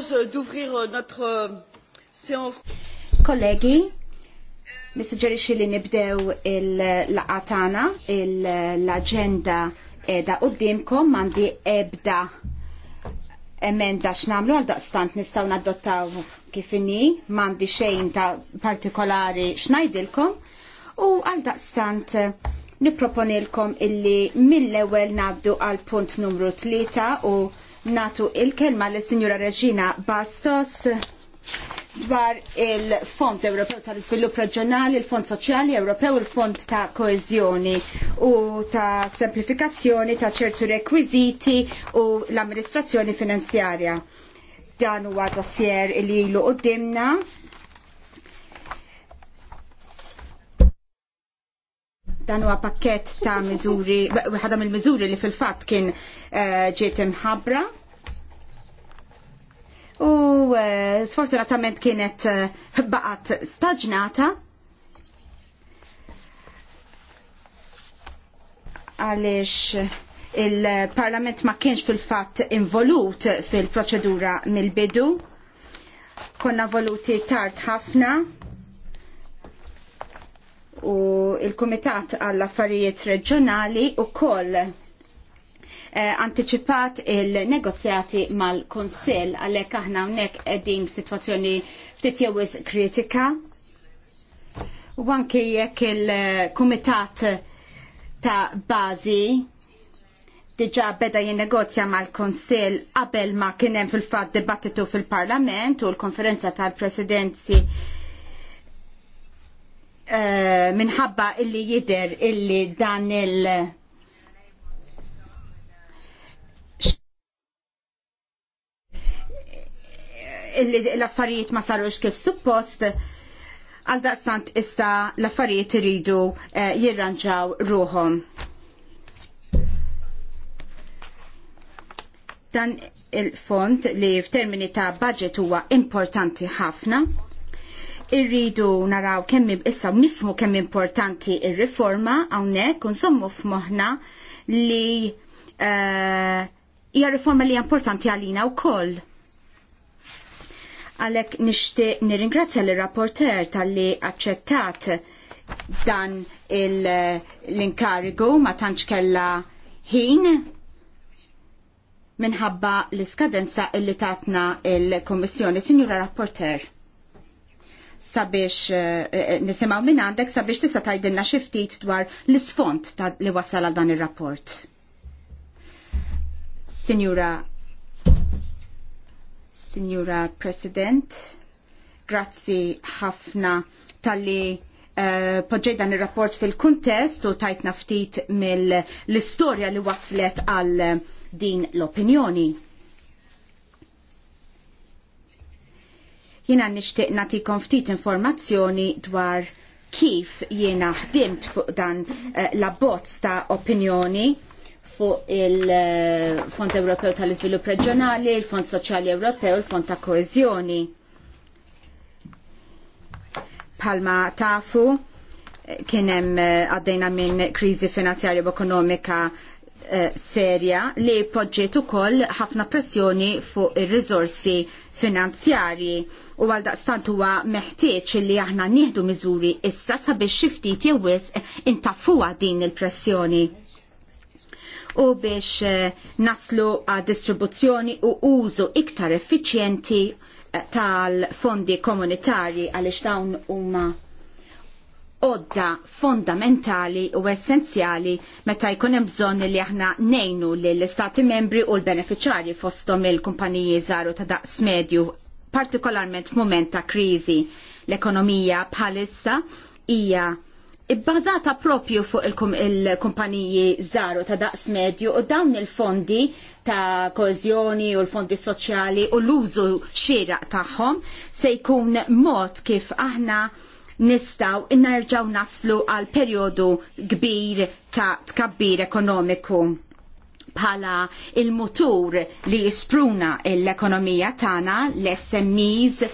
Euh, euh, Kollegi, nissuġġerixxi li nibdew il-laqatana, l-agenda edha qudiemkom m'għandi ebda emenda x'namlu għal daqstant nistgħu nadottaw kif inhi, m'għandi xejn ta' partikolari x'ngħidilkom u għal daqstant nipproponilkom illi mill-ewwel nabdu għal punt numru 3 u natu il-kelma l sinjura Reġina Bastos dwar il-Fond Ewropew tal-Iżvilupp Reġjonali, il-Fond Soċjali Ewropew, il-Fond ta' koezjoni u ta' Semplifikazzjoni ta' ċertu rekwiżiti u l-Amministrazzjoni Finanzjarja. Dan huwa dossier li ilu qudiemna Dan huwa pakkett ta' miżuri, waħda mill-miżuri li fil-fatt kien eh, ġiet imħabbra. U eh, sfortunatament kienet eh, baqgħet staġnata. Għaliex il-Parlament ma kienx fil-fatt involut fil-proċedura mill-bidu. Konna voluti tard ħafna u il-Kumitat għall-Affarijiet Reġjonali wkoll eh, anticipat il-negozjati mal-Konsil għalhekk aħna hawnhekk qegħdin f'sitwazzjoni ftit jewis kritika. U anke jekk il-Kumitat ta' Bażi diġa beda jinnegozja mal-Konsil qabel ma kienem fil-fat dibattitu fil-Parlament u l-konferenza tal-Presidenzi Eh, minħabba illi jider illi dan il- l-affarijiet ma sarux kif suppost, għal daqsant issa l-affarijiet iridu eh, jirranġaw ruhom. Dan il-font li f'termini ta' budget huwa importanti ħafna irridu naraw kemm issa nifmu kemm importanti ir-riforma hawnhekk unsommu f'moħħna li eh, hija uh, riforma li importanti għalina wkoll. Għalhekk nixtieq nirringrazzja lir-rapporter talli aċċettat dan l-inkarigu ma tantx kella ħin minħabba l-iskadenza illi tatna il-Kommissjoni. Signora Rapporter sabiex eh, eh, nisimaw minn għandek sabiex tista' tajdilna xi ftit dwar l-isfont li wasal għal dan ir-rapport. Signora Signora President, grazzi ħafna tal-li eh, poġġej dan ir-rapport fil-kuntest u tajtna ftit mill-istorja li waslet għal din l-opinjoni. Jiena nishtiq nagħtikom ftit informazzjoni dwar kif jiena ħdimt fuq dan uh, eh, l-abbozz ta' opinjoni fuq il-Fond eh, Ewropew tal-Iżvilupp Reġjonali, il-Fond Soċjali Ewropew, il-Fond ta' Koeżjoni. Palma tafu eh, kien hemm għaddejna minn kriżi finanzjarja u ekonomika serja li poġġiet ukoll ħafna pressjoni fuq ir-riżorsi finanzjarji u għal daqstant huwa meħtieġ li aħna nieħdu miżuri issa sabiex xi ftit jew wisq intaffuha din il-pressjoni u biex eh, naslu għad distribuzzjoni u użu iktar effiċjenti eh, tal-fondi komunitarji għaliex dawn huma odda fondamentali u essenzjali meta jkun hemm bżonn li aħna nejnu lill istati membri u l benefiċjarji fosthom il-kumpaniji żaru ta' daqs medju partikolarment f'mument ta' kriżi. L-ekonomija bħalissa hija bbażata propju fuq il-kumpaniji żaru ta' daqs medju u dawn il-fondi ta' kozjoni u l-fondi soċjali u l-użu xieraq tagħhom se jkun mod kif aħna nistaw innerġaw naslu għal perjodu kbir ta' tkabbir ekonomiku bħala il-motur li jispruna l-ekonomija tagħna, l-SMEs,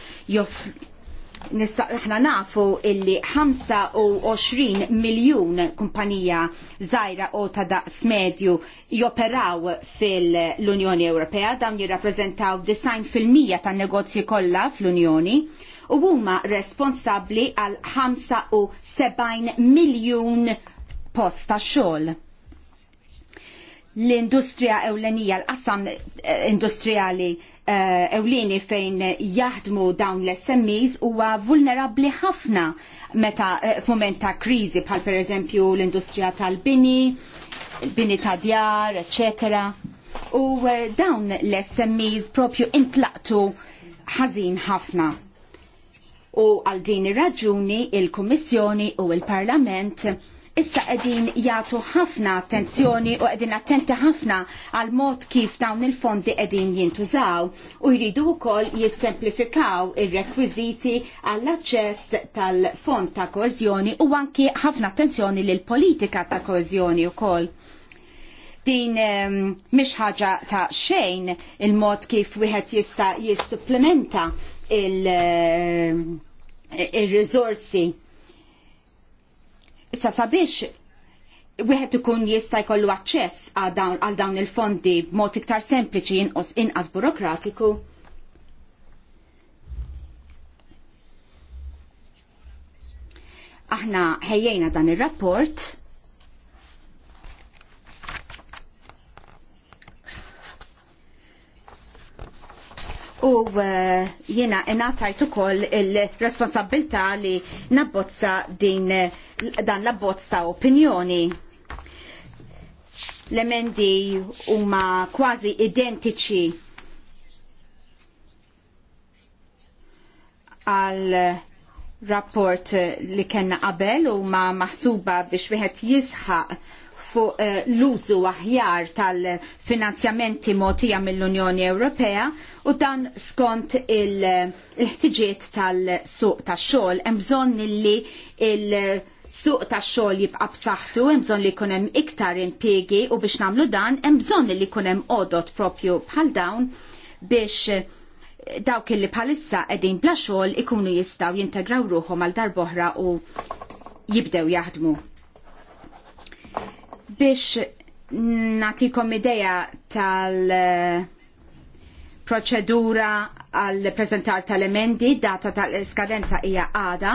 nistaqna nafu illi 25 miljun kumpanija żgħira u ta' daqs medju joperaw fil-Unjoni Ewropea, dawn jirrappreżentaw 90% tan negozji kollha fl-Unjoni u huma responsabbli għal 75 miljun post ta' xogħol l-industrija ewlenija, l-qassam eh, industrijali eh, ewlieni fejn jaħdmu dawn l-SMEs huwa vulnerabli ħafna meta eh, f'mument ta' kriżi bħal pereżempju l-industrija tal-bini, bini ta' djar, eccetera. U dawn l-SMEs propju intlaqtu ħażin ħafna. U għal din ir-raġuni il-Kummissjoni u l parlament issa qegħdin jagħtu ħafna attenzjoni u qegħdin attenti ħafna għal mod kif dawn il-fondi qegħdin jintużaw u jridu wkoll jissemplifikaw ir-rekwiżiti għall aċċess tal-fond ta' koeżjoni u anki ħafna attenzjoni lil politika ta' u wkoll. Din mish ehm, mhix ħaġa ta' xejn il-mod kif wieħed jista' jissupplementa il- ehm, il-rizorsi Issa sabiex wieħed ikun jista' jkollu aċċess għal dawn il-fondi b'mod iktar sempliċi inqos inqas burokratiku. Aħna ħejjejna dan ir-rapport u uh, jiena ingħatajt ukoll il-responsabilità li nabbozza din dan l ta' opinjoni. L-emendi huma kważi identiċi għal rapport li kena qabel u ma maħsuba biex wieħed jisħaq fuq eh, l-użu aħjar tal-finanzjamenti mogħtija mill-Unjoni Ewropea u dan skont eh, il-ħtiġiet il tal-suq tax-xogħol hemm bżonn li il suq tax xogħol jibqa' b'saħħtu, hemm bżonn li jkun hemm iktar impjiegi u biex nagħmlu dan hemm bżonn li jkun hemm għodot propju bħal dawn biex eh, dawk li bħalissa qegħdin bla xogħol ikunu jistgħu jintegraw ruħhom għal darb'oħra u jibdew jaħdmu. Biex natikom ideja tal- eh, proċedura għal prezentar tal-emendi, data tal-skadenza hija għada.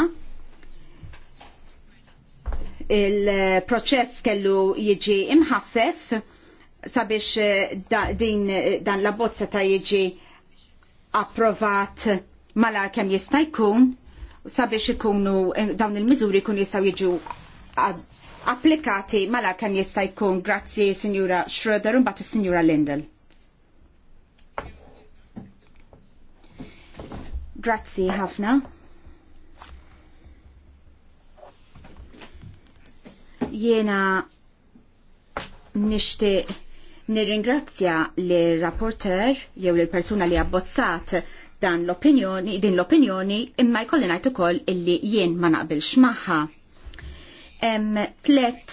Il-proċess kellu jiġi imħaffef sabiex eh, da, din dan la bozza ta' jiġi approvat malar kem jista' jkun sabiex ikunu eh, dawn il-miżuri kun jistgħu jiġu applikati mala kem jista' jkun grazzi Sinjura Schroeder un mbagħad signora Lindel. Grazzi ħafna. Jena nixtieq nirringrazzja l-rapporter jew li persuna li abbozzat dan l-opinjoni, din l-opinjoni imma jkolli ngħid ukoll illi jien ma naqbilx magħha hemm tlet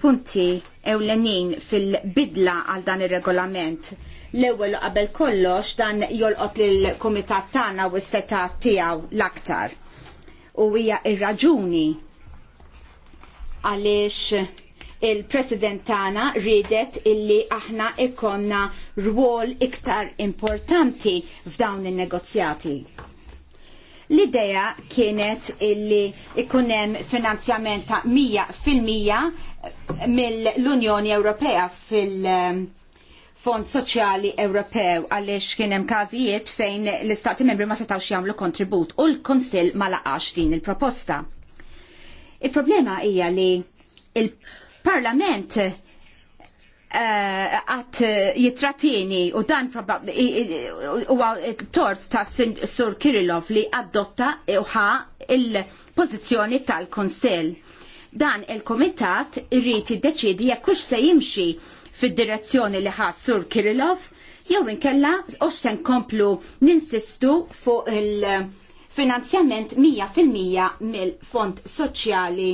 punti ewlenin fil-bidla għal dan ir-regolament. L-ewwel qabel kollox dan jolqot lil kumitat tagħna u s-seta tiegħu l-aktar. U hija ir-raġuni għaliex il-president tagħna ridet illi aħna ikonna rwol iktar importanti f'dawn in-negozjati L-ideja kienet illi ikunem finanzjament ta' 100% mill-Unjoni Ewropea fil- um, Fond Soċjali Ewropew għaliex kien hemm każijiet fejn l-Istati Membri ma setgħux jagħmlu kontribut u l-Kunsill ma laqax din il-proposta. Il-problema hija li il-Parlament Eh, għat jitratini u dan huwa tort ta' Sur Kirillov li adotta uħa il-pozizjoni tal kunsell Dan il-Komitat irrid jiddeċidi jekk hux se jimxi fid-direzzjoni li ħa Sur Kirillov jew inkella u se nkomplu ninsistu fuq il-finanzjament 100% mill-Fond Soċjali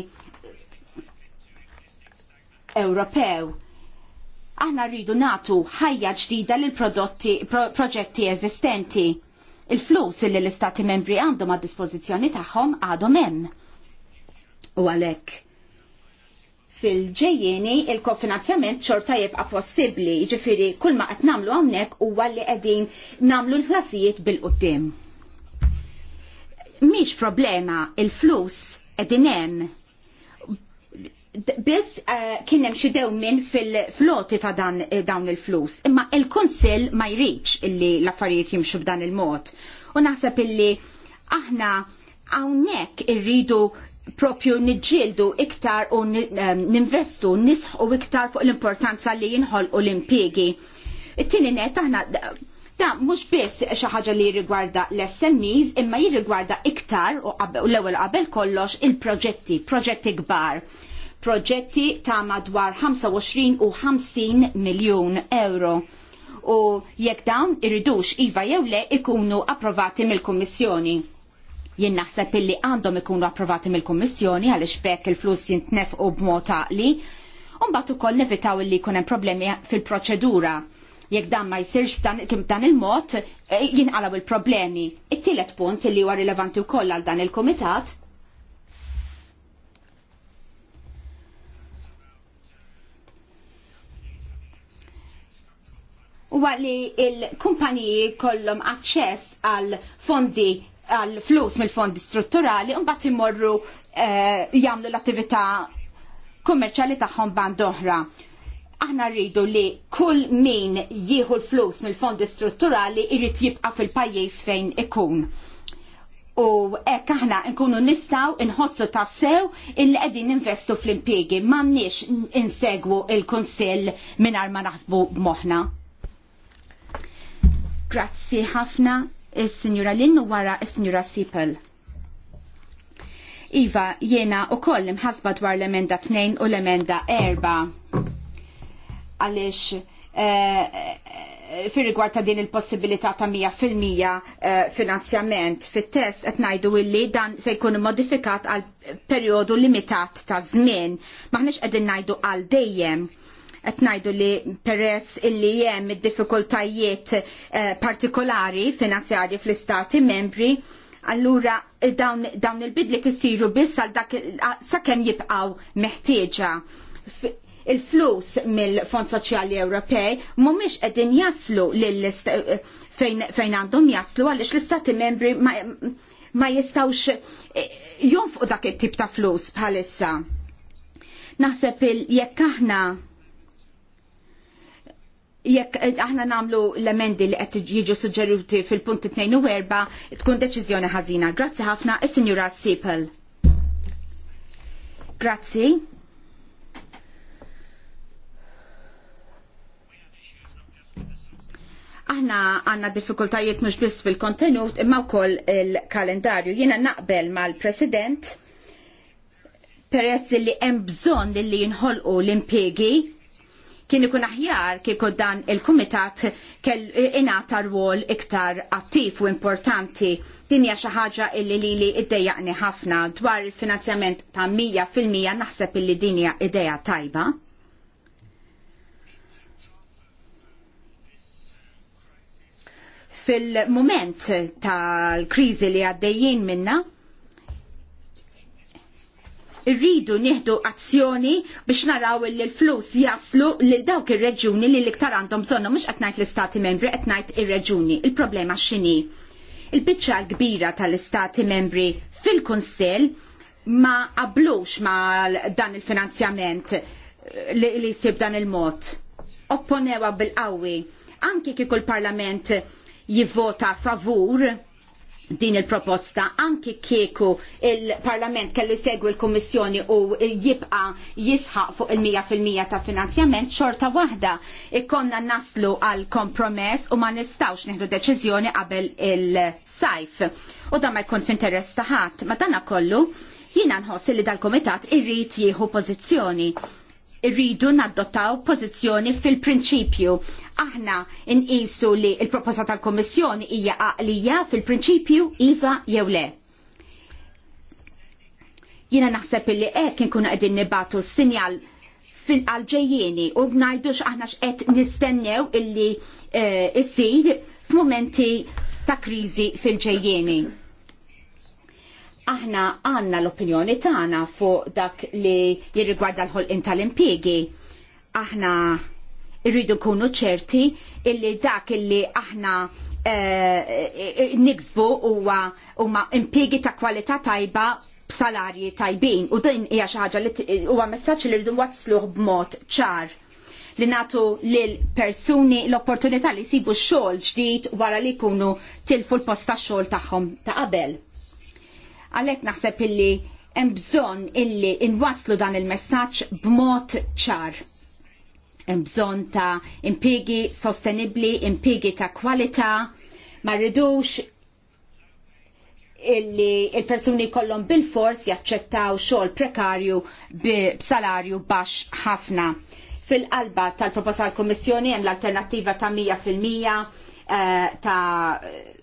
Ewropew Aħna rridu natu ħajja ġdida lil prodotti pro, proġetti eżistenti. Il-flus li l-istati membri għandhom għad dispożizzjoni tagħhom għadhom hemm. U għalhekk fil-ġejjeni il-kofinanzjament xorta jibqa possibbli, ġifiri kull ma qed nagħmlu hawnhekk huwa li qegħdin nagħmlu l-ħlasijiet bil-qudiem. Mhix problema il-flus qegħdin hemm biss eh, kien hemm xi dewmien fil-floti ta' dan eh, dawn il-flus. Imma il-Kunsill ma jridx illi l-affarijiet jimxu b'dan il-mod. U naħseb illi aħna hawnhekk irridu propju niġġieldu iktar u ehm, ninvestu nisħu iktar fuq l-importanza li jinħol u l-impiegi. It-tieni net aħna Da, mhux biss xi ħaġa li jirrigwarda l-SMEs, imma jirrigwarda iktar u l-ewwel qabel kollox il-proġetti, proġetti kbar proġetti ta' madwar 25 u 50 miljun euro u jekk dawn irridux iva jew le ikunu approvati mill-Kummissjoni jien naħseb illi għandhom ikunu approvati mill-Kummissjoni għaliex bekk il-flus jintnef u b'mod taqli, mbagħad ukoll nevitaw illi jkun hemm problemi fil-proċedura. Jekk dan ma jsirx dan il-mod eh, jinqalaw il-problemi. It-tielet punt illi huwa rilevanti wkoll għal dan il-kumitat u li il-kumpaniji kollhom aċċess għal fondi għal flus mill-fondi strutturali un bat imorru eh, jamlu l-attività kummerċali tagħhom band oħra. Aħna rridu li kull min jieħu l-flus mill-fondi strutturali irrit jibqa' fil-pajjiż fejn ikun. U hekk aħna nkunu nistgħu inħossu tassew illi qegħdin investu fl-impjiegi m'għandniex insegwu il-Kunsill mingħajr ma naħsbu moħna. Grazzi ħafna is-Sinjura u wara is-Sinjura Sipel. Iva, jena u koll imħasba dwar l-emenda 2 u l-emenda 4. Għalix, e, eh, eh, fir rigward ta' din il-possibilità ta' 100% eh, finanzjament fit-test qed ngħidu illi dan se jkun modifikat għal perjodu limitat ta' żmien. Maħniex qegħdin ngħidu għal dejjem qed ngħidu li peress illi hemm id-diffikultajiet eh, partikolari finanzjarji fl-istati membri, allura dawn, dawn il-bidliet isiru biss għal dak sakemm jibqgħu meħtieġa il-flus mill-Fond Soċjali Ewropej mhumiex qegħdin jaslu lil eh, fejn għandhom jaslu għaliex l-istati membri ma, ma jistawx eh, jonfqu dak it-tip ta' flus bħalissa. Naħseb jekk aħna jekk eh, aħna namlu l-emendi li qed jiġu suġġeruti fil-punt 24 tkun deċiżjoni ħażina. Grazzi ħafna is-Sinjura Sipel. Grazzi. aħna għanna diffikultajiet mhux biss fil-kontenut imma wkoll il-kalendarju. Jiena naqbel mal-President peress li hemm bżonn li jinħolqu l-impjegi Kien ikun aħjar kieku dan il-kumitat kell inata rwol iktar attiv u importanti. Din hija xi ħaġa illi lili iddejjaqni ħafna dwar il-finanzjament ta' 100% naħseb illi din hija idea tajba. fil mument tal-kriżi li għaddejjin minna, rridu nieħdu azzjoni biex naraw li l-flus jaslu lil dawk ir-reġuni li l-iktar għandhom bżonnhom mhux qed ngħid l-istati membri qed ngħid ir-reġuni. Il-problema x'inhi? Il-biċċa l-kbira tal-istati membri fil-Kunsill ma qablux ma dan il-finanzjament li jsib dan il-mod. Opponewa bil-qawwi. Anki kieku l-Parlament jivvota favur din il-proposta anki kieku il-Parlament kellu jsegwi l-Kummissjoni u jibqa jisħaq fuq il-100% ta' finanzjament xorta waħda ikkonna naslu għal kompromess u ma nistawx neħdu deċiżjoni qabel il-sajf. U da ma jkun f'interess ta' ħadd, ma dan kollu jiena nħoss li dal-Komitat irrid jieħu pożizzjoni irridu naddottaw pożizzjoni fil-prinċipju. Aħna inqisu li l-proposta tal-Kommissjoni hija għaqlija fil-prinċipju iva jew le. Jiena naħseb li hekk inkunu qegħdin nibatu sinjal fil ġejjieni u ngħidux aħna x'qed nistennew illi eh, issir f'mumenti ta' kriżi fil-ġejjieni aħna għanna l-opinjoni tagħna fuq dak li jirrigwarda l-ħolqin tal-impjiegi. Aħna irridu kunu ċerti illi dak illi aħna eh, niksbu huwa huma impjiegi ta' kwalità tajba b'salarji tajbin u din hija xi ħaġa li huwa messaġġ li rridu wasluh b'mod ċar li natu lil persuni l-opportunità li jsibu xogħol ġdid wara li jkunu tilfu l-posta xogħol tagħhom ta' qabel. Għalhekk naħseb illi hemm bżonn illi inwaslu dan il-messaġġ b'mod ċar. Hemm bżonn ta' impiegi sostenibbli, impiegi ta' kwalità, ma rridux illi il-persuni kollhom bil-fors jaċċettaw xogħol prekarju b'salarju baxx ħafna. Fil-qalba tal-proposta tal-Kummissjoni hemm l-alternattiva ta' 100% eh, ta'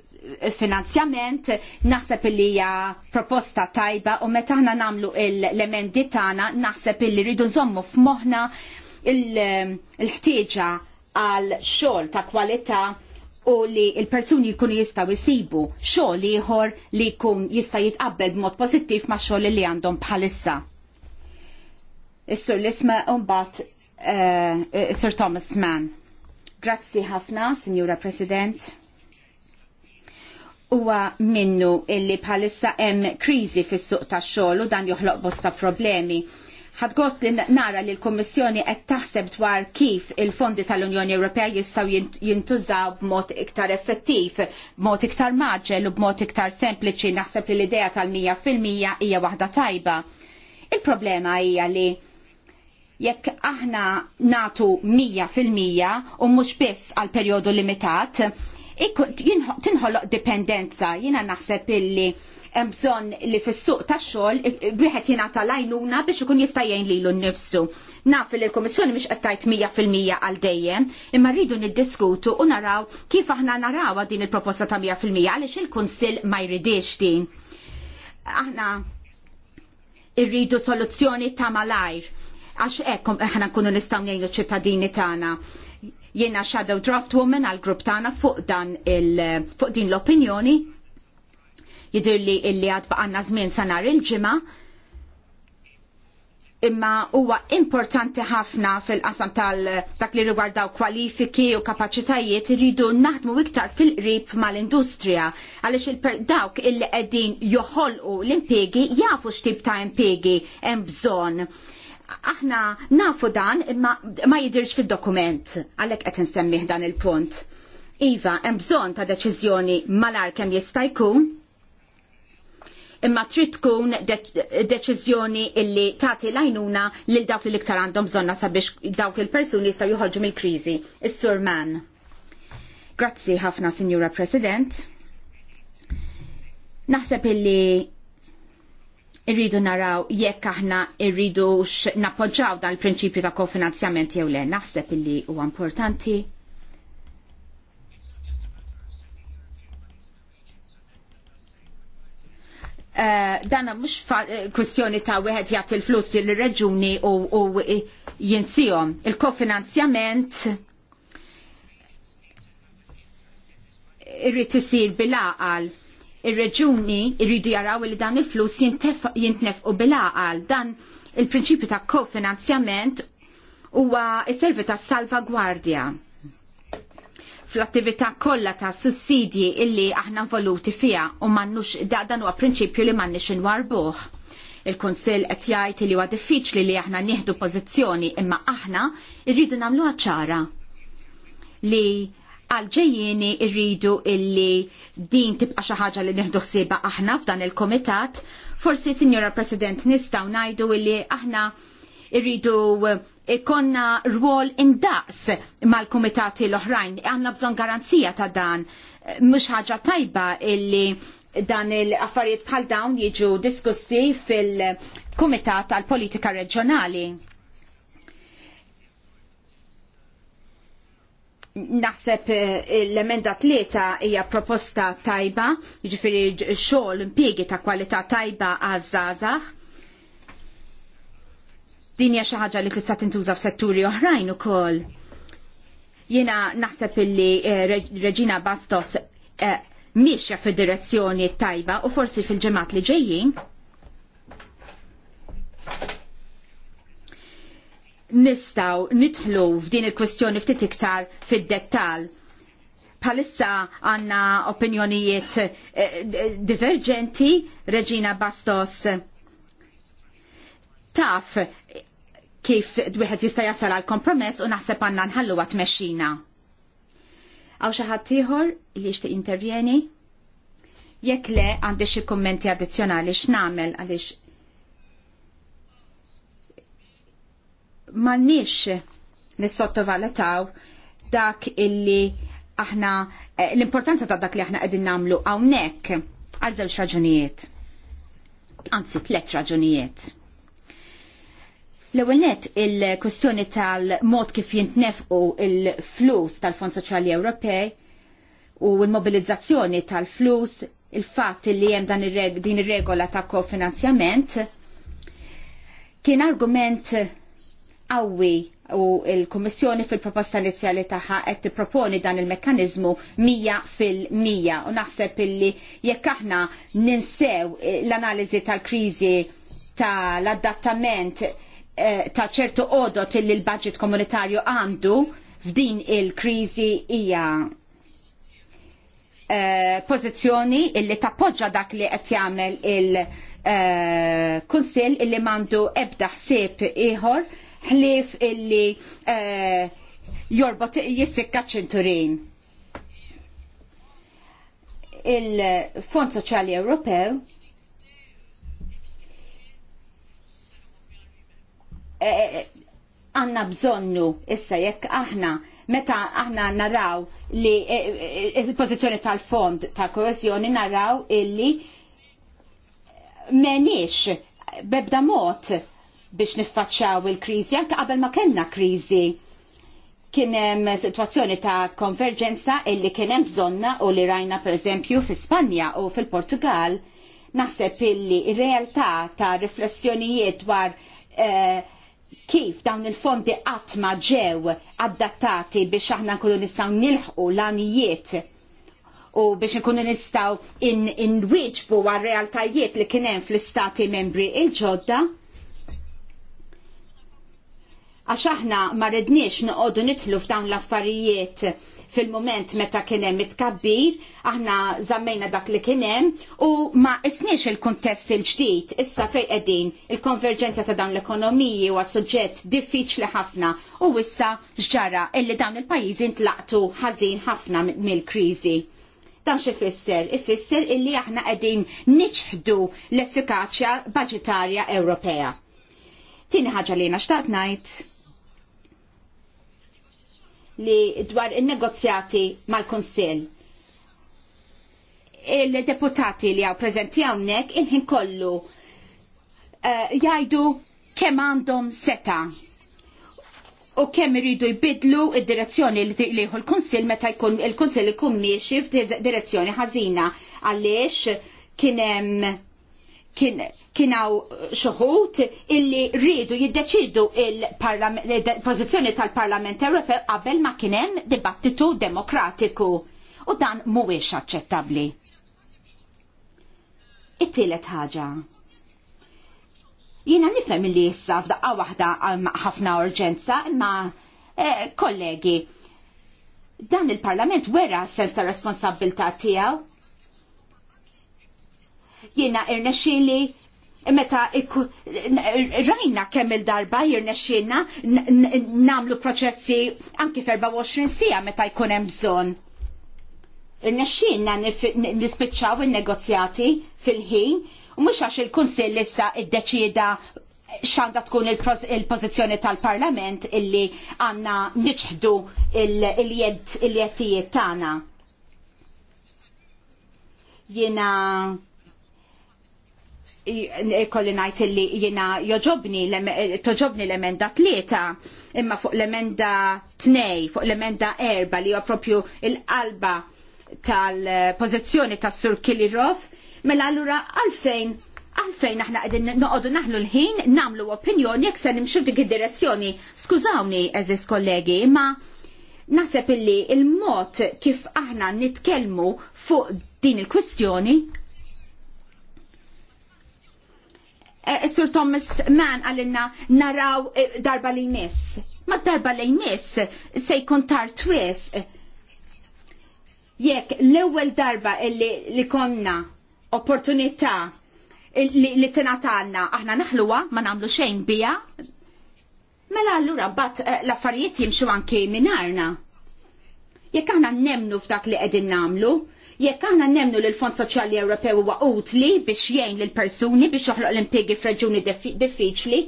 finanzjament naħseb li hija proposta tajba u meta aħna nagħmlu l-emendi tagħna naħseb li rridu nżommu f'moħħna il-ħtieġa għal xogħol ta' kwalità u li l-persuni jkunu jistgħu jsibu xogħol ieħor li jkun jista' jitqabbel b'mod pożittiv ma' xogħol li għandhom bħalissa. Is-sur l-isma mbagħad eh, Sir Thomas Mann. Grazzi ħafna, Signora President. Huwa minnu illi bħalissa hemm kriżi fis-suq tax-xogħol u dan joħloq bosta problemi. Ħadgost li nara li l-Kummissjoni qed taħseb dwar kif il-fondi tal-Unjoni Ewropea jistgħu jintużaw b'mod iktar effettiv, b'mod iktar maġel u b'mod iktar sempliċi naħseb li l-idea tal-100 fil-mija hija waħda tajba. Il-problema hija li jekk aħna natu 100% u mhux biss għal perjodu limitat, tinħoloq dipendenza, jina naħseb illi hemm bżonn li fis-suq tax-xogħol wieħed jingħata lajnuna biex ikun jista' li lilu nnifsu. Naf li l-Kummissjoni mhix qed 100% mija fil-mija għal dejjem, imma rridu niddiskutu u naraw kif aħna narawha din il-proposta ta' mija għalix għaliex il-Kunsill ma jridiex din. Aħna irridu soluzzjoni ta' malajr għax ekkom aħna nkunu nistgħu ngħidu ċittadini tagħna Jiena shadow draft woman għal grupp tagħna fuq dan il fuq din l-opinjoni. Jidir li illi għad baqanna żmien sa nhar il-ġimgħa imma huwa importanti ħafna fil-qasam tal dak li rigwardaw kwalifiki u kapaċitajiet irridu naħdmu iktar fil-qrib mal-industrija għaliex il dawk illi qegħdin joħolqu l-impjegi jafu x'tip ta' impjegi hemm bżonn aħna nafu dan imma ma jidirx fil-dokument għalhekk qed nsemmih dan il-punt. Iva, hemm bżonn ta' deċiżjoni malar kemm jista' jkun. Imma trid tkun deċiżjoni illi tagħti lajnuna lil dawk li iktar għandhom bżonna sabiex dawk il-persuni jistgħu joħorġu mill-kriżi. Is-Sur Man. Grazzi ħafna, Sinjura President. Naħseb illi irridu naraw jekk aħna irridu nappoġġaw dan il-prinċipju ta' kofinanzjament jew le naħseb illi huwa importanti. Eh, dan mhux eh, kwestjoni ta' wieħed jagħti l-flus lill-reġuni u, u jinsihom. Il-kofinanzjament irrid isir bil-aqal ir-reġuni jridu jaraw li dan il-flus jintnefqu bil-għaqal dan il-prinċipju ta' kofinanzjament huwa s-servi ta' salvagwardja fl-attività kollha ta' sussidji illi aħna voluti fija u m'għandux dan huwa prinċipju li m'għandniex inwarbuh. Il-Kunsill qed jgħid li huwa diffiċli li aħna nieħdu pożizzjoni imma aħna rridu nagħmluha ċara li għal rridu illi din tibqa xi ħaġa li nieħdu ħsieba aħna f'dan il-komitat, forsi Sinjora President nistgħu ngħidu illi aħna rridu ikonna rwol indaqs mal-komitati l-oħrajn, għandna bżonn garanzija ta' dan, mhux ħaġa tajba illi dan il-affarijiet bħal dawn jiġu diskussi fil-Kumitat tal-Politika Reġjonali. naħseb eh, l-emenda tlieta hija proposta tajba, jiġifieri xogħol impjiegi ta' kwalità tajba għaż-żgħażagħ. Din hija xi ħaġa li tista' tintuża f'setturi oħrajn ukoll. Jiena naħseb illi eh, Reġina Bastos eh, mixja fid-direzzjoni tajba u forsi fil-ġemat li ġejjin nistaw nidħlu f'din il-kwestjoni ftit iktar fid-dettal. Palissa għanna opinjonijiet eh, divergenti, Regina Bastos taf kif dwiħet jista' jasal għal kompromess u naħseb għandna nħallu għat meċina. Għaw xaħat ieħor li jixtieq intervjeni? Jekk le għandi xi kummenti addizzjonali x'namel għaliex m'għandniex nissottovalutaw dak illi aħna eh, l-importanza ta' dak li aħna qegħdin nagħmlu hawnhekk għal żewġ raġunijiet. Anzi, tliet raġunijiet. L-ewwel nett il-kwestjoni tal-mod kif jintnefqu il-flus tal-Fond Soċjali Ewropej u l-mobilizzazzjoni tal-flus il-fatt li hemm din ir-regola ta' kofinanzjament kien argument qawwi u l-Kummissjoni fil-proposta inizjali tagħha qed tipproponi dan il-mekkaniżmu mija fil-mija u naħseb illi jekk aħna ninsew l-analiżi tal-kriżi tal-adattament eh, ta' ċertu qodot illi l-budget komunitarju għandu f'din il-kriżi hija eh, pożizzjoni illi tappoġġa dak li qed jagħmel il- eh, kunsill illi mandu ebda ħsieb ieħor ħlief illi uh, jorbot jissikka ċinturin. Il-Fond Soċjali Ewropew eh, għanna bżonnu issa jekk aħna meta aħna naraw li eh, il-pozizjoni tal-fond ta' kohezjoni naraw illi menix bebda mod biex niffaċċaw il-kriżi anke qabel ma kellna kriżi kien hemm sitwazzjoni ta' konverġenza illi kien hemm bżonna u li rajna pereżempju fi Spanja u fil-Portugal naħseb illi realtà ta' riflessjonijiet dwar eh, kif dawn il-fondi qatt ma ġew adattati biex aħna nkunu nistgħu nilħqu l-anijiet u biex nkunu nistgħu in in għal realtajiet li kien hemm fl-istati membri il-ġodda għax aħna ma rridniex noqogħdu nidħlu f'dawn l-affarijiet fil-moment meta kien hemm it tkabbir aħna żammejna dak li kien hemm u ma isniex il-kuntest il-ġdid issa fejn qegħdin il-konverġenza ta' dawn l-ekonomiji huwa suġġett diffiċli ħafna u issa xġara illi dawn il-pajjiżi ntlaqtu ħażin ħafna mill-kriżi. Dan xi fisser? Ifisser illi aħna qegħdin niċħdu l-effikaċja budgetarja Ewropea. Tieni ħaġa li naxtaqt ngħid li dwar il-negozjati mal-Konsil. Il-deputati li għaw prezenti għawnek il-ħin kollu uh, jajdu kemm għandhom seta' u kemm iridu jbidlu id-direzzjoni li liħu l konsil meta jkun il konsil ikun miexi f'direzzjoni ħażina għaliex kien hemm kienaw hawn xoħut illi rridu jiddeċidu il-pożizzjoni tal-Parlament Ewropew qabel ma kien hemm dibattitu demokratiku u dan mhuwiex aċċettabbli. It-tielet ħaġa. Jiena nifhem li issa f'daqqa waħda ħafna urġenza, imma eh, kollegi, dan il-Parlament wera sens ta' responsabilità tiegħu jiena irnexxieli meta rajna kemm il-darba jirnexxina namlu proċessi anki f'24 sija meta jkun hemm bżonn. Irnexxina nispiċċaw in-negozjati fil-ħin u mhux għax il-Kunsill issa iddeċieda xanda tkun il pożizzjoni tal-Parlament illi għanna niċħdu il-jettijiet tagħna. Jiena kolli najt li jina joġobni toġobni l-emenda tlieta imma fuq l-emenda tnej, fuq l-emenda erba li huwa propju il-qalba tal-pozizjoni tas Sur Kilirov, mela allura għalfejn għalfejn aħna għedin noqodu naħlu l-ħin, namlu opinjoni jek se nimxu dik id-direzzjoni. Skużawni, eżis kollegi, ma naseb illi il-mod kif aħna nitkelmu fuq din il-kwistjoni Eh, eh, Sur Thomas Mann għalinna naraw eh, darba li jmiss. Ma darba li jmiss se jkun tar twis. Jekk l-ewwel darba li, li konna opportunità li, li tinatalna aħna naħluwa ma nagħmlu xejn biha. Mela allura bat l-affarijiet jimxu anki minarna. Jekk aħna nemnu f'dak li qegħdin nagħmlu, Jekk aħna nemnu li l-Fond Soċjali Ewropew huwa utli biex jgħin lill persuni biex joħloq l impjiegi f'reġuni diffiċli,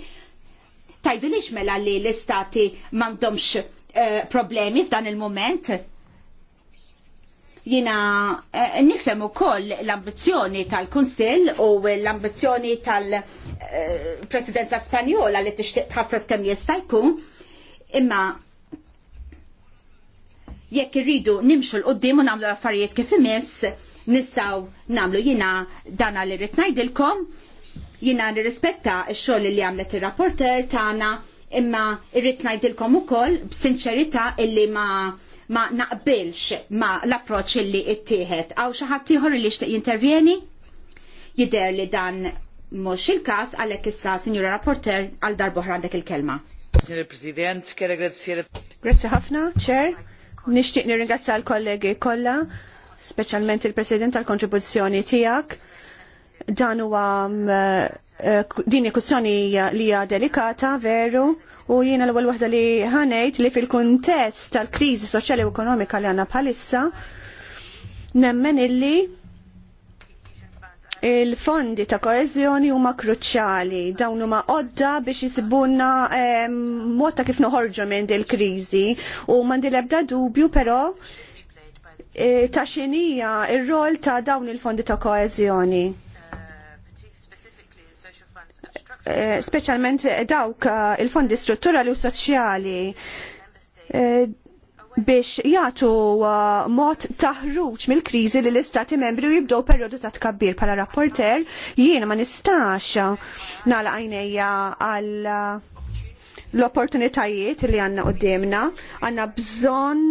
tajdu lix mela li l-istati m'għandhomx eh, problemi f'dan il-moment? Jina eh, nifhem ukoll l-ambizzjoni tal-Kunsill u l-ambizzjoni tal-Presidenza eh, Spanjola li tixtieq tħaffef kemm jista' jkun, imma jekk irridu nimxu l-qoddim u namlu l-affarijiet kif imiss, nistaw namlu jina dana li rrit najdilkom, jina nirrispetta x-xogħol li għamlet il rapporter tagħna imma irrit najdilkom ukoll b'sinċerità illi ma ma naqbilx ma l-approċ illi ittieħed. Għaw xi ħadd ieħor li jixtieq jintervjeni? Jidher li dan mhux il-każ għalhekk issa Sinjura Rapporter għal darba għandek il-kelma. Signor President, kera grazie. Grazie ħafna, Chair. Nixtieq nirringrazzja l-kollegi kollha, speċjalment il-President tal-kontribuzzjoni tiegħek. Dan huwa mm, eh, eh, din il-kussjoni li hija delikata veru u jiena l-ewwel waħda li ħanejt li fil-kuntest tal-kriżi soċjali u ekonomika li għandna bħalissa nemmen illi il-fondi ta' koezjoni huma kruċjali, dawn huma qodda biex jisibunna mod ta' kif noħorġu minn il-kriżi u l ebda dubju però ta' e, ta' xinija ir-rol ta' dawn il-fondi ta' koezjoni e, Speċjalment dawk e, il-fondi strutturali u soċjali biex jagħtu uh, mod taħruġ mill-kriżi li l-istati membri u jibdow perjodu ta' tkabbir Pala rapporter jiena ma nistax nala għajnejja għal uh, l-opportunitajiet li għanna demna, għanna bżon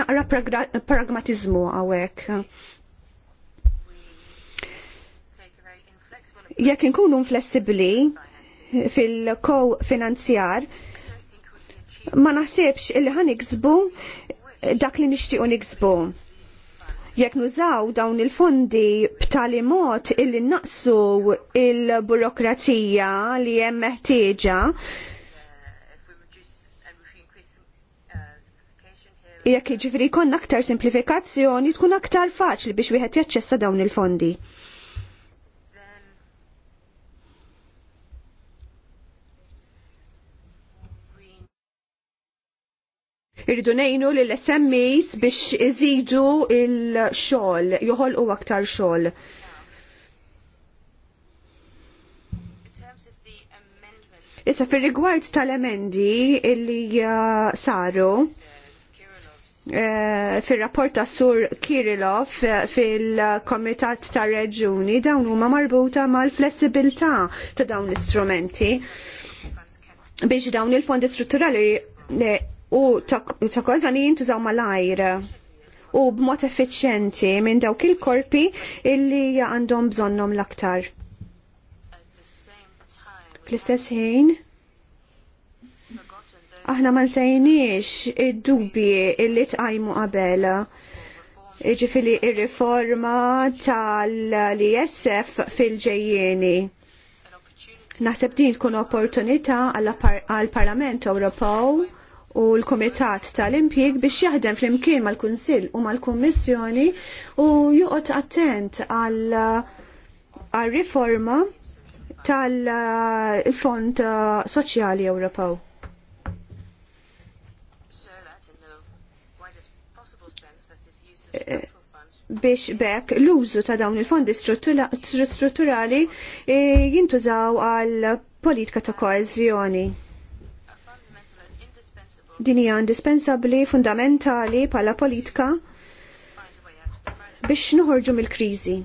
naqra pragmatizmu għawek. Jekk nkunu flessibli fil-kow finanzjar, ma naħsibx illi ħaniksbu dak li nixtiequ niksbu. Jekk nużaw dawn il-fondi b'tali mod illi naqsu il-burokrazija li hemm meħtieġa jekk jiġifieri jkollna aktar simplifikazzjoni tkun aktar faċli biex wieħed jaċċessa dawn il-fondi. irridu nejnu li l-SMEs biex iżidu il-xol, joħolqu aktar xol. Issa fir rigward tal-emendi illi uh, saru, uh, fil-rapport ta' Sur Kirilov uh, fil-Komitat ta' Reġuni dawn huma marbuta mal-flessibilità ta' dawn l-istrumenti biex dawn il-fondi strutturali eh, u ta' kolta ni jintużaw mal u b'mod effiċjenti minn dawk il-korpi illi għandhom bżonnom l-aktar. Fl-istess ħin, aħna ma nsejniex id-dubji illi tqajmu qabel. Ġifili ir-riforma tal-ISF fil-ġejjeni. Naħseb din tkun opportunità għall-Parlament Ewropew u l-Komitat tal-Impjeg biex jaħdem fl-imkien mal-Kunsill u mal-Kummissjoni u juqgħod attent għal riforma tal-Fond Soċjali Ewropew. biex bekk l-użu ta' dawn il-fondi strutturali eh, jintużaw għal politika ta' koezjoni. Din hija indispensabbli fundamentali bħala politika biex noħorġu mill-kriżi.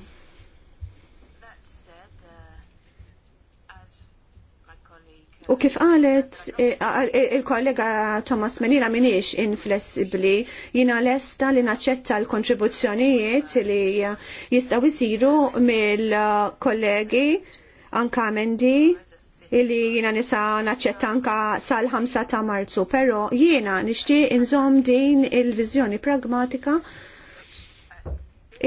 U kif qalet eh, eh, il-kollega Thomas Menina minix inflessibli jina lesta li naċċetta l-kontribuzzjonijiet li jistaw isiru mill-kollegi anka mendi illi jiena nisa naċċetta anka sal-5 ta' Marzu, pero jiena nixtieq inżomm din il vizjoni pragmatika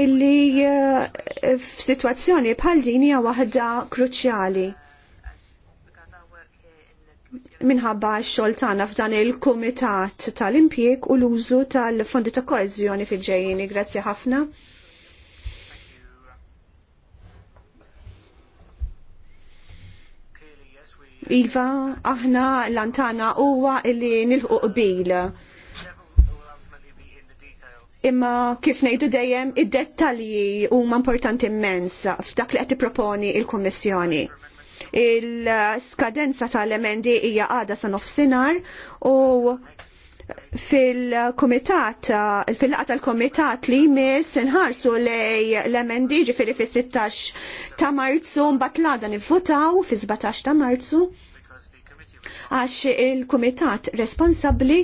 illi eh, f'sitwazzjoni bħal din hija waħda kruċjali minħabba x-xogħol f'dan il-Kumitat tal impjek u l-użu tal-Fondi ta' koezjoni fil-ġejjini. Grazzi ħafna. Iva, aħna lantana huwa li nilħu qbil. Imma kif ngħidu dejjem id-dettalji huma importanti immens f'dak li qed tipproponi il-Kummissjoni. Il-skadenza tal-emendi hija għada sa nofsinhar u fil-komitat, fil-laqa tal-komitat li mis nħarsu lej l-emendi fil-16 ta' marzu mbat l-għada nivvotaw fil-17 ta' marzu għax il-komitat responsabli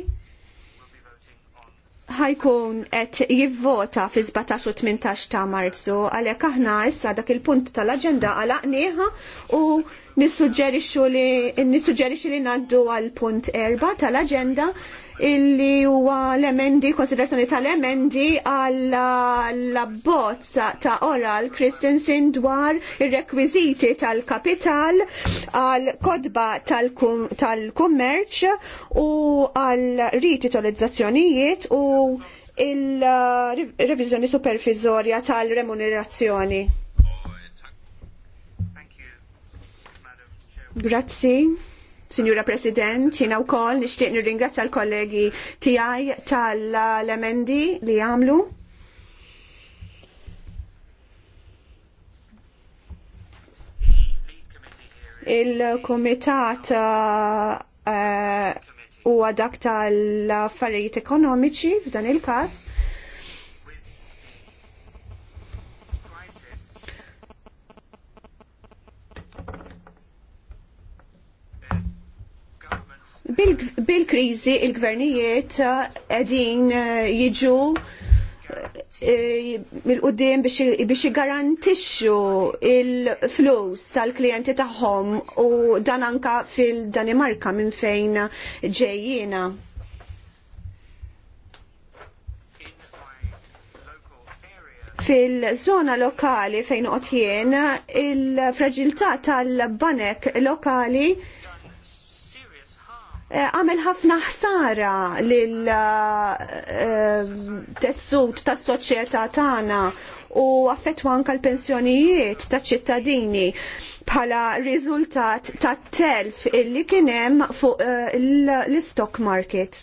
ħajkun qed jivvota fi 17 u 18 ta' Marzu għalhekk aħna issa dak il-punt tal-aġenda għalaqnieha u nissuġġerixxu li nissuġġerixxu li ngħaddu għal punt erba' tal-aġenda illi huwa l-emendi, konsiderazzjoni tal-emendi għall abbozz ta' Oral Christensen dwar ir-rekwiżiti tal-kapital għal kodba tal-kummerċ u għal rititolizzazzjonijiet u il-revizjoni supervizorja tal-remunerazzjoni. Grazzi. Signora President, jina u kol nishtiq nirringrazzja l-kollegi tijaj tal-emendi li għamlu. Il-komitat u uh, għadak uh, tal-affarijiet ekonomiċi f'dan il-kas Bil-krizi bil il-gvernijiet eh, edin eh, jiġu mill-qudiem eh, biex jgarantixxu il-flus tal-klijenti tagħhom u dan anka fil-Danimarka minn fejn ġejjina. Fil-żona lokali fejn qotjien, il-fragilità tal-banek lokali Eh, għamel ħafna ħsara lil eh, tessut tas soċjetà tagħna u affettwa anka l-pensjonijiet taċ ċittadini bħala riżultat tat telf illi kien hemm fuq eh, l-stock market.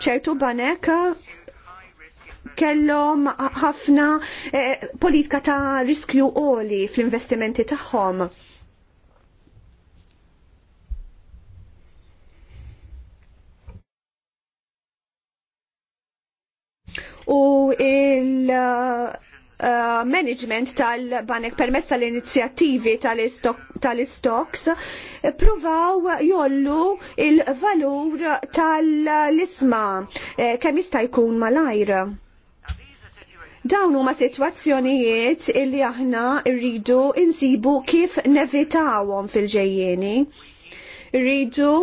ċertu banek kellhom ħafna politika ta' riskju għoli fl-investimenti tagħhom u il- Uh, management tal-banek permezz tal-inizjattivi tal-istoks tal pruvaw jollu il-valur tal-isma eh, kemm jista' jkun malajr. Dawn huma sitwazzjonijiet illi aħna rridu insibu kif nevitawhom fil-ġejjeni. Rridu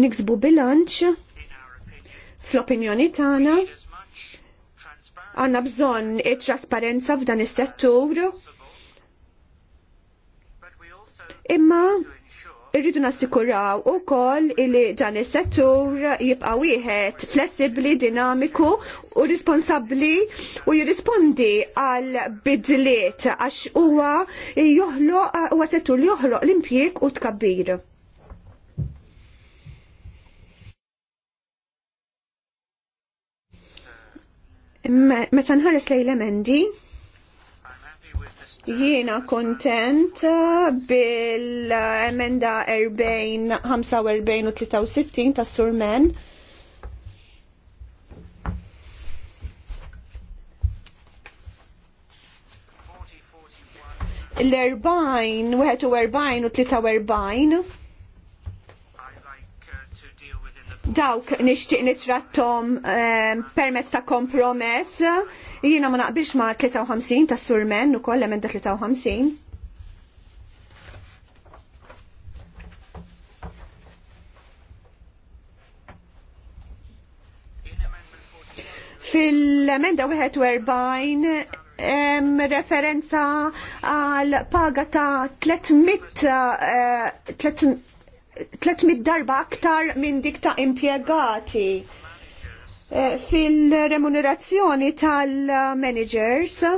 niksbu bilanċ Fl-opinjoni tagħna għandna bżonn it-trasparenza f'dan is-settur. Imma irridu nassikuraw u koll li dan is-settur jibqa' wieħed flessibbli, dinamiku u responsabbli u jirrispondi għal bidliet għax huwa joħloq huwa settur joħloq l-impjieg u tkabbir. Meta nħares lej l-emendi, jiena kontent uh, bil-emenda 40, 45 u 63 ta' Surmen. l-40, 41 u 43 dawk nixtieq nitrattom ehm, permezz ta' kompromess. Jiena ma naqbilx ma' 53 ta' surmen ukoll emenda 53. Fil-emenda 41 ehm, referenza għal paga ta' 300 300 darba aktar minn dik ta' impjegati eh, fil-remunerazzjoni tal-managers eh,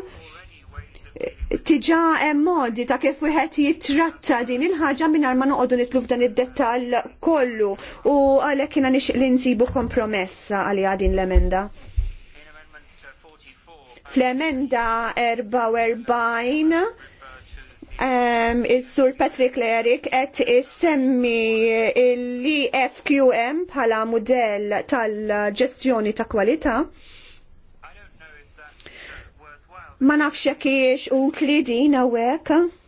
tiġa hemm modi ta' kif wieħed jitratta din il-ħaġa mingħajr ma noqogħdu nitlu f'dan id-dettall kollu u għalhekk jiena nixtieq li nsibu kompromess għaliha din l-emenda. Fl-emenda 44 il-sur Patrick Lerik qed issemmi l-EFQM bħala mudell tal-ġestjoni ta' kwalità. Ma nafx jekk hiex utli din hawnhekk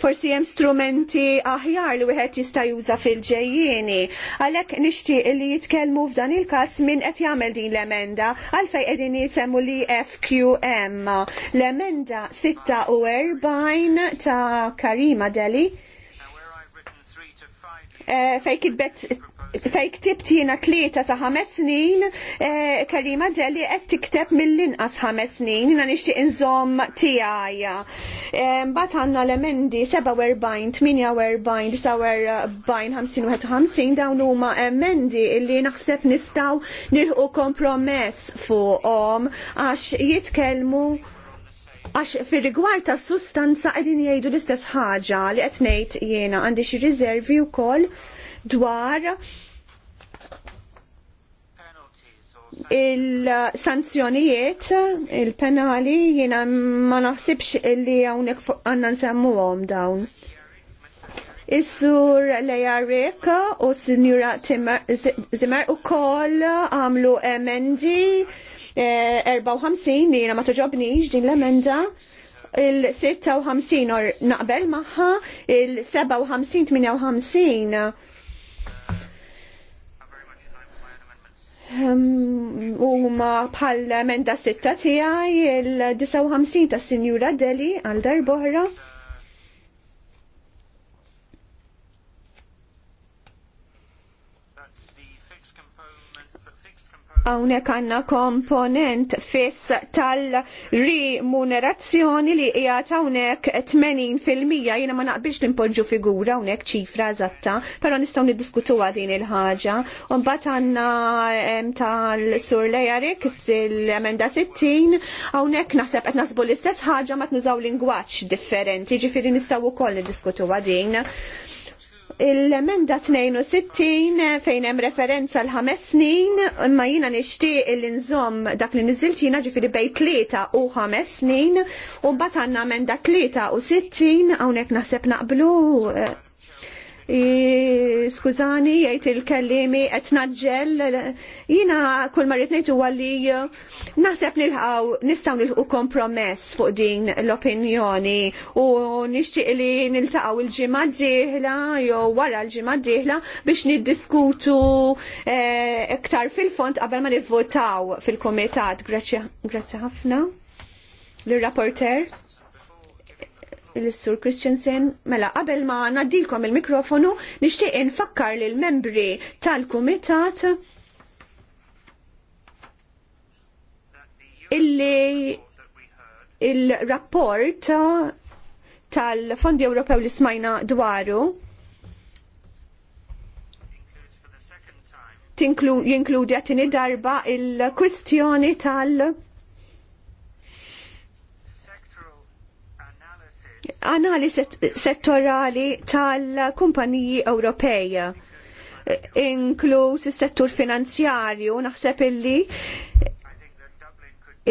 forsi hemm strumenti aħjar li wieħed jista' juża fil-ġejjieni. Għalhekk nixtieq li jitkellmu f'dan il-każ min qed jagħmel din l-emenda għalfejn qegħdin jisemmu li FQM. L-emenda 46 ta' Karima Deli. Eh, fejn kitbet fej ktibt jiena tlieta sa ħames snin, eh, Karima Deli qed tikteb mill-inqas ħames snin, jiena nixtieq inżomm tiegħi. Eh, mbagħad għandna l-emendi 47, 48, 49, 51 dawn huma emendi li naħseb nistgħu nilħu kompromess fuqhom għax jitkellmu għax fil rigward ta' sustanza qegħdin jgħidu l-istess ħaġa li qed ngħid jiena għandi xi riservi wkoll dwar il-sanzjonijiet, il-penali, jiena ma naħsibx li hawnhekk għandna nsemmuhom dawn. Is-sur Leja u u Sinjura Zimmer u koll għamlu emendi 54 eh, li jena ma toġobniġ din l-emenda il-56 naqbel maħħa il-57-58 Ehm, huma bħal menda sitta tijaj il-59 ta' Sinjura Deli għal darbohra Hawnhekk għandna komponent fiss tal-rimunerazzjoni li hija hawnhekk 80% jiena ma naqbilx nimpoġġu figura hawnhekk ċifra eżatta, però nistgħu niddiskutuha din il-ħaġa. U mbagħad għandna tal-Sur Lejarik zil emenda 60 hawnhekk naħseb qed nasbu l-istess ħaġa ma tnużaw lingwaġġ differenti, ġifieri nistgħu wkoll niddiskutuha din l-emenda 62 eh, fejn hemm referenza l ħames snin, imma jiena nixtieq li nżomm dak li niżilt jiena ġifieri bejn tlieta u ħames snin, u mbagħad għandna emenda tlieta u sittin hawnhekk naħseb naqblu eh, Skużani, jgħid il-kellimi qed naġġel. Jiena kull ma rrid ngħidu għalli eh, naħseb nilħaw nistgħu nilħu kompromess fuq din l-opinjoni u nixtieq li niltaqgħu il-ġimgħa d-dieħla jew wara l-ġimgħa d-dieħla biex niddiskutu eh, iktar fil-fond qabel ma nivvotaw fil-kumitat. Grazzi ħafna. L-rapporter il-Sur Christensen, mela qabel ma naddilkom il-mikrofonu, nixtieq infakkar lil membri tal-Kumitat illi il-rapport tal-Fondi Ewropew li smajna dwaru jinkludi għatini darba il-kwistjoni tal- anali settorali tal-kumpaniji Ewropej inkluż is-settur finanzjarju naħseb illi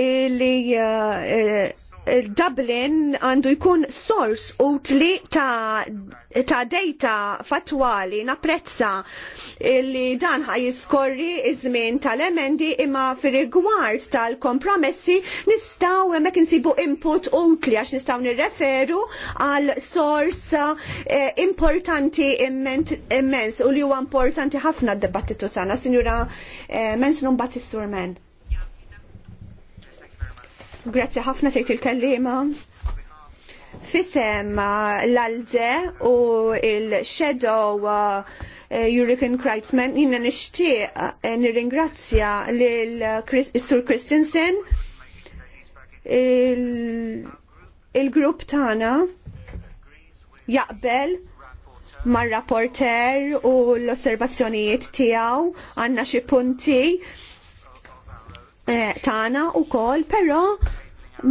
illi uh, Dublin għandu jkun sors utli ta', ta data fatwali napprezza li dan ħaj jiskorri żmien tal-emendi imma fil rigward tal-kompromessi nistgħu hemmhekk insibu input utli għax nistgħu nirreferu għal sors eh, importanti immens u li huwa importanti ħafna d-debattitu tagħna, Sinjura eh, Mens Numbat Surmen. Grazzi ħafna tgħid il-kellima. Fisem uh, l-alze u il-shadow Hurricane uh, Kreitzman jina nixtieq uh, nirringrazzja l Sur Christensen il-grupp tagħna jaqbel mar-rapporter u l-osservazzjonijiet tiegħu għandna xi punti Eh, tagħna wkoll, però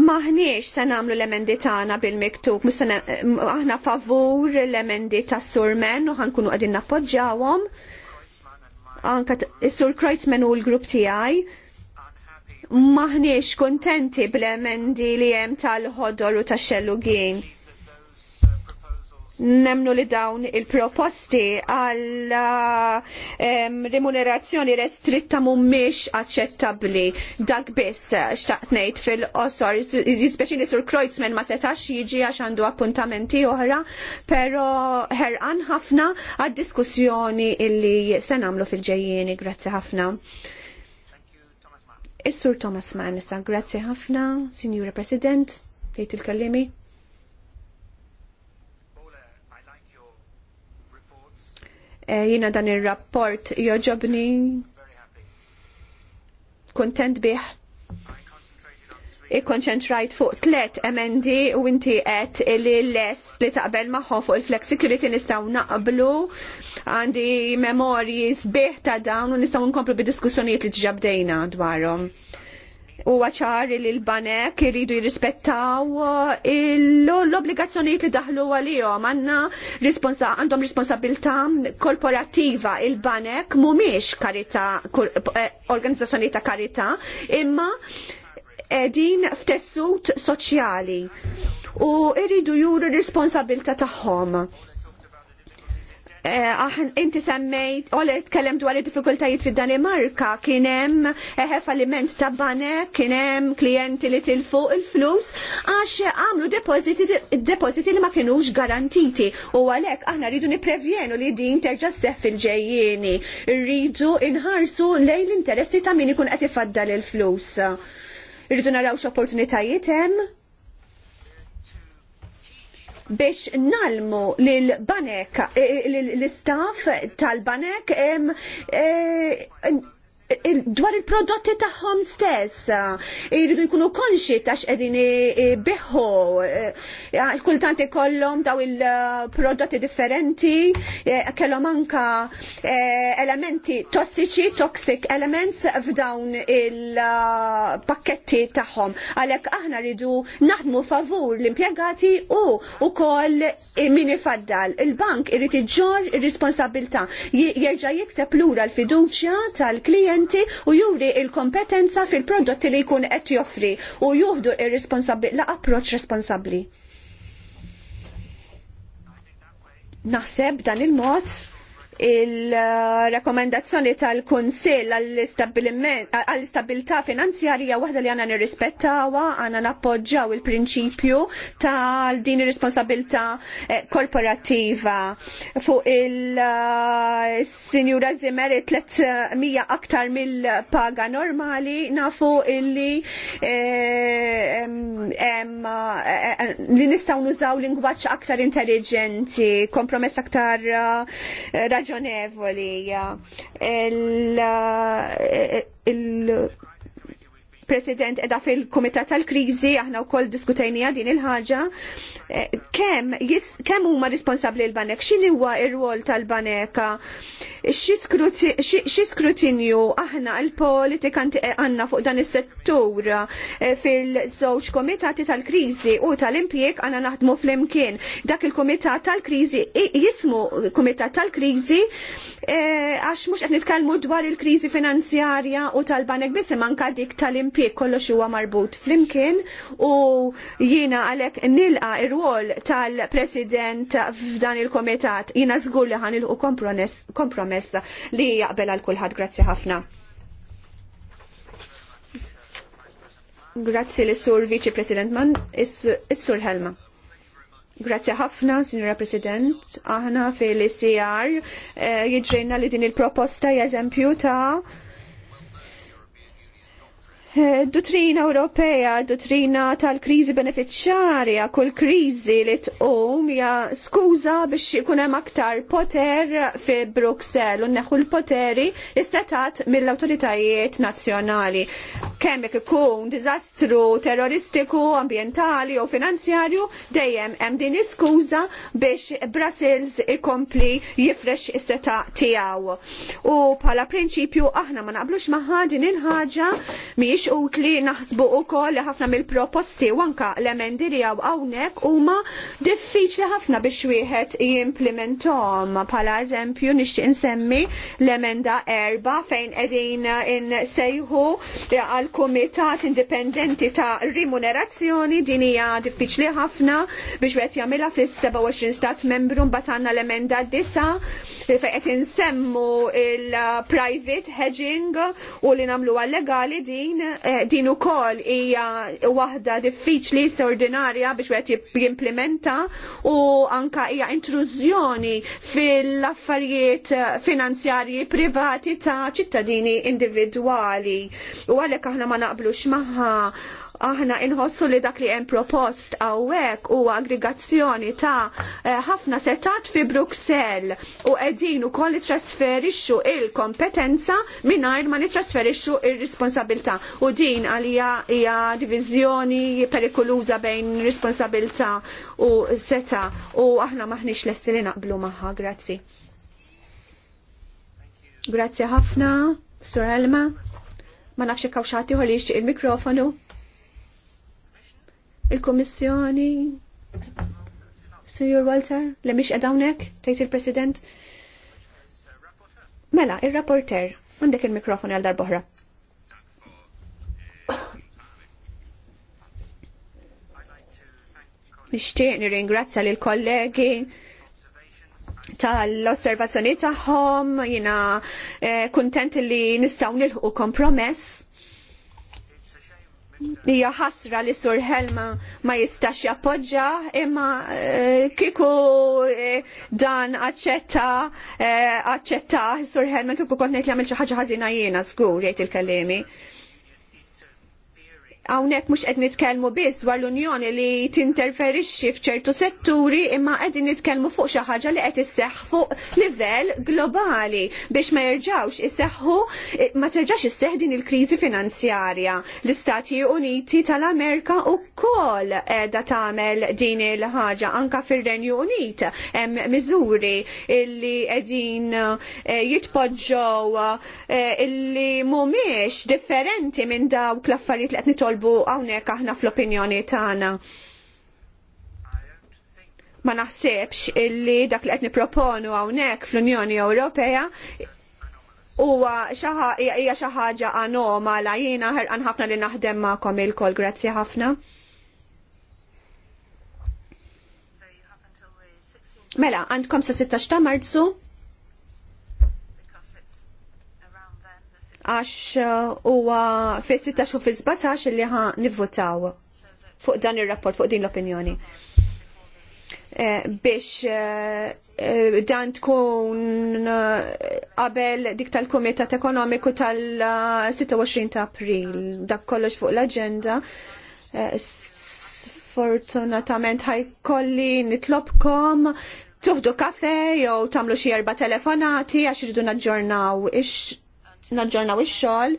maħniex se nagħmlu l-emendi tagħna bil-miktub, eh, aħna favur l-emendi tas surmen u ħankunu qegħdin nappoġġawhom. Anka s sur Kreutzmann u l-grupp tiegħi maħniex kontenti bl-emendi li hemm tal-ħodor u tax-xellugin nemnu li dawn il-proposti għal eh, remunerazzjoni restritta mumiex aċċettabli. Dak biss xtaqt ngħid fil-qosor, li sur Kreuzman ma setax jiġi għax għandu appuntamenti oħra, pero herqan ħafna għad diskussjoni illi se nagħmlu fil-ġejjieni, grazzi ħafna. Is-Sur Thomas Mann, grazzi ħafna, Signora President, jgħid il-kallimi. Eh, jina dan il-rapport joġobni kontent bih. Ikkonċentrajt fuq tlet emendi u inti qed li less li taqbel magħhom fuq il-flex security nistgħu naqblu għandi memorji sbieħ ta' dawn u nistgħu nkomplu bid-diskussjonijiet li ġabdejna dwarhom huwa ċar li l-banek iridu jirrispettaw eh, l-obbligazzjonijiet li daħlu għalihom għanna għandhom responsabilità korporattiva il-banek mhumiex karità eh, organizzazzjoni ta' karità imma edin f'tessut soċjali u iridu juru responsabilità tagħhom. Eh, inti semmejt, għol tkellem dwar il-difikultajiet fid danimarka kien hemm eh, ħefaliment ta' banek, kien hemm klijenti li tilfu il-flus, għax għamlu depositi li ma kienux garantiti. U għalhekk aħna rridu niprevjenu li din terġa' seħ fil-ġejjieni. Rridu inħarsu lejn l-interessi ta' min ikun qed ifaddal il-flus. Rridu naraw x'opportunitajiet hemm biex nalmu lill banek eh, l-istaff tal-banek eh, dwar il-prodotti tagħhom stess. Iridu jkunu konxi ta' x'qegħdin biħħu. Eh, eh, kultant ikollhom daw il-prodotti differenti, eh, kellhom anka elementi tossiċi, toxic elements f'dawn il-pakketti tagħhom. Għalhekk aħna rridu naħdmu favur l-impjegati u wkoll min ifaddal. Il-bank irid iġġor ir-responsabilità jerġa' jikseb lura l-fiduċja tal klient kompetenti u juri il-kompetenza fil-prodotti li jkun qed joffri u juhdu l-approċ responsabli. Naħseb dan il-mod il rakkomendazzjoni tal-Kunsill għall-istabilità finanzjarija waħda li għana nirrispettawa, għana nappoġġaw il-prinċipju tal din ir-responsabilità eh, korporattiva fuq il-Sinjura Zimmer 300 aktar mill-paga normali nafu illi eh, eh, li nistaw nużaw lingwaċ aktar intelligenti, kompromess aktar raġonevoli il eh, President edha fil-Komitat tal-Kriżi, aħna wkoll diskutejnija din il-ħaġa. Eh, kemm u huma responsabbli l-banek? xini huwa r-rwol tal-baneka? X'i skrutinju aħna l-politika għandna fuq dan is-settur eh, fil-żewġ komitati tal-kriżi u tal-impjeg għanna naħdmu flimkien. Dak il-Kumitat tal-Kriżi jismu Kumitat tal-Kriżi E, għax mhux qed nitkellmu dwar il-kriżi finanzjarja u tal-banek biss manka dik tal-impjeg kollox huwa marbut flimkien u jiena għalhekk nilqa il rwol tal-President f'dan il-Komitat jiena żgur li ħanilqu kompromess li jaqbel għal kulħadd. Grazzi ħafna. Grazzi l-Sur Vice President Mann, is-Sur Helma. Grazie ħafna, Signora President. Aħna fil-ICR e, eh, li din il-proposta eżempju ta' Dottrina Ewropea, dottrina tal-kriżi beneficjarja, kull kriżi li tqum hija skuża biex ikun hemm aktar poter fi Bruxelles u neħu l-poteri istatat mill-awtoritajiet nazzjonali. Kemm jekk ikun diżastru terroristiku, ambjentali u finanzjarju, dejjem hemm din iskuża biex Brussels ikompli jifrex is-seta tiegħu. U bħala prinċipju aħna ma naqblux magħha din il-ħaġa mhijiex mixqut utli naħsbu wkoll li ħafna mill-proposti u anke l-emendi li hawnhekk huma diffiċli ħafna biex wieħed jimplementom. Bħala eżempju nixtieq insemmi l-emenda erba fejn qegħdin insejħu għal kumitat indipendenti ta' rimunerazzjoni din hija diffiċli ħafna biex wieħed jagħmilha fis-27 stat membru mbagħad għandna l-emenda disa fejn qed insemmu il-private hedging u li nagħmluha legali din Eh, din ukoll hija waħda diffiċli straordinarja biex wieħed jimplementa u anka hija intrużjoni fil-affarijiet eh, finanzjarji privati ta' ċittadini individwali. U għalhekk aħna ma naqblux magħha aħna inħossu li dak li hemm propost hawnhekk huwa aggregazzjoni ta' eh, ħafna setat fi Bruxelles u qegħdin ukoll trasferixxu il-kompetenza mingħajr ma nitrasferixxu ir-responsabilità. U din għalija hija diviżjoni perikoluża bejn responsabilità u seta u aħna maħniex lesti li naqblu magħha. Grazzi. Grazzi ħafna, Sur Elma. Ma nafx ikkaw li ħolix il-mikrofonu il-Komissjoni, Sir Walter, le mish edawnek, tajt il-President. Mela, il-rapporter, għandek il-mikrofon għal darboħra. Nishtiq nirringrazzja l kollegi tal-osservazzjoni tagħhom, jina eh, kontent li nistgħu ħu kompromess hija ħasra li sur Helma ma jistax jappoġġa imma eh, kieku eh, dan aċċetta eh, aċċetta sur Helma kieku kont ngħid li għamil xi ħaġa ħażina jiena żgur jgħid il-kellimi. Hawnhekk mhux qed nitkellmu biss dwar l-Unjoni li tinterferixxi f'ċertu setturi imma qegħdin nitkellmu fuq xi ħaġa li qed isseħħ fuq livell globali biex ma jerġgħux isseħħu ma terġax isseħħ din il-kriżi finanzjarja. L-Istati Uniti tal-Amerika wkoll qiegħda tagħmel din il-ħaġa anka fir-Renju Unit hemm miżuri illi qegħdin eh, jitpoġġew eh, illi mhumiex differenti minn dawk l-affarijiet li qed nitolbu hawnhekk aħna fl-opinjoni tagħna. Ma naħsebx illi dak li qed nipproponu hawnhekk fl-Unjoni Ewropea huwa hija xi ħaġa anomala jiena ħerqan ħafna li naħdem magħkom ilkoll, grazzi ħafna. Mela, għandkom sa 16 ta' marzu għax uh, huwa fis-16 u fis-17 li ħa nivvotaw fuq dan ir-rapport fuq din l-opinjoni. Eh, biex eh, dan tkun eh, qabel dik tal-Kumitat Ekonomiku tal-26 ta' April, dak kollox fuq l-agenda. Fortunatament Sfortunatament ħajkolli nitlobkom tuħdu kafe jew tagħmlu xi erba' telefonati għax irridu naġġornaw ix naġġornaw ix-xogħol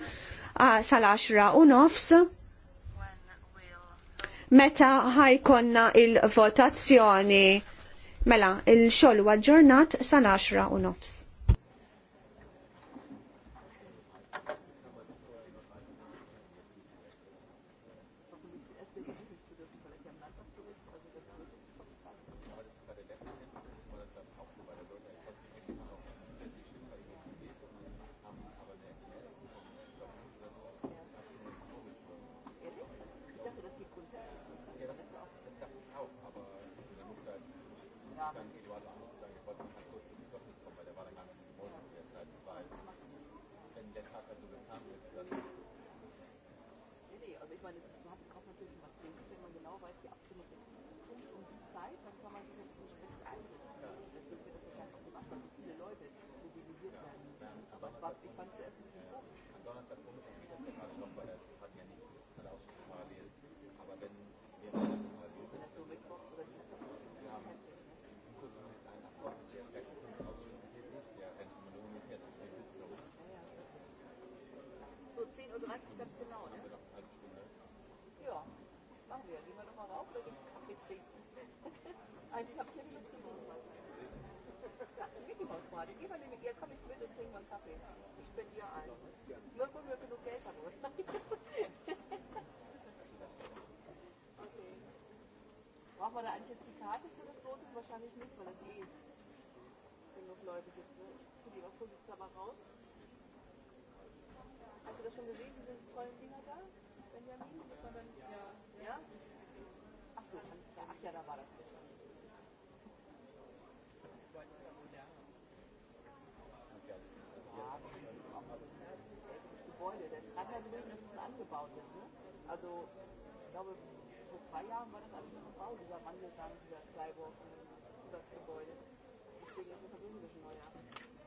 sal-10 u nofs meta ħajkonna il-votazzjoni mela il-xogħol huwa ġġornat sal-10 u nofs. kann ich nicht, weil es eh genug Leute gibt. Ne? Ich gucke lieber Vorsitzender aber raus. Hast du das schon gesehen, diese tollen Dinger da? Benjamin? Das war dann, ja. ja? Ach so, alles klar. Ach ja, da war das Ja, das Gebäude. Der Treibergewinn ist ein angebautes. Ne? Also, ich glaube, vor zwei Jahren war das alles noch gebaut, dieser Wandelgang, dieser Skywalk. Und that's avoided. Deswegen ist es auf jeden Fall schon mal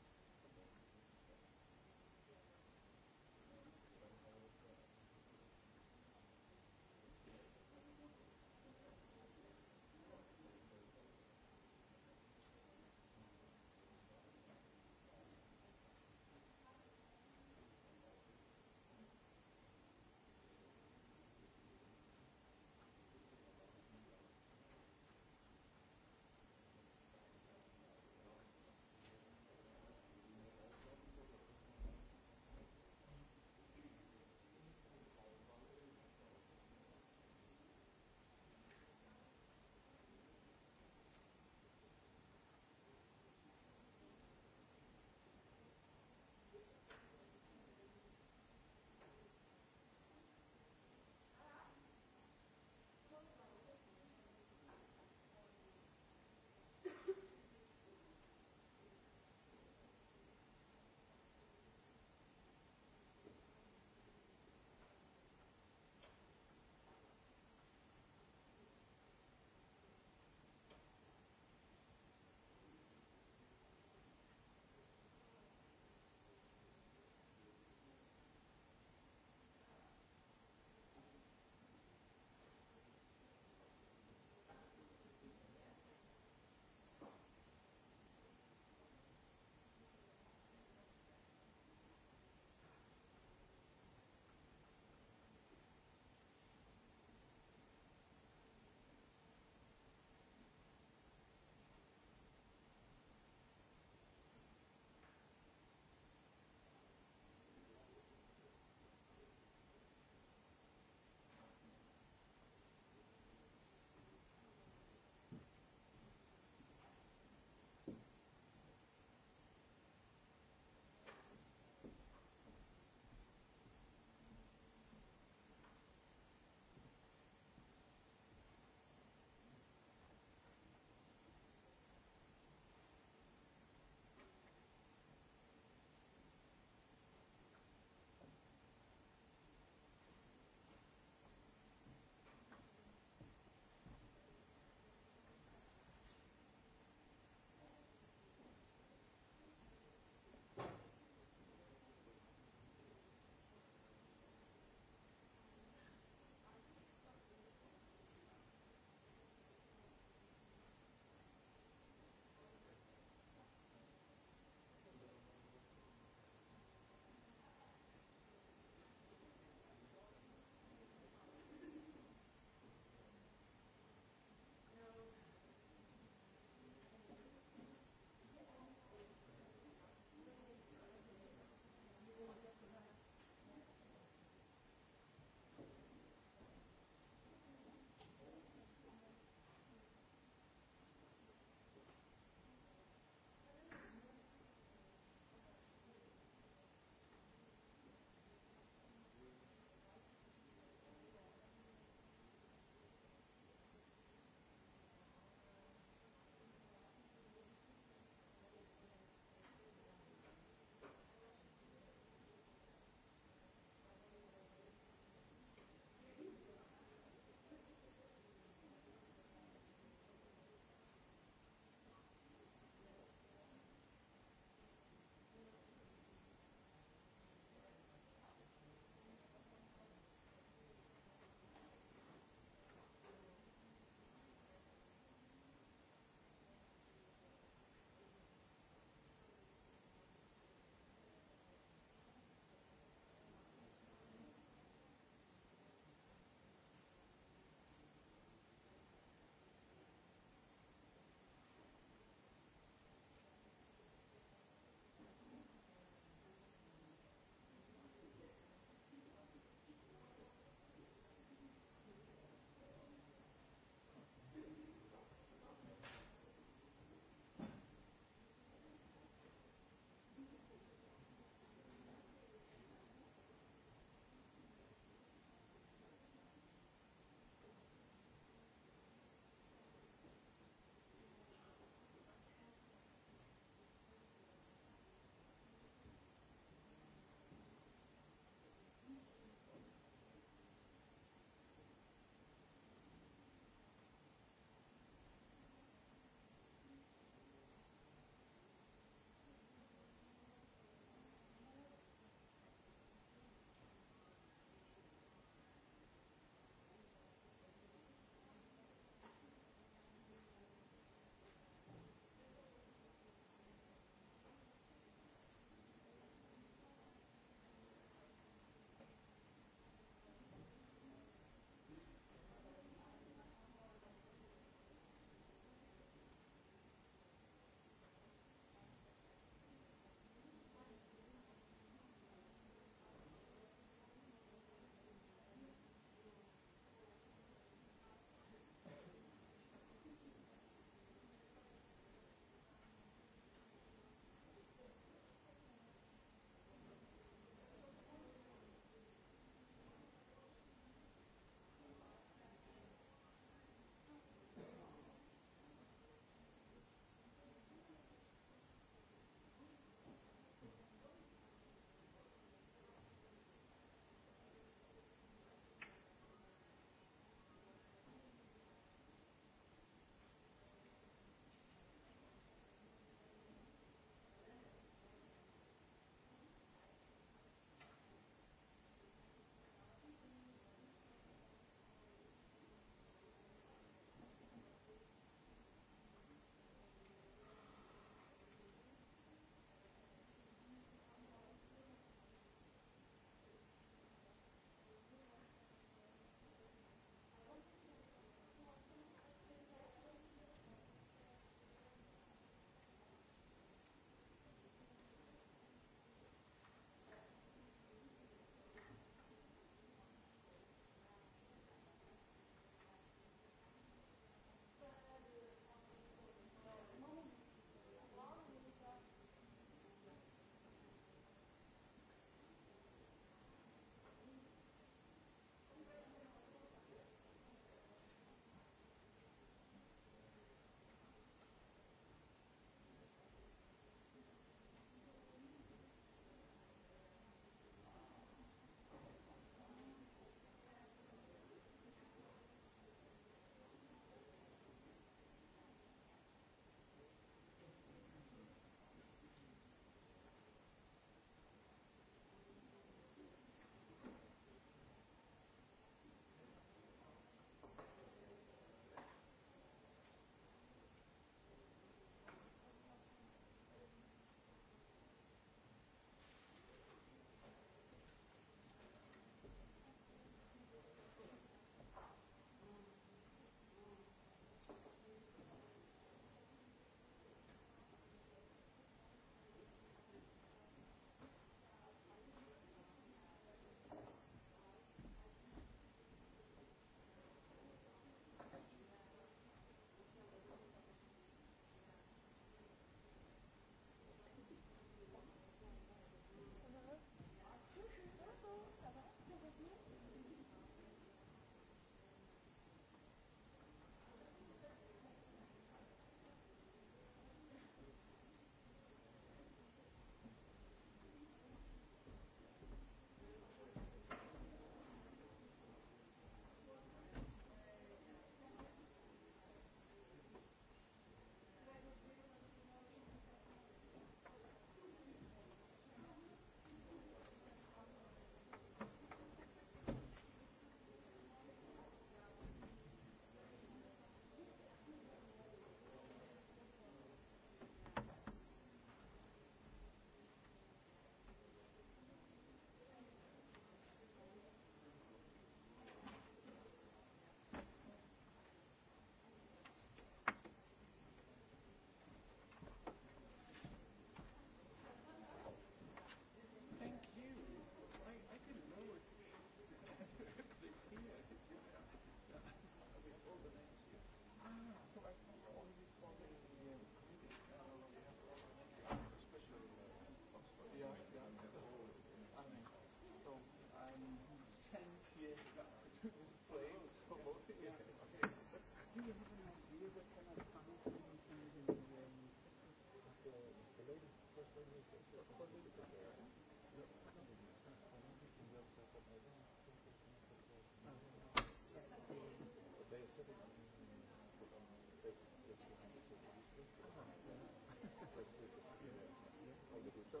So,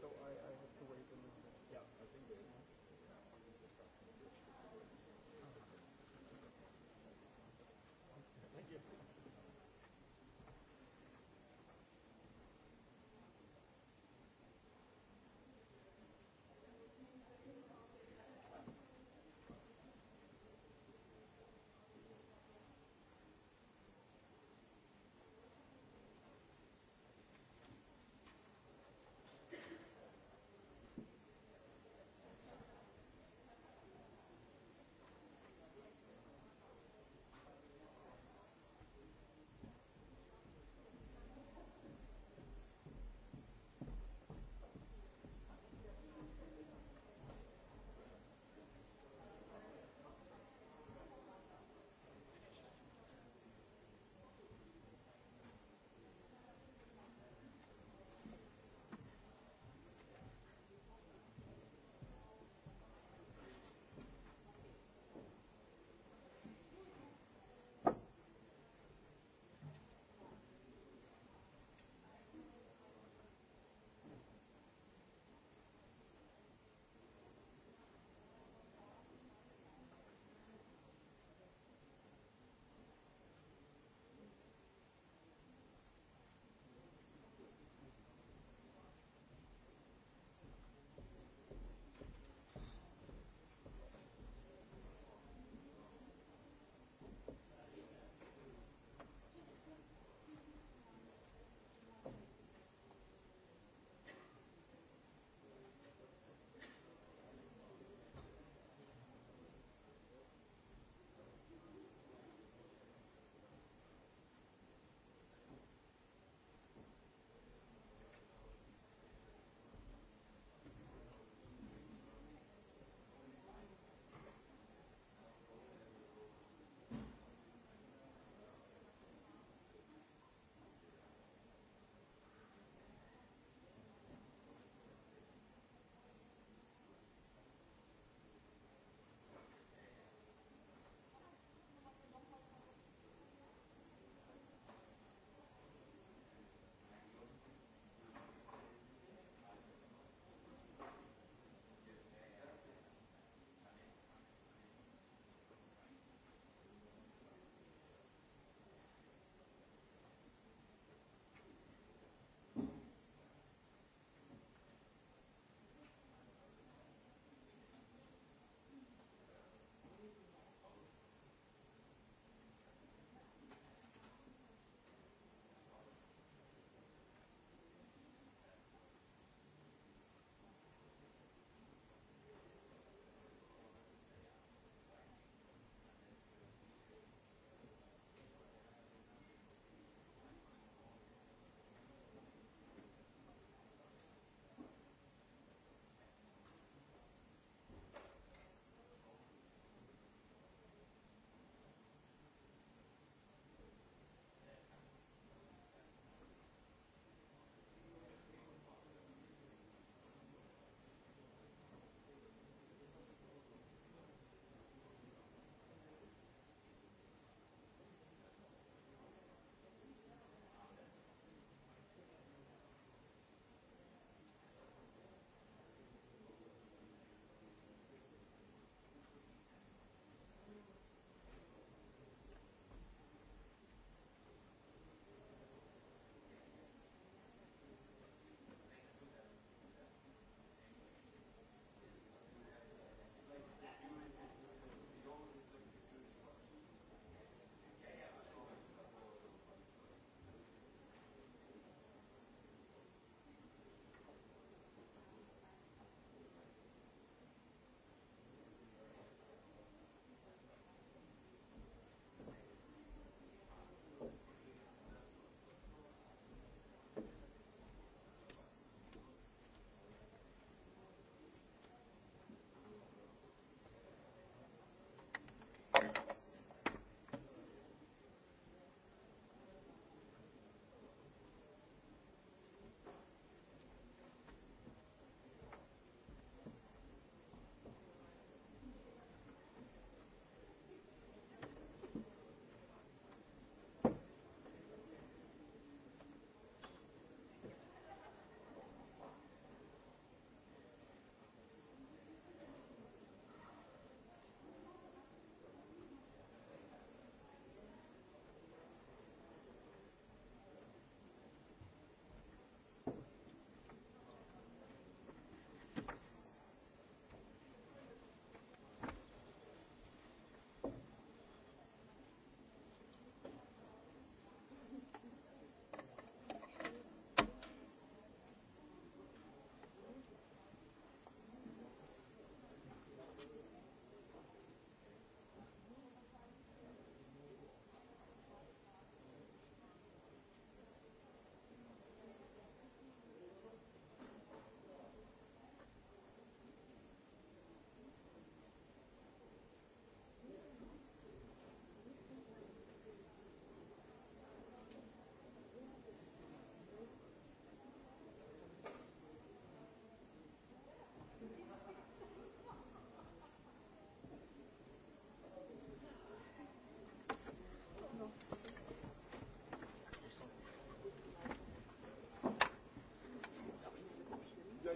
so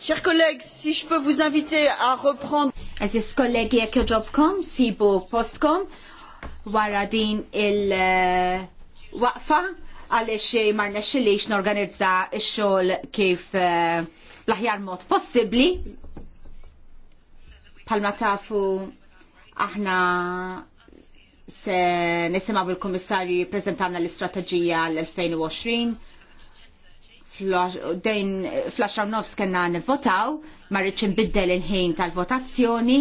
Chers collègues, si je peux vous inviter à reprendre. Aziz kollegi jekk joġobkom, Sibo postkom, Waradin il-waqfa, eh, għalix marna xilix norganizza il-xol kif uh, l-aħjar mod possibli, Palma tafu aħna se nisimaw bil komissarju prezentanna l-istrateġija l-2020 dejn fl nofs kena nivvotaw, ma rridx nbiddel il-ħin tal-votazzjoni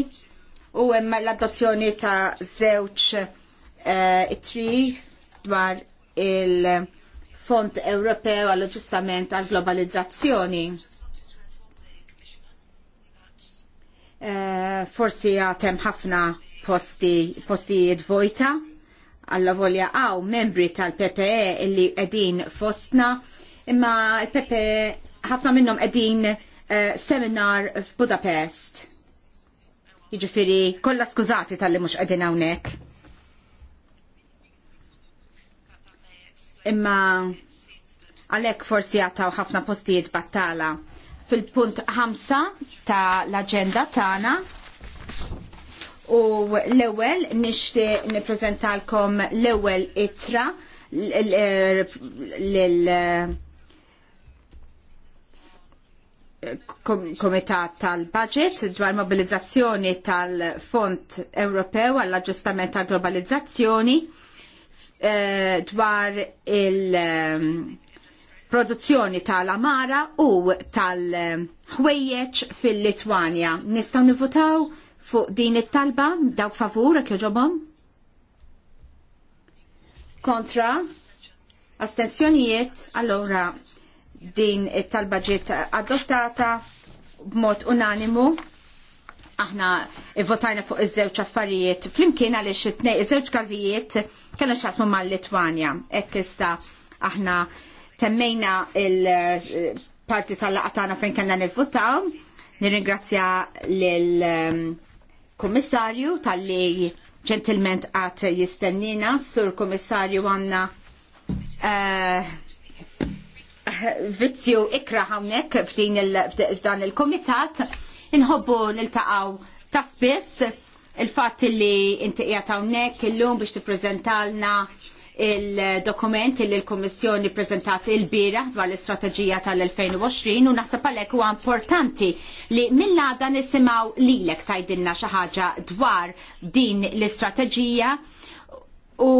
u hemm l-adozzjoni ta' żewġ eh, it tri dwar il-Fond Ewropew għall-Aġġustament għall-Globalizzazzjoni. Eh, forsi għatem ħafna posti, postijiet vojta, għalla volja għaw membri tal-PPE illi għedin fostna, imma il-PPE ħafna minnom edin uh, seminar f'Budapest. Iġifiri, kolla skużati tal-li mux għedin għawnek. Imma għalek forsi għataw ħafna postijiet battala fil-punt 5 ta' l-agenda tagħna. U l-ewwel nixtieq niprezentalkom l-ewwel itra l komitat tal-budget dwar mobilizzazzjoni tal-Fond Ewropew għall-aġġustament tal-globalizzazzjoni eh, dwar il- produzzjoni tal-amara u tal-ħwejjeċ fil-Litwanja. Nistaw nivutaw fuq din it-talba dawk favur jekk joġobhom? Kontra? Astensjonijiet? Allora din it-talba ġiet adottata b'mod unanimu aħna votajna fuq iż-żewġ affarijiet flimkien għaliex it iż-żewġ każijiet kellna x'asmu mal-Litwanja. Hekk issa aħna temmejna il-parti tal-laqatana fejn kena nivvutaw. Nirringrazzja l-Komissarju ehm, tal-li ġentilment għat jistennina, sur Komissarju għanna eh, vizzju ikra hawnhekk f'dan il-komitat inħobbu niltaqgħu ta' spiss il-fatt li inti għawnek hawnhekk illum biex t-prezentalna il-dokument li l-Kommissjoni prezentat il-bira dwar l-istrateġija tal-2020 u naħseb għalhekk huwa importanti li mill-għada nisimgħu lilek tajdilna xi ħaġa dwar din l-istrateġija u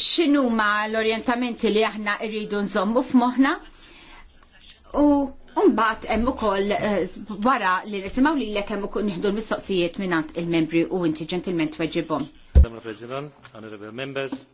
x'inhuma l-orjentamenti li aħna irridu nżommu f'moħħna u Umbat hemm ukoll eh, wara li nisimgħu lilek hemm ukoll nieħdu l-mistoqsijiet mingħand il-membri u inti ġentilment tweġibhom. Madam President, honourable members,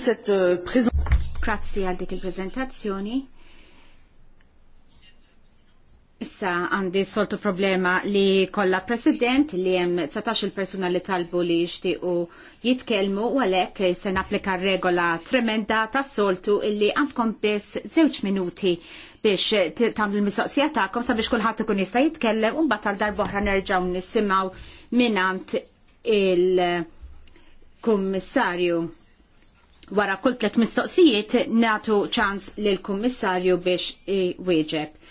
cette euh, présentation. Grazie għal dik il-prezentazzjoni. Issa għandi soltu problema li kolla president li jem 17 il-persuna li talbu li jixtiequ jitkelmu u għalek se naplika regola tremenda ta' soltu illi għandkom bis zewċ minuti biex tamlu l-mistoqsija ta'kom sabiex kullħat ikun jista' jitkellem u mbagħad tal darbohra nerġgħu nisimgħu minant il-kummissarju. Wara kull tlet mistoqsijiet natu ċans lill kummissarju biex wieġeb.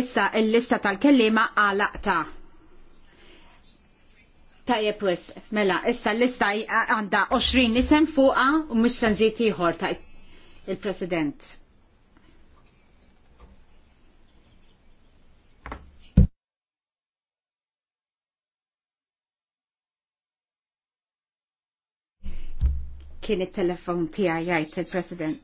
Issa il-lista tal-kellima għalaqta. Tajjeb wis, mela, issa l-lista għandha 20 nisem fuqha u mhux se nżid ieħor ta' il-President. kien it-telefon tiegħi jgħid il-President.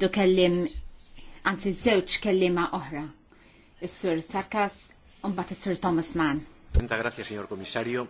nieħdu kellim għansi zewċ kellima oħra. il sur Sarkas un-bat il sur Thomas Mann. Grazie, signor Commissario.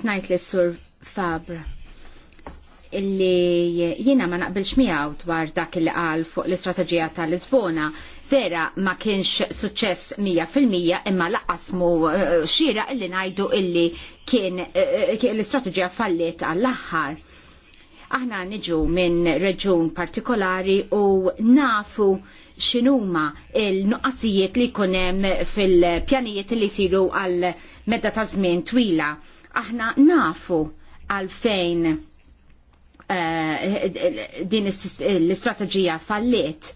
irrit ngħid lis sur Fabr illi jiena ma naqbilx miegħu dwar dak il qal fuq l-istrateġija tal-Lisbona vera ma kienx suċċess 100% imma laqqas mu eh, xira illi ngħidu illi eh, kien l-istrateġija falliet għall-aħħar. Aħna niġu minn reġun partikolari u nafu x'inhuma il-nuqqasijiet li jkun hemm fil-pjanijiet li jsiru għal medda ta' żmien twila Aħna nafu għalfejn uh, din l-istrateġija falliet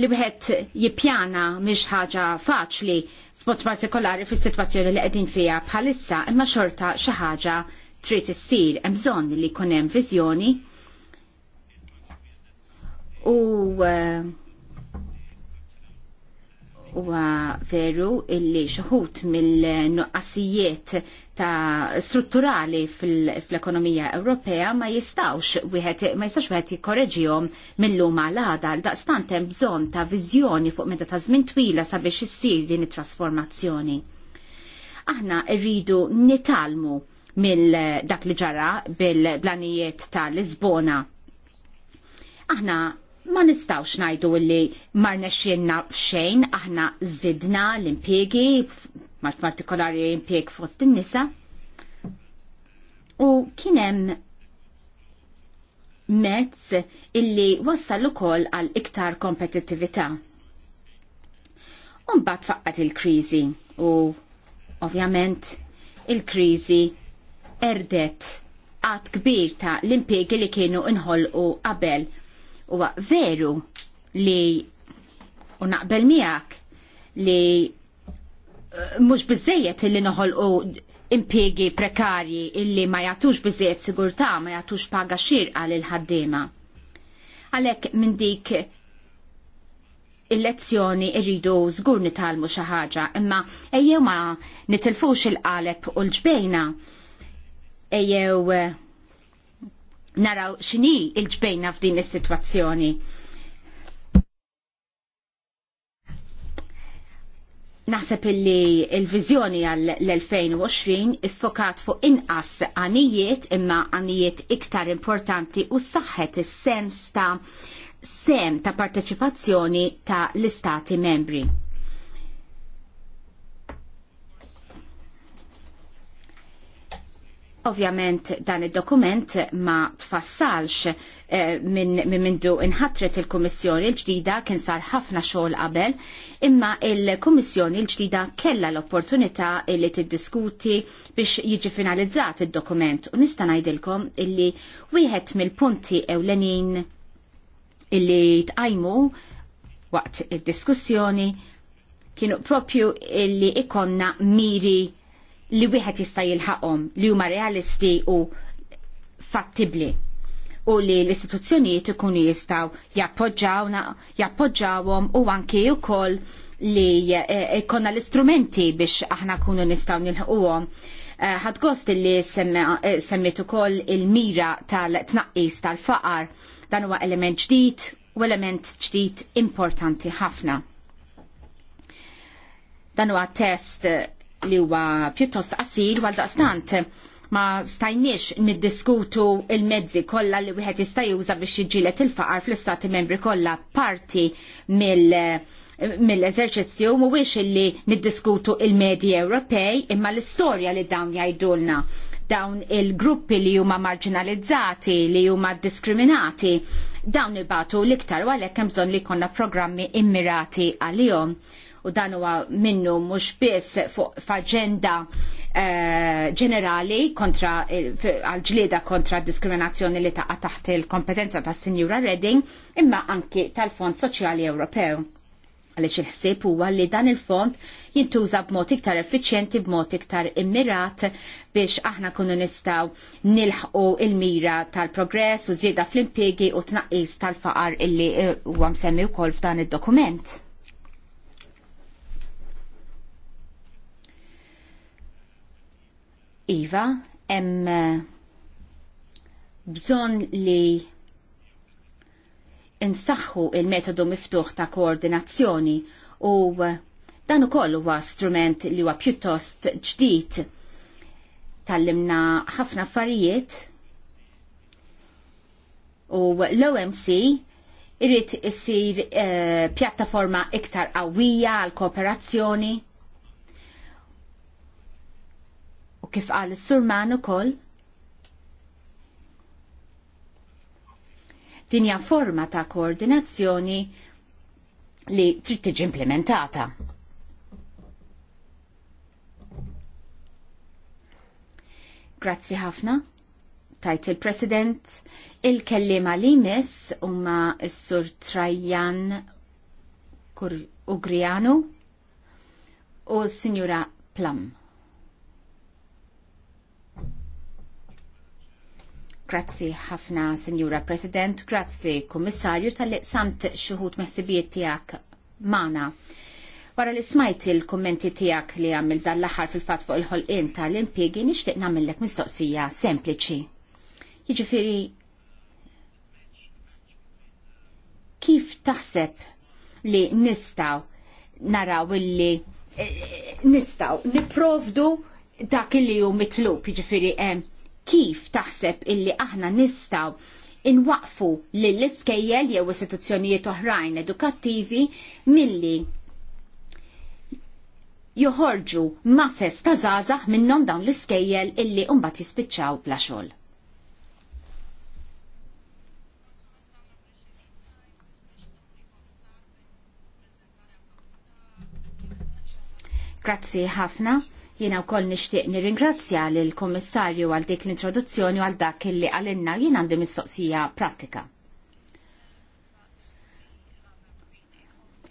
li wieħed jippjana mhix ħaġa faċli spot partikolari fis sitwazzjoni li qegħdin fija bħalissa imma xorta xi ħaġa trid issir hemm bżonn li jkun hemm viżjoni u uh, Huwa veru illi xoħut mill-nuqqasijiet ta' strutturali fl-ekonomija Ewropea ma jistawx wieħed ma jistax wieħed jikkoreġihom mill-lum għal għada l daqstant hemm bżonn ta' viżjoni fuq meta ta' żmien twila sabiex issir din it-trasformazzjoni. Aħna rridu nitalmu mill dak li ġara bil-blanijiet ta' Lisbona. Aħna ma nistawx najdu li marna xienna xejn aħna zidna l-impiegi, mart partikolari impieg fost in-nisa. U kienem mezz illi wassal ukoll għal iktar kompetittività. Umbat faqqat il-krizi u ovvjament il-krizi erdet għad kbir ta' l-impiegi li kienu u qabel Huwa veru li u naqbel miegħek li eh, mhux biżejjed illi noħolqu impjiegi prekarji illi ma jagħtux bizzejet sigurtà, ma jagħtux paga xirqa lil ħaddiema. Għalhekk minn dik il-lezzjoni irridu żgur nitalmu xi ħaġa, imma ejjew ma nitilfux il-qaleb u l-ġbejna. Ejjew eh, naraw x'inhi il-ġbejna f'din is-sitwazzjoni. Naħseb illi il-vizjoni għall 2020 iffokat fuq inqas għanijiet imma għanijiet iktar importanti u saħħet is-sens ta' sem ta' parteċipazzjoni ta' l-istati membri. Ovvjament dan id-dokument ma tfassalx eh, minn min mindu inħatret il-Kummissjoni l-ġdida kien sar ħafna xogħol qabel, imma il-Kummissjoni l-ġdida kella l-opportunità li tiddiskuti biex jiġi finalizzat id-dokument u nista' ngħidilkom illi wieħed mill-punti ewlenin illi tqajmu waqt id-diskussjoni kienu propju illi ikonna miri li wieħed jista' jilħaqhom li huma realisti u fattibli u li l-istituzzjonijiet ikunu jistgħu jappoġġawhom u anke wkoll li jkollna eh, eh, l-istrumenti biex aħna kunu nistgħu nilħquhom. Eh, gost li semmiet ukoll il-mira tal-tnaqqis tal-faqar dan huwa element ġdid u element ġdid importanti ħafna. Dan huwa test li huwa pjuttost qasir għal daqstant ma stajniex niddiskutu il-mezzi kollha li wieħed jista' juża biex jiġilet il-faqar fl-istati membri kollha parti mill- mill-eżerċizzju mhuwiex illi niddiskutu il-medji Ewropej imma l-istorja li dawn jgħidulna dawn il-gruppi li huma marginalizzati li huma diskriminati dawn ibatu l-iktar għalhekk hemm bżonn li jkollna programmi immirati għalihom u dan huwa minnu mhux biss fuq f'aġenda eh, ġenerali kontra għal-ġlieda kontra diskriminazzjoni li taqa' taħt il-kompetenza tas Sinjura Redding imma anki tal-Fond Soċjali Ewropew Għaliex il ħsieb huwa li dan il fond jintuża b'mod iktar effiċjenti, b'mod iktar immirat biex aħna kunu nistaw nilħqu il-mira tal-progress u żieda fl-impjegi u tnaqqis tal-faqar illi eh, huwa msemmi wkoll f'dan id-dokument. Iva, hemm eh, bżonn li insaħħu il-metodu miftuħ ta' koordinazzjoni u eh, dan ukoll huwa strument li huwa pjuttost ġdid tallimna ħafna affarijiet u l-OMC irrid isir uh, pjattaforma iktar qawwija għal kooperazzjoni kif qal is-surman ukoll din hija forma ta' koordinazzjoni li trid tiġi implementata. Grazzi ħafna. Tajt il-President, il-kellima li mis umma s-sur Trajan Ugrianu u s-Sinjura Plum. Grazzi ħafna, Sinjura President, grazzi Kummissarju tal-iqsamt xuħut meħsibiet tijak mana. Wara li smajt il-kommenti tijak li għamil dal-laħar fil-fat fuq il-ħolqin tal-impiegi nishtiq namillek mistoqsija sempliċi. Jiġifiri, kif taħseb li nistaw naraw illi eh, nistaw niprovdu dak li ju mitlub, jiġifiri, em, kif taħseb illi aħna nistaw inwaqfu lill iskejjel jew istituzzjonijiet oħrajn edukattivi milli joħorġu masses ta' żgħażagħ minnom dawn l-iskejjel illi umbat jispiċċaw bla xogħol. Grazzi ħafna. Jiena wkoll nixtieq nirringrazzja lill kummissarju għal dik l-introduzzjoni għal dak illi għalinna jien għandi mistoqsija pratika.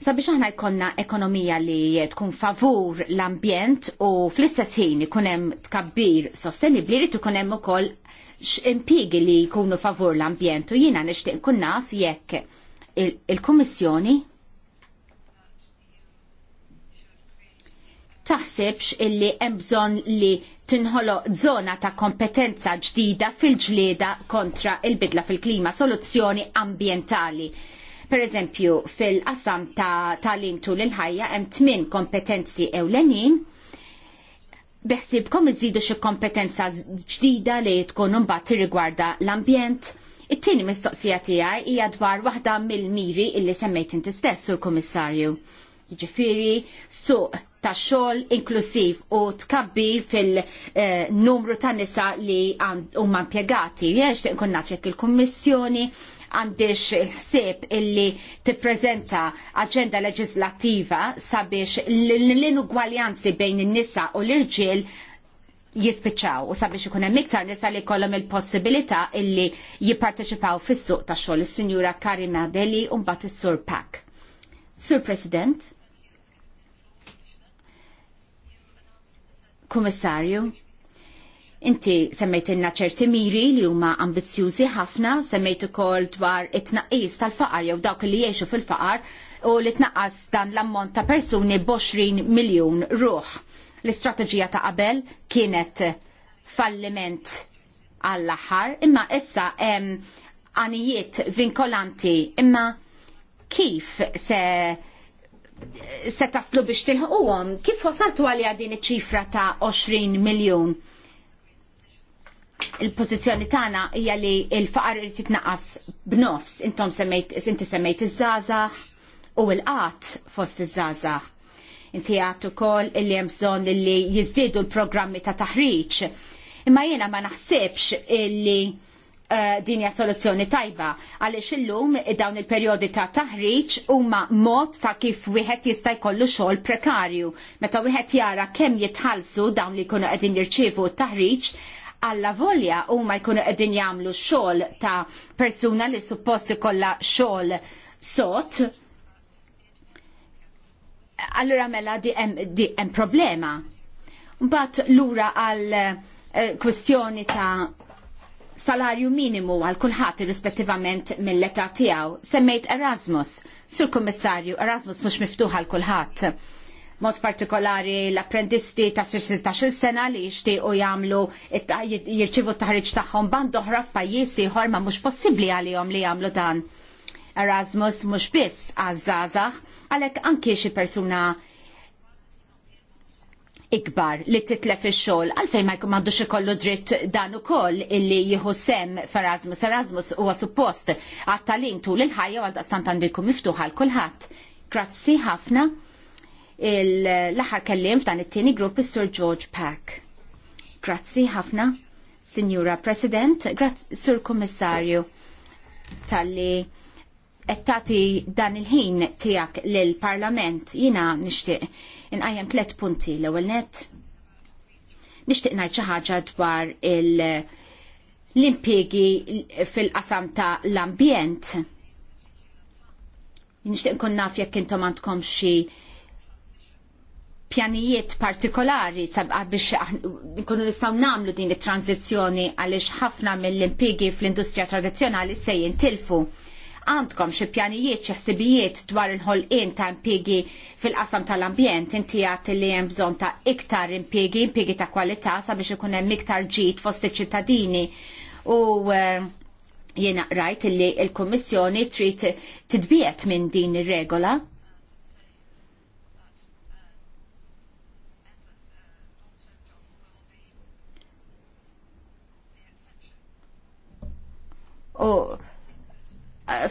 Sabiex aħna jkollna ekonomija li tkun favur l-ambjent u fl-istess ħin ikun hemm tkabbir sostenibbli jrid ikun hemm ukoll x'impjiegi li jkunu favur l-ambjent u jiena nixtieq nkun naf jekk il-Kummissjoni il il kummissjoni taħsibx illi hemm bżonn li tinħoloq żona ta' kompetenza ġdida fil-ġlieda kontra il-bidla fil-klima, soluzzjoni ambjentali. Per eżempju, fil-qasam ta' talintu tul il-ħajja hemm tmien kompetenzi ewlenin Beħsibkom iżidu xi kompetenza ġdida li tkun imbagħad tirrigwarda l-ambjent. It-tieni mistoqsija tiegħi hija dwar waħda mill-miri illi semmejt inti stess sur kummissarju. Jiġifieri suq ta' xogħol inklusiv u tkabbir fil-numru eh, ta' nisa li huma impjegati. Jiex tinkun naf jekk il-Kummissjoni għandix ħsieb illi tippreżenta aġenda leġislattiva sabiex l-inugwaljanzi bejn in-nisa u l-irġiel jispiċċaw u sabiex ikun hemm iktar nisa li jkollhom il-possibilità illi jipparteċipaw fis-suq tax xogħol is-Sinjura Karima Deli u mbagħad is-Sur Pak. Sur President, Kummissarju, inti semmejtinna ċerti miri li huma ambizzjużi ħafna, semmejt ukoll dwar it-tnaqqis tal-faqar jew dawk li jgħixu fil-faqar u li tnaqqas dan l-ammont ta' persuni b'20 miljun ruħ. L-istrateġija ta' qabel kienet falliment għall-aħħar, imma issa hemm għanijiet vinkolanti, imma kif se se taslu biex tilħuqhom. Kif wasaltu għalija din iċ-ċifra ta' 20 miljun? il-pozizjoni tagħna hija li l-faqar irid jitnaqqas b'nofs intom semmejt inti semmejt iż-żgħażagħ u l-qatt fost iż-żgħażagħ. Inti għat ukoll illi hemm bżonn li jiżdiedu l-programmi ta' taħriġ. Imma jiena ma naħsibx illi Eh, dinja soluzzjoni tajba għaliex illum dawn il-perjodi ta' taħriġ huma mod ta' kif wieħed jista' jkollu xogħol prekarju. Meta wieħed jara kemm jitħallsu dawn li jkunu qegħdin jirċievu taħriġ alla volja huma jkunu qegħdin jagħmlu xogħol ta' persuna li suppost kolla xogħol sot. Allura mela di hemm problema. Mbagħad lura għal eh, kwestjoni ta' salarju minimu għal kulħadd irrispettivament mill-età tiegħu. Semmejt Erasmus, sur kummissarju, Erasmus mhux miftuħ għal kulħadd. Mod partikolari l-apprendisti ta' 16 sena li jixtiequ jagħmlu jirċivu t-taħriġ tagħhom band oħra f'pajjiż ieħor ma mhux possibbli għalihom li jagħmlu dan. Erasmus mhux biss għaż-żgħażagħ għalhekk anke xi persuna ikbar li titlef ix-xogħol għalfejn ma jkun ikollu dritt dan ukoll illi jieħu sem f'Erasmus. Erasmus huwa suppost għat tagħlim tul il-ħajja għal daqstant għandu jkun miftuħ għal kulħadd. Grazzi ħafna l-aħħar kellim f'dan it-tieni grupp is-Sur George Pack. Grazzi ħafna, Signora President, grazzi Sur Kommissarju tal-li tagħti dan il-ħin tiegħek lill parlament jiena nixtieq inqajjem tliet punti l-ewwel net. Nixtieq ngħid xi ħaġa dwar l-impjegi fil-qasam ta' l-ambjent. Nixtieq nkun naf jekk intom għandkom xi pjanijiet partikolari biex nkunu nistgħu nagħmlu din it-tranzizzjoni għaliex ħafna mill-impjegi fl-industrija tradizzjonali se jintilfu għandkom xi pjanijiet xi ħsibijiet dwar il-ħolqien ta' impjiegi fil-qasam tal-ambjent inti għat li hemm bżonn ta' iktar impjiegi, impjiegi ta' kwalità sabiex ikun hemm iktar ġid fost iċ-ċittadini u eh, jiena rajt li l-Kummissjoni trid tidbiet minn din ir-regola. Oh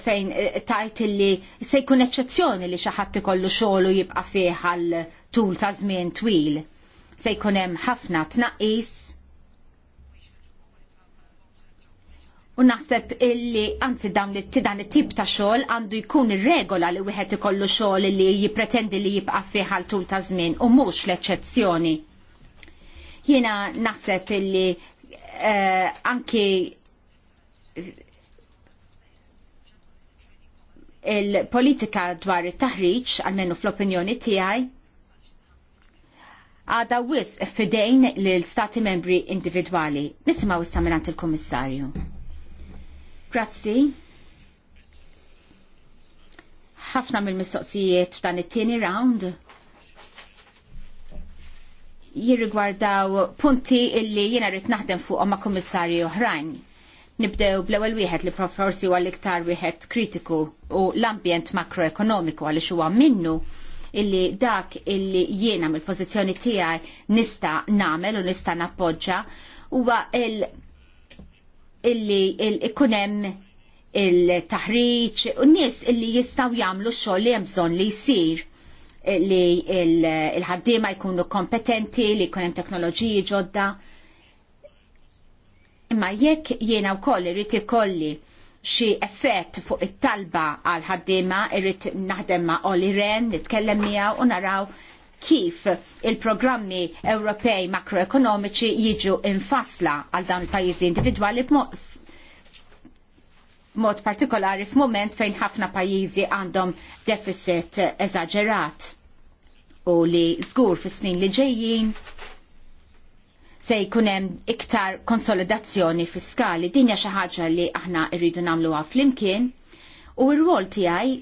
fejn eh, tajt illi se jkun eċċezzjoni li xi ħadd ikollu xogħol u jibqa' fih għal tul ta' żmien twil. Se jkun hemm ħafna tnaqqis U naħseb illi anzi dawn li dan it-tip ta' xogħol għandu jkun ir-regola li wieħed ikollu xogħol li jippretendi li jibqa' fih għal tul ta' żmien u mhux l-eċċezzjoni. Jiena naħseb illi uh, anki il-politika dwar it-taħriġ, għalmenu fl-opinjoni tiegħi, għada wis fidejn l-stati membri individwali. Nisimaw wissa minnant il-Kummissarju. Grazzi. Ħafna mill-mistoqsijiet f'dan it-tieni round jirrigwardaw punti illi jena rrit naħdem fuqhom ma' komissarju oħrajn Nibdew bl-ewwel wieħed li forsi huwa l-iktar wieħed kritiku u l-ambjent makroekonomiku għaliex huwa minnu illi dak illi jiena mill-pożizzjoni tiegħi nista' nagħmel u nista' nappoġġa huwa il illi ikun hemm il-taħriġ u nies illi jistgħu jagħmlu x-xogħol li hemm bżonn li jsir li il-ħaddiema jkunu kompetenti, li jkun hemm teknoloġiji ġodda Imma jekk jiena wkoll irid ikolli xi effett fuq it-talba għal ħaddiema irrid naħdem ma' Oli Ren, nitkellem miegħu u naraw kif il-programmi Ewropej makroekonomiċi jiġu infasla għal dawn il-pajjiżi individwali mod partikolari f'mument fejn ħafna pajjiżi għandhom deficit eżaġerat u li żgur fis-snin li ġejjin se jkun hemm iktar konsolidazzjoni fiskali. Din hija xi ħaġa li aħna rridu nagħmluha flimkien u r wol tiegħi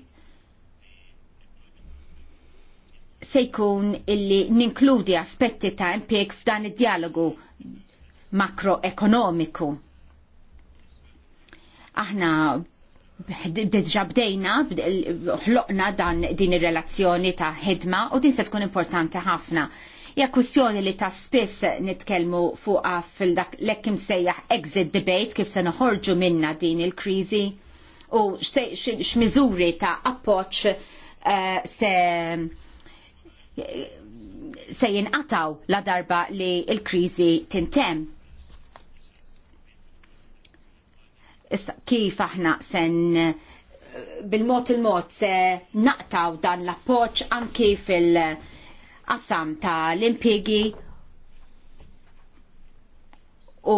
se jkun illi ninkludi aspetti ta' impjeg f'dan id-dialogu makroekonomiku. Aħna Deġa bdejna, ħloqna dan din ir-relazzjoni ta' ħidma u din se tkun importanti ħafna. Ja kwistjoni li ta' spiss nitkellmu fuqha fil-dak lekkim sejjaħ exit debate kif se noħorġu minna din il-kriżi u x'miżuri ta' appoġġ uh, eh, se se jinqataw la darba li l-kriżi tintemm. Issa kif aħna sen eh, bil-mod il-mod se naqtaw dan l-appoċ anki fil- qassam ta' l impiegi u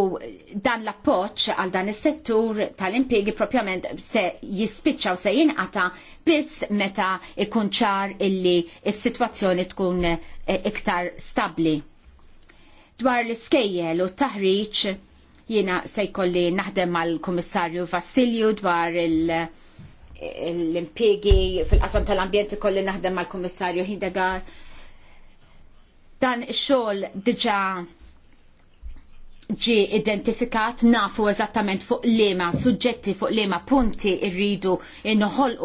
dan l-appoċ għal dan is-settur tal impiegi propjament se jispiċċaw se jinqata biss meta ikun ċar illi is-sitwazzjoni tkun eh, iktar stabli. Dwar l-iskejjel u t-taħriġ jiena se jkolli naħdem mal-Kummissarju Vassilju dwar il- l-impiegi fil-qasam tal-ambjenti kolli naħdem mal-Kummissarju Hindegar Dan xogħol diġà ġi identifikat nafu eżattament fuq liema suġġetti fuq liema punti rridu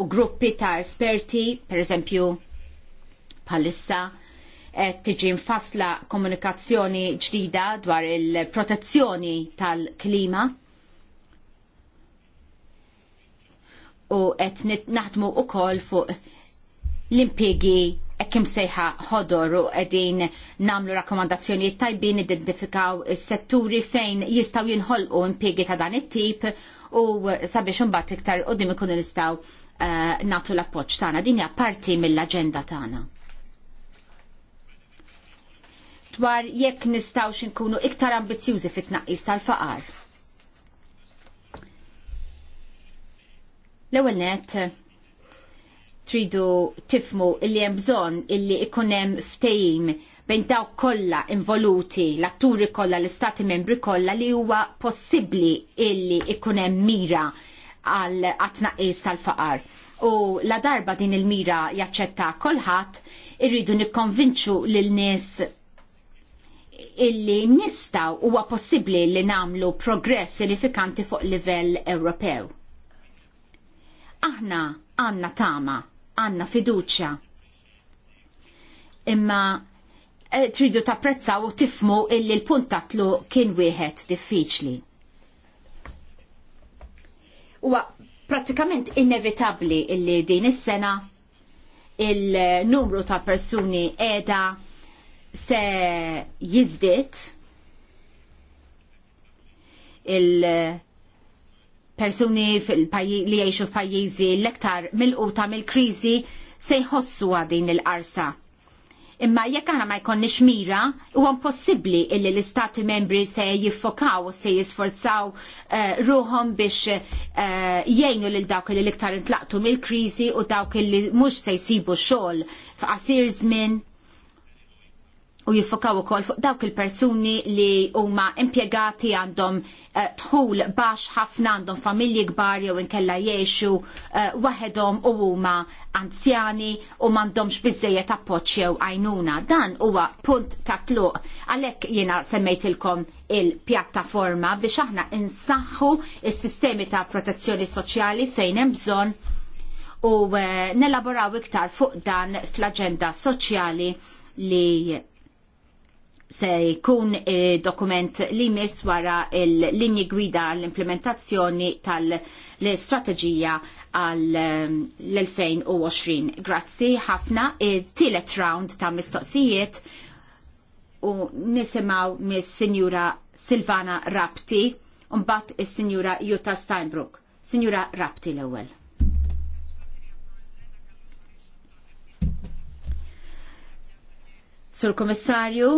u gruppi ta' esperti, per eżempju, palissa, tiġi nfasla komunikazzjoni ġdida dwar il-protezzjoni tal-klima. U qed naħdmu wkoll fuq l-impjegi ekkim sejħa ħodor u edin namlu rakkomandazzjoni tajbin identifikaw setturi fejn jistaw jinħolqu impiegi ta' dan it-tip u sabiex imbagħad iktar qudiem ikunu nistgħu uh, eh, nagħtu l-appoġġ tagħna. Din hija parti mill-aġenda tagħna. Dwar jekk nistgħux inkunu iktar ambizzjużi fit-tnaqqis tal-faqar. L-ewwel net tridu tifmu illi hemm bżonn illi ikun hemm ftehim bejn dawk kollha involuti, l-atturi kollha, l-istati membri kollha li huwa possibbli illi ikun hemm mira għal għatnaqis tal-faqar. U la darba din il-mira jaċċetta kolħat, irridu nikkonvinċu lil nies illi nistaw huwa possibbli li namlu progress sinifikanti fuq livell Ewropew. Aħna għanna tama għanna fiduċja. Imma eh, tridu tapprezzaw u tifmu illi l-punt tatlu kien wieħed diffiċli. Huwa pratikament inevitabli illi din is-sena il-numru ta' persuni edha se jiżdied il- persuni li jgħixu f'pajjiżi l-iktar mill-quta mill-kriżi se jħossu għadin il-qarsa. Imma jekk aħna ma jkonniex mira, huwa impossibbli illi l-istati membri se jiffokaw u se jisforzaw uh, ruhom biex uh, jgħinu lil dawk li l-iktar intlaqtu mill-kriżi u dawk li mhux se jsibu xogħol f'qasir żmien u jiffokaw ukoll fuq dawk il-persuni li huma impjegati għandhom uh, tħul baxx ħafna għandhom familji kbar jew inkella jgħixu uh, eh, waħedhom u huma anzjani u m'għandhomx biżejjed appoġġ jew għajnuna. Dan huwa punt ta' tluq għalhekk jiena semmejtilkom il-pjattaforma biex aħna insaħħu is-sistemi ta' protezzjoni soċjali fejn hemm bżonn u uh, nelaboraw iktar fuq dan fl-aġenda soċjali li se jkun eh, dokument li mis wara l linji gwida l-implementazzjoni tal-strategija għal l-2020. Grazzi ħafna eh, il round ta' mistoqsijiet u nisimaw mis sinjura Silvana Rapti un bat is sinjura Jutta Steinbrook. Sinjura Rapti l-ewel. Sur Komissarju,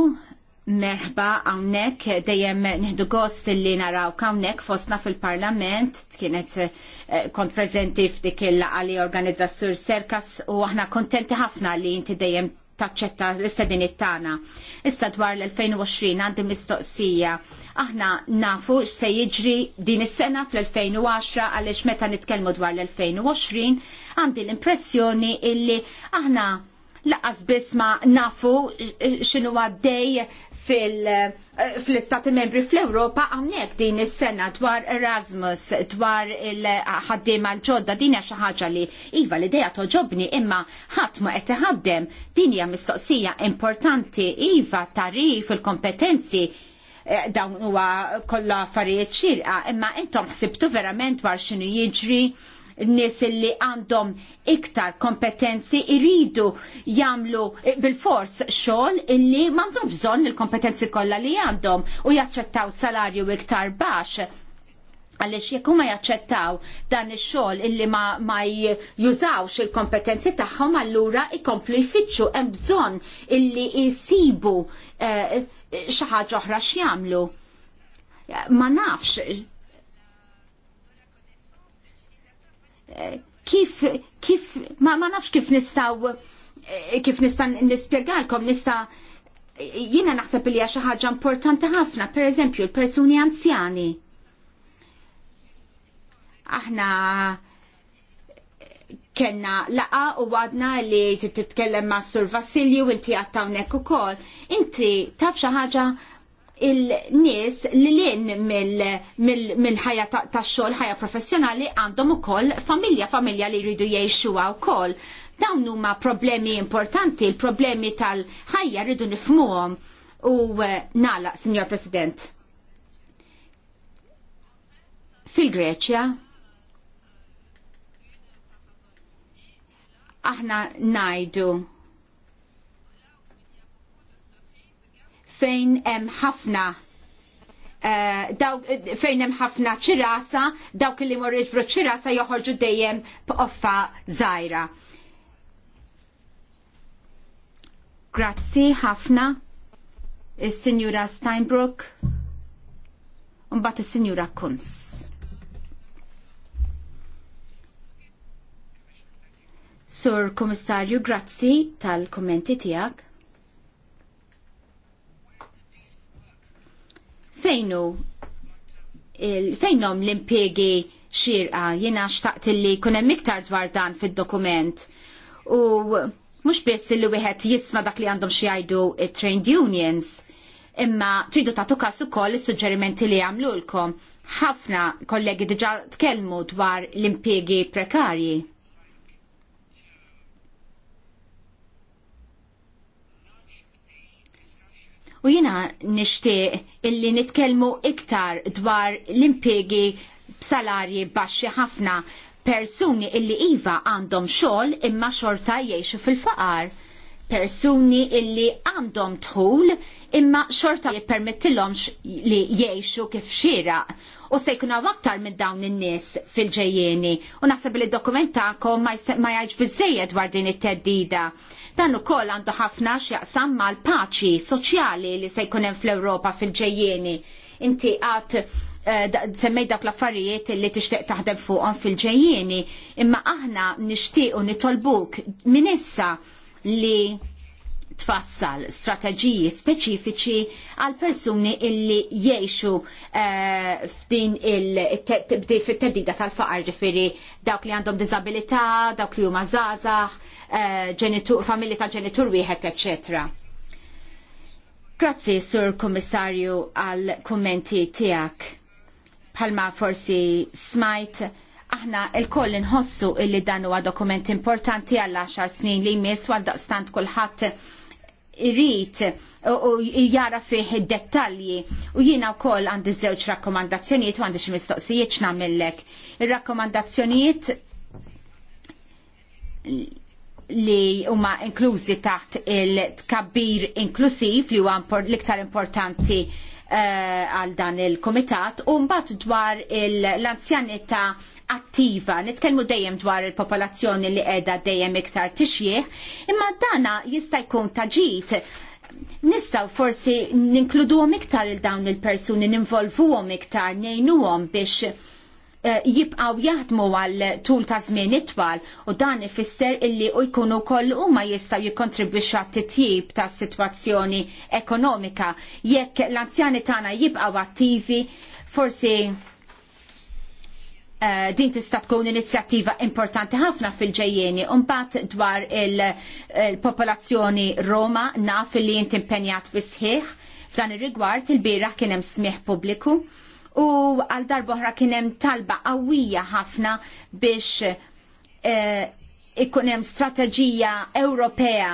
Meħba għawnek, dejjem nħdu gost li naraw għawnek fosna fil-parlament, kienet eh, kont prezenti f'dik il-għali organizzazzur Serkas u aħna kontenti ħafna li inti dejjem taċċetta l-istedin it-tana. Issa dwar l-2020 għandi mistoqsija. Aħna nafu x'se jiġri din is-sena fl-2010 għaliex meta nitkellmu dwar l-2020 għandi l-impressjoni illi aħna laqas biss ma nafu x'inhuwa għaddej fil-istati eh, membri fl-Europa għamnek din is sena dwar Erasmus, dwar il-ħaddim għal-ġodda, din xi ħaġa li iva l-ideja toġobni imma ħadd ma qed iħaddem din hija mistoqsija importanti iva tarif il-kompetenzi eh, dawn huwa kollha affarijiet xirqa, imma intom ħsibtu verament dwar x'inhu jiġri n-nies li għandhom iktar kompetenzi iridu jagħmlu bil-fors xogħol illi m'għandhom bżonn il-kompetenzi kollha li għandhom u jaċċettaw salarju iktar baxx għalix jekku ma jaċċettaw dan ix-xogħol illi ma, ma jużawx il-kompetenzi tagħhom allura ikomplu jfittxu hemm bżonn illi jsibu eh, xi ħaġa oħra x'jagħmlu. Ma nafx kif, kif, ma, ma nafx kif nistaw, eh, kif nista nispiegalkom, nista jina naħseb li xi ħaġa importanti ħafna, per eżempju, l-persuni anzjani. Aħna kena laqa u għadna li titkellem ma' Sur Vassilju inti għattawnek u kol. Inti taf xi ħaġa il-nies li lin mill-ħajja tax-xogħol, ħajja professjonali għandhom ukoll familja, familja li jridu jgħixuha wkoll. Dawn huma problemi importanti, il-problemi tal-ħajja rridu nifmuhom u eh, nala, Signor President. Fil-Greċja, aħna najdu fejn hemm ħafna eh, fejn hemm ħafna ċirasa, dawk li morru jiġbru ċirasa joħorġu dejjem b'offa żgħira. Grazzi ħafna is-Sinjura Steinbrook u mbagħad is-Sinjura Kunz. Sur Komissarju, grazzi tal-kommenti tiegħek. fejnu fejnom l-impiegi xirqa jena xtaqt li kunem miktar dwar dan fil-dokument u mux biss li wieħed jisma dak li għandhom xjajdu trained unions imma tridu tagħtu każ ukoll is-suġġerimenti li għamlulkom ħafna kollegi diġà tkellmu dwar l impiegi prekarji. U jina nishtiq illi nitkelmu iktar dwar l-impiegi b'salarji baxxi ħafna persuni illi iva għandhom xogħol imma xorta jgħixu fil-faqar. Persuni illi għandhom tħul imma xorta jippermettilhomx li jgħixu kif xieraq u se jkun aktar minn dawn in-nies fil-ġejjeni u naħseb li dokumentakom ma jgħidx biżejjed dwar din it-teddida. it it teddida Dan ukoll għandu ħafna x'jaqsam mal-paċi soċjali li se jkun hemm fl-Ewropa fil-ġejjieni. Inti għad semmej dak l-affarijiet li tixtieq taħdem fuqhom fil ġejjeni imma aħna nixtiequ nitolbuk minn issa li tfassal strateġiji speċifiċi għal persuni illi jiexu f'din il-teddida tal-faqar ġifiri dawk li għandhom disabilità, dawk li huma zazax, Eh, familji ta' ġenitur wieħed, eċċetera. Grazzi, Sur Kommissarju, għal kummenti tiegħek. Bħalma forsi smajt, aħna il-koll nħossu illi dan huwa dokument importanti għall 10 snin li jmiss għal daqstant kulħadd irrit u jara fih dettalji u jiena wkoll għandi żewġ rakkomandazzjonijiet u għandi xi mistoqsijiet x'namillek. Ir-rakkomandazzjonijiet li huma inklużi taħt il-tkabbir inklusiv li huwa l-iktar importanti eh, għal dan il-komitat u mbagħad dwar l-anzjanità attiva. Nitkellmu dejjem dwar il-popolazzjoni li qiegħda dejjem iktar tixjih, imma dana jista' jkun ta' ġid. nistaw forsi ninkluduhom iktar il dawn il-persuni, ninvolvuhom iktar, ngħinuhom biex Eh, jibqaw jaħdmu għal tul ta' żmien itwal u dan ifisser illi u jkunu koll huma jistgħu jikkontribwixxu għat-titjib ta' sitwazzjoni ekonomika. Jekk l-anzjani tagħna jibqgħu attivi, forsi eh, din tista' tkun inizjattiva importanti ħafna fil-ġejjeni u mbagħad dwar eh, il-popolazzjoni Roma naf li jint impenjat bisħiħ f'dan ir-rigward il-bieraħ kien hemm smieħ pubbliku u għal darboħra kienem talba qawwija ħafna biex eh, ikunem strategija Ewropea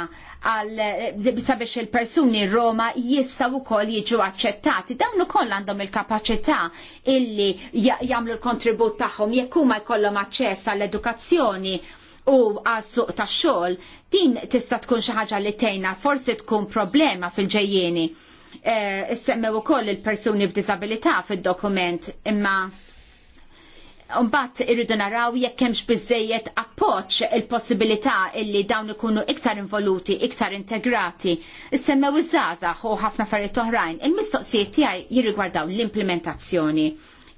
għal eh, sabiex il-persuni Roma jistaw koll jiġu aċċettati. Dawn ukoll għandhom il-kapaċità illi jagħmlu l-kontribut tagħhom jekk huma jkollhom aċċess għall-edukazzjoni u għas-suq tax-xogħol, din tista' tkun xi ħaġa li tgħinna forsi tkun problema fil-ġejjieni Eh, issemmew ukoll il-persuni b'disabilità fid-dokument imma Umbat irridu naraw jekk hemmx biżejjed appoġġ il-possibilità illi dawn ikunu iktar involuti, iktar integrati. Issemmew iż-żgħażagħ u ħafna affarijiet oħrajn. Il-mistoqsijiet tiegħi jirrigwardaw l-implementazzjoni.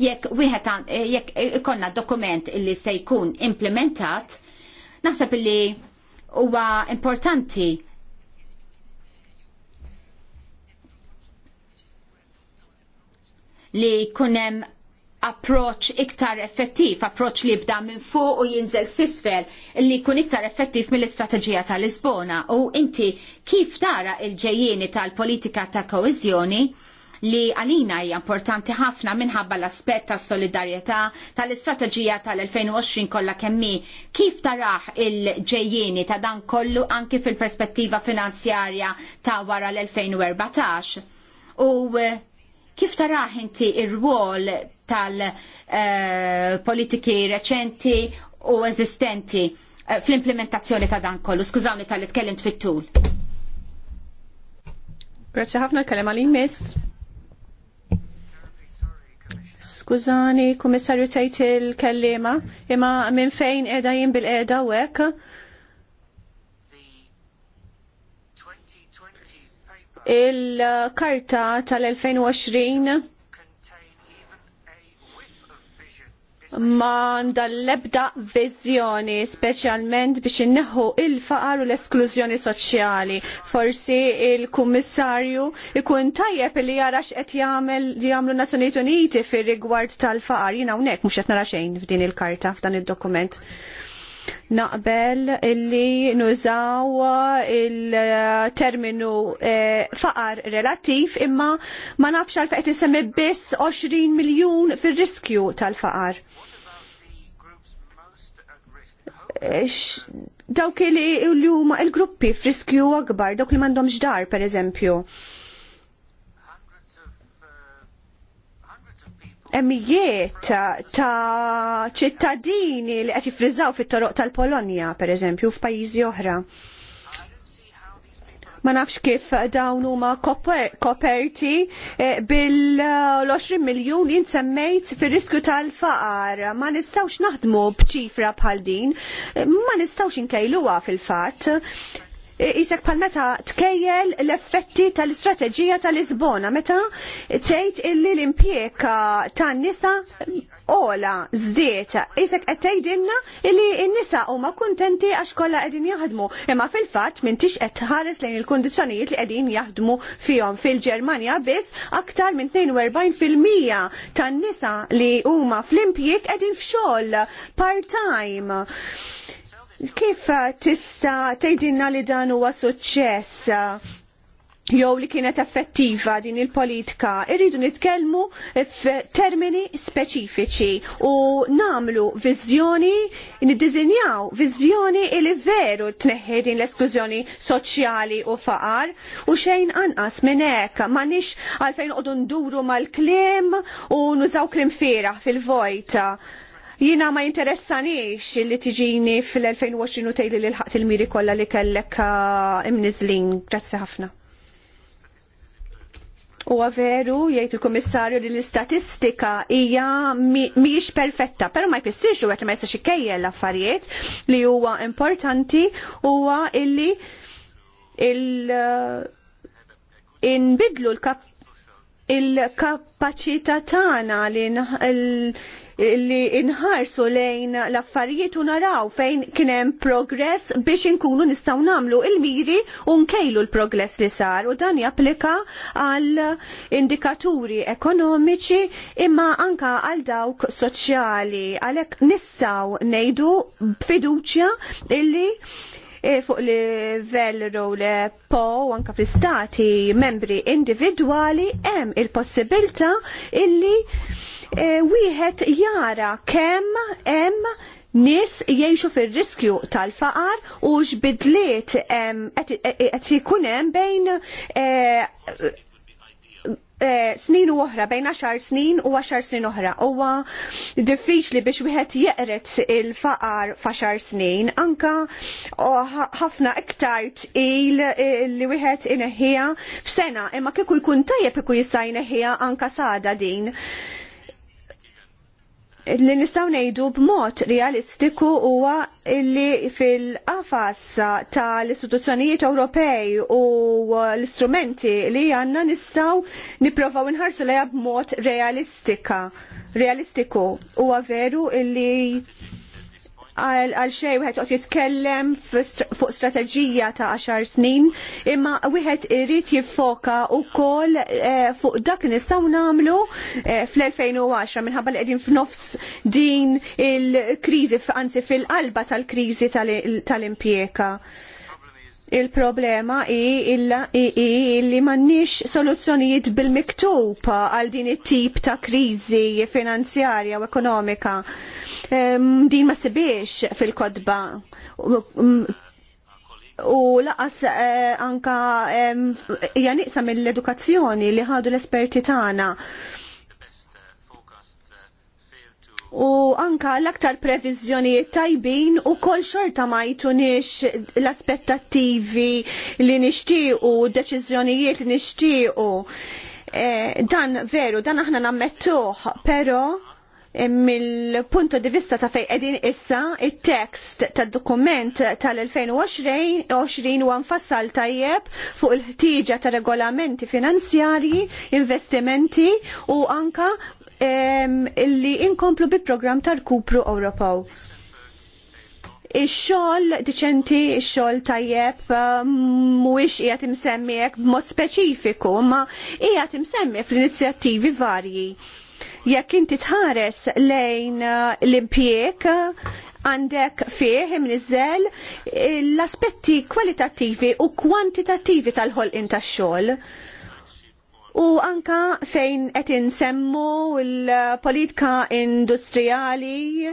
Jekk wieħed eh, jekk ikollna dokument illi se jkun implementat, naħseb illi huwa importanti li kunem approach iktar effettiv, approach li jibda minn fuq u jinżel sisfel, li jkun iktar effettiv mill-istrateġija tal-Lisbona. U inti kif tara il-ġejjieni tal-politika ta' koezjoni li għalina hija importanti ħafna minħabba l-aspett tas solidarjetà tal-istrateġija tal-2020 kollha kemmi kif taraħ il-ġejjieni ta' dan kollu anki fil-perspettiva finanzjarja ta' wara l-2014. U eh, Kif taraħ inti ir-rwol tal-politiki eh, uh, reċenti u eżistenti uh, fl-implementazzjoni ta' dan kollu? Skużawni tal-li tkellimt fit-tul. Grazie ħafna l-kelema li miss. Skużani, kummissarju tajt il-kellima, imma minn fejn edha jien bil-edha u il-karta tal-2020 ma l-ebda viżjoni, speċjalment biex inneħħu il-faqar u l-esklużjoni soċjali. Forsi il-kummissarju ikun tajjeb li jara x'qed jagħmel li jagħmlu Nazzjonijiet Uniti fir-rigward tal-faqar. Jiena hawnhekk mhux qed nara xejn f'din il-karta f'dan id-dokument. il karta fdan id dokument naqbel illi nużaw il-terminu eh, faqar relattiv imma ma nafx għal fejt semmi biss 20 miljun fil-riskju tal-faqar dawk li l il-gruppi friskju akbar, dawk li mandom dar, per eżempju. emijiet ta' ċittadini li qed frizzaw fit-toroq tal-Polonja, pereżempju, f'pajjiżi oħra. Ma nafx kif dawn huma koperti eh, bil-20 miljun insemmejt fir-riskju tal-faqar. Ma nistgħux naħdmu b'ċifra bħal din, ma nistgħux inkejluha fil-fatt isek pal meta tkejjel l-effetti tal-istrateġija tal-Lisbona, meta tgħid illi l-impjeg tan-nisa ola żdiet. Isek qed tgħidilna illi n-nisa huma kuntenti għax kollha qegħdin jaħdmu, imma fil-fatt m'intix qed tħares lejn il-kundizzjonijiet li qegħdin jaħdmu fihom fil-Ġermanja biss aktar minn 42% tan-nisa li huma fl-impjeg qegħdin f'xogħol part-time. Kif tista' tgħidilna li dan huwa suċċess? jew li kienet effettiva din il-politika, irridu nitkellmu f'termini speċifiċi u namlu viżjoni, niddizinjaw viżjoni li veru tneħħi din l-esklużjoni soċjali u faqar u xejn anqas minn hekk m'għandniex għalfejn qogħdu nduru mal-kliem u nużaw kliem fieraħ fil-vojta. Jina ma interessaniex li tiġini fil-2020 tejli li l-ħat il-miri kolla li kellek uh, imnizlin. Grazzi ħafna. U veru jgħid il komissarju li l-istatistika hija miex perfetta, però ma jfissirx u qed ma jistax ikkejjel l-affarijiet li huwa importanti huwa illi il uh, inbidlu l-kap il kapacita tagħna li li inħarsu lejn l-affarijiet u naraw fejn kienem progress biex inkunu nistaw namlu il-miri u nkejlu l-progress li sar u dan japplika għal indikaturi ekonomiċi imma anka għal dawk soċjali għalek nistaw nejdu fiduċja illi e, fuq livell role po anka fl-istati membri individwali hemm il-possibilità illi Eh, wieħed jara kemm hemm nis jiexu fil-riskju tal-faqar u xbidliet qed ikun hemm bejn eh, eh, snin u oħra, bejn 10 snin u 10 snin oħra. Huwa diffiċli biex wieħed jeqret il-faqar f'għaxar snin, anka ħafna iktar tqil li wieħed ineħħija f'sena, imma kieku jkun tajjeb iku jista' jneħħija anka sada din li nistaw nejdu b'mod realistiku huwa li fil-qafas tal-istituzzjonijiet Ewropej u l-istrumenti li għanna nistaw niprofaw nħarsu leja b'mod realistika realistiku huwa veru li għal xej wieħed qed jitkellem fuq strateġija ta' 10 snin, imma wieħed irid jiffoka wkoll eh, fuq dak nistgħu nagħmlu eh, fl-2010 minħabba li qegħdin f'nofs din il-kriżi anzi fil-qalba tal-kriżi tal-impjeka. tal kriżi tal impjeka tal il-problema i li mannix soluzzjonijiet bil-miktub għal din it-tip ta' kriżi finanzjarja u ekonomika. Ehm, din ma sibiex fil-kodba u laqas eh, anka ehm, hija niqsa mill-edukazzjoni li ħadu l-esperti tagħna u anka l-aktar previżjonijiet tajbin u kol xorta ma jtunix l-aspettattivi li nixtiequ, deċiżjonijiet li nixtiequ. E, dan veru, dan aħna nammettuh, pero e, mill-punto di vista ta' fej edin issa il-tekst ta' dokument tal-2020 huwa nfassal tajjeb fuq il-ħtiġa ta' regolamenti finanzjarji, investimenti u anka illi inkomplu bil-program tal-Kupru Ewropew ix-xogħol diċenti x xogħol tajjeb mhuwiex qiegħed imsemmi hekk b'mod speċifiku, ma qiegħed imsemmi fl-inizjattivi varji. Jekk inti tħares lejn eh, l-impjek għandek fih imniżel l-aspetti kwalitattivi u kwantitattivi tal-ħolqin tax-xogħol u anka fejn qed insemmu l-politika industrijali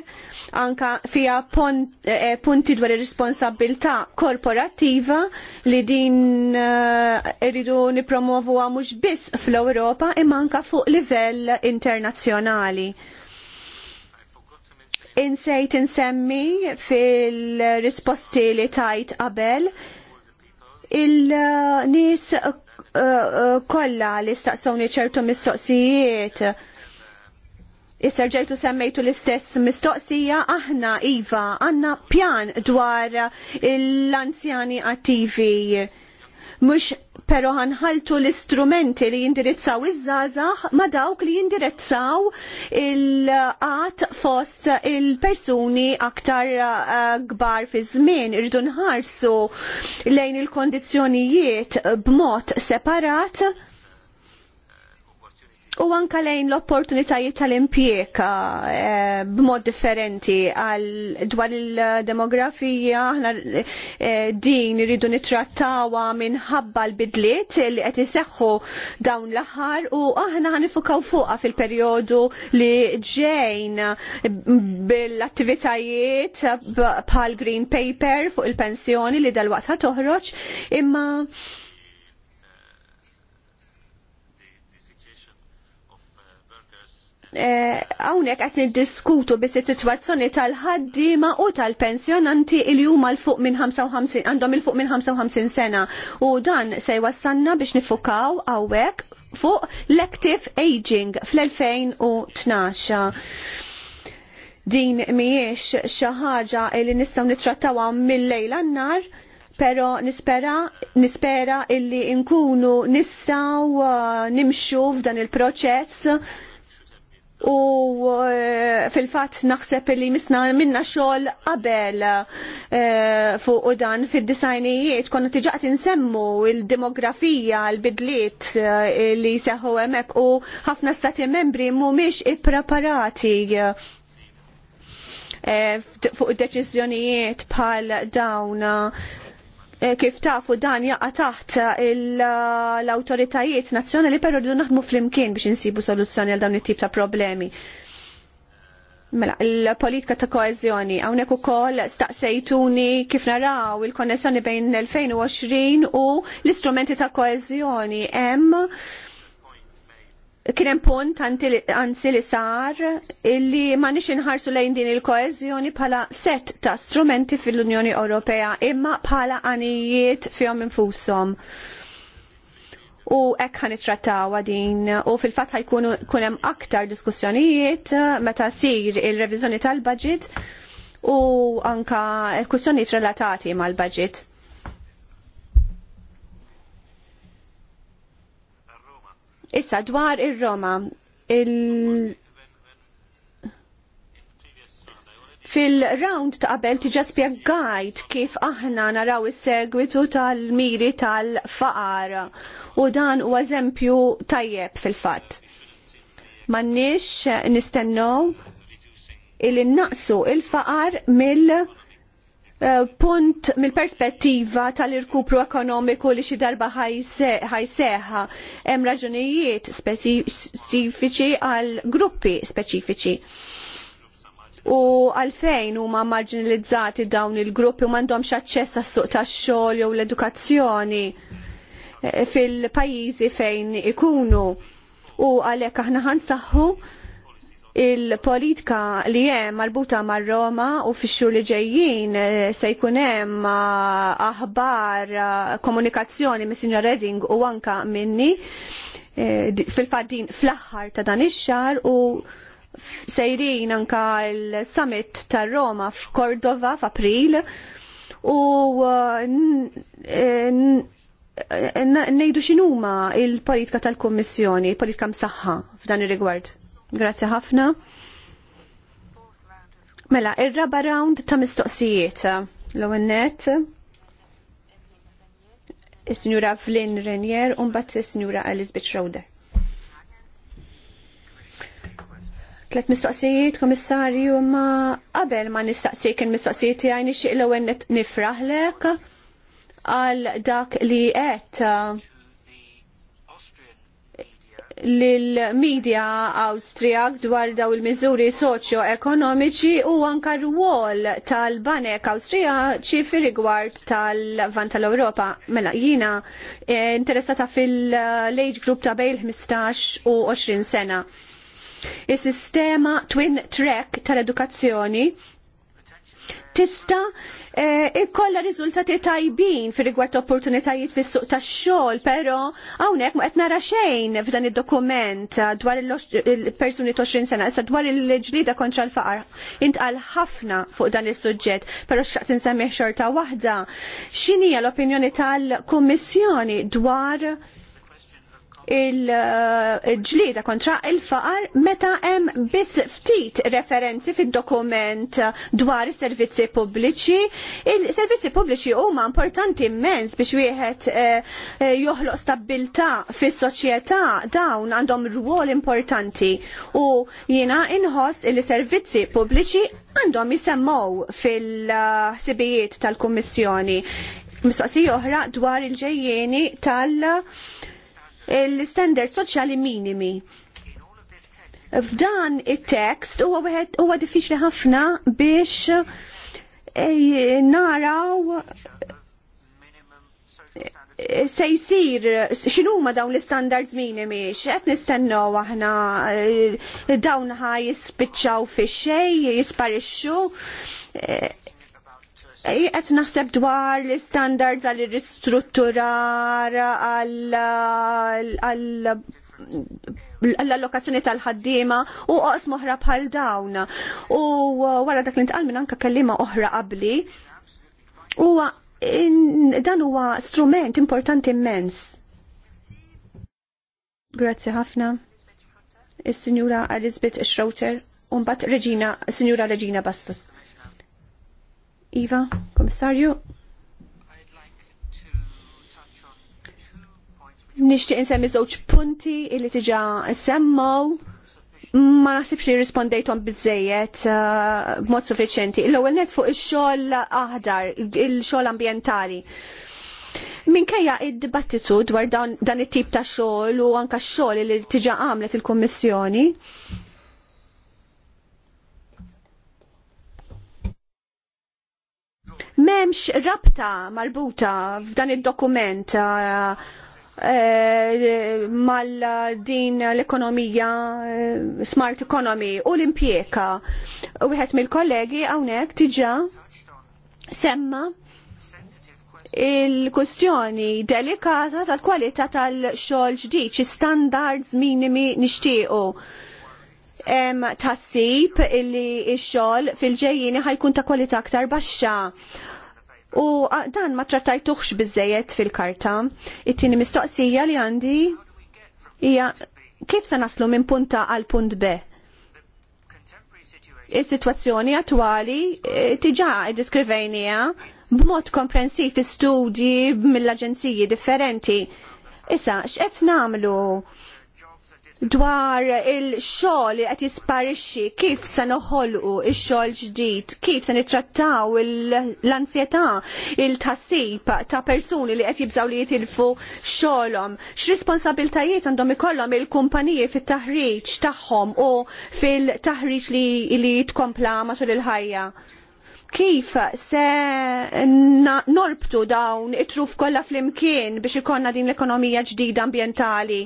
anka fija eh, punti dwar ir-responsabilità korporattiva li din eh, irridu nippromovuha nipromovuha mhux biss fl-Ewropa imma anka fuq livell internazzjonali insejt insemmi fil-risposti li tajt qabel il-nis Eh, eh, Kolla li staqsawni ċertu mistoqsijiet. Issa ġejtu semmejtu l-istess mistoqsija aħna Iva għanna pjan dwar l-anzjani attivi mhux pero ħanħaltu l-istrumenti li jindirizzaw iż żazax ma dawk li jindirizzaw il-qat fost il-persuni aktar kbar eh, fi żmien irridu nħarsu lejn il-kondizzjonijiet b'mod separat u anka lejn l-opportunitajiet tal-impjeka eh, b'mod differenti għal dwar il-demografija aħna eh, din irridu nittrattawa minħabba l-bidliet li qed iseħħu dawn l-aħħar u aħna ħanifukaw fuqha fil-perjodu li ġejn bil-attivitajiet bħal Green Paper fuq il-pensjoni li dal-waqt toħroġ. imma hawnhekk eh, qed niddiskutu bis sitwazzjoni tal-ħaddiema u tal-pensjonanti li huma l fuq minn 55 għandhom il fuq minn 55 sena u dan se jwassalna biex nifukaw hawnhekk fuq l-active aging fl-2012. Din miex xi ħaġa li nistgħu nitrattawa mill lejla n nar pero nispera nispera illi nkunu nistgħu eh, nimxu f'dan il-proċess u eh, fil-fat naħseb li misna minna xogħol qabel eh, fuq u dan fid-disajnijiet konna tiġaqt insemmu il-demografija, l-bidliet eh, li seħu emek u ħafna stati membri mhumiex ippreparati fuq deċiżjonijiet bħal dawn Eh, kif tafu dan jaqa taħt eh, l eh, awtoritajiet nazzjonali però rridu naħdmu flimkien biex insibu soluzzjoni għal dawn it-tip ta' problemi. Mela, il-politika ta' koezjoni, hawnhekk ukoll staqsejtuni kif naraw il-konnessjoni bejn 2020 u l-istrumenti ta' koezjoni hemm kienem punt anzi li sar illi ma nix inħarsu lejn din il-koezjoni bħala set ta' strumenti fil-Unjoni Ewropea imma bħala għanijiet fjom infusom. U hekk ħan ittrattaw din u fil-fat ħajkunu kunem aktar diskussjonijiet eh, meta sir il-revizjoni tal-budget u anka kwistjonijiet relatati mal-budget. Issa dwar ir-Roma il Fil-round ta' qabel tiġa spjegajt kif aħna naraw is-segwitu tal-miri tal-faqar u dan u eżempju tajjeb fil-fatt. Mannix nistennew il-naqsu il-faqar mill- Eh, punt mill-perspettiva tal-irkupru ekonomiku li xi darba ħajseħħa hemm raġunijiet speċifiċi għal gruppi speċifiċi. U għalfejn huma marginalizzati dawn il-gruppi u m'għandhomx aċċess għas-suq tax-xogħol jew l-edukazzjoni eh, fil-pajjiżi fejn ikunu. U għalhekk aħna ħansaħħu il-politika li hemm marbuta mar Roma u fix li ġejjin se jkun hemm aħbar komunikazzjoni mis Sinjor Reding u anka minni fil faddin fl-aħħar ta' dan ix-xahar u sejrin anka l-summit ta' Roma f'Kordova f'April u ngħidu x'inhuma l politika tal-Kummissjoni, politika msaħħa f'dan ir-rigward. Grazzi ħafna. Mela, ir-raba round ta' mistoqsijiet l-ewwel net. Is-Sinjura Flynn Renier u mbagħad is-Sinjura Elizabeth Schroeder. Tlet mistoqsijiet, komissarju, ma qabel ma nistaqsik il-mistoqsijiet jajni nixtieq l-ewwel nifraħlek għal dak li qed lill-medja Awstrijak dwar daw il-miżuri soċjo-ekonomiċi u anka rwol tal-banek Awstrijaċi fir rigward tal-Van tal-Ewropa. Mela jina eh, interessata fil-age group ta' bejl 15 u 20 sena. Is-sistema Twin Track tal-edukazzjoni tista eh, ikkolla e, riżultati tajbin fi rigward opportunitajiet fis suq tax xogħol, però hawnhekk ma qed nara xejn f'dan id-dokument dwar il-persuni 20 sena, issa dwar il-ġlida kontra l-faqar. Intqal ħafna fuq dan is-suġġett, però xaqt insemmih xorta waħda. X'inhi l-opinjoni tal-Kummissjoni dwar Eh, il-ġlieda kontra il-faqar meta hemm biss ftit referenzi fid-dokument dwar is-servizzi pubbliċi. Il-servizzi pubbliċi huma importanti immens biex wieħed eh, eh, joħloq stabilità fis-soċjetà dawn għandhom rwol importanti u jiena inħoss il-servizzi pubbliċi għandhom jisemmow fil-ħsibijiet tal-Kummissjoni. Mistoqsija oħra dwar il-ġejjeni tal- l-standard soċjali minimi. F'dan it-tekst huwa wieħed huwa diffiċli ħafna biex eh, naraw eh, se jisir x'inhuma dawn l-standards minimi, x'qed nistennew aħna eh, dawn ħaj jispiċċaw fix-xejn, jisparixxu. Qed naħseb dwar l standards għal ristrutturar għall-allokazzjoni tal-ħaddiema u oqs moħra bħal dawn. U wara dak li ntqal minn anka kellima oħra qabli. Huwa dan huwa strument importanti immens. Grazzi ħafna. Is-Sinjura Elizabeth Schroeter u mbagħad Regina, Sinjura Regina Bastos. Iva, komissarju. Nishtiq insemmi żewġ punti illi tiġa semmaw ma nasibx li rispondejtom bizzejiet uh, b'mod suffiċenti. L-ewwel net fuq ix-xogħol aħdar, il-xogħol ambjentali. Minkejja id-dibattitu dwar dan it-tip ta' xogħol u anke x-xogħol li tiġa għamlet il-Kummissjoni, M'hemmx rabta marbuta f'dan id-dokument eh, eh, mal din l-ekonomija eh, smart economy u l impieka U wieħed mill-kollegi hawnhekk tiġa semma il-kustjoni delikata tal-kwalità tal-xogħol ġdid, xi standards minimi nixtiequ tassib illi x-xogħol fil-ġejjini ħajkun ta' kwalità aktar baxxa. U dan ma trattajtuħx bizzejet fil-karta. It-tieni mistoqsija li għandi hija kif se naslu minn punta għal punt B? Is-sitwazzjoni attwali e, tiġa iddiskrivejnija b'mod komprensiv studji mill-aġenziji differenti. Issa, x'qed namlu dwar il-xogħol li qed jisparixxi, kif se noħolqu x-xogħol ġdid, kif se nittrattaw l-ansjetà, il-tassib ta' persuni li qed jibżgħu li jitilfu xogħolhom. X'responsabiltajiet għandhom ikollhom il-kumpaniji fit-taħriġ tagħhom u fil-taħriġ li, li tkompla matul il-ħajja kif se norbtu dawn it-truf kollha flimkien biex ikonna din l-ekonomija ġdida ambjentali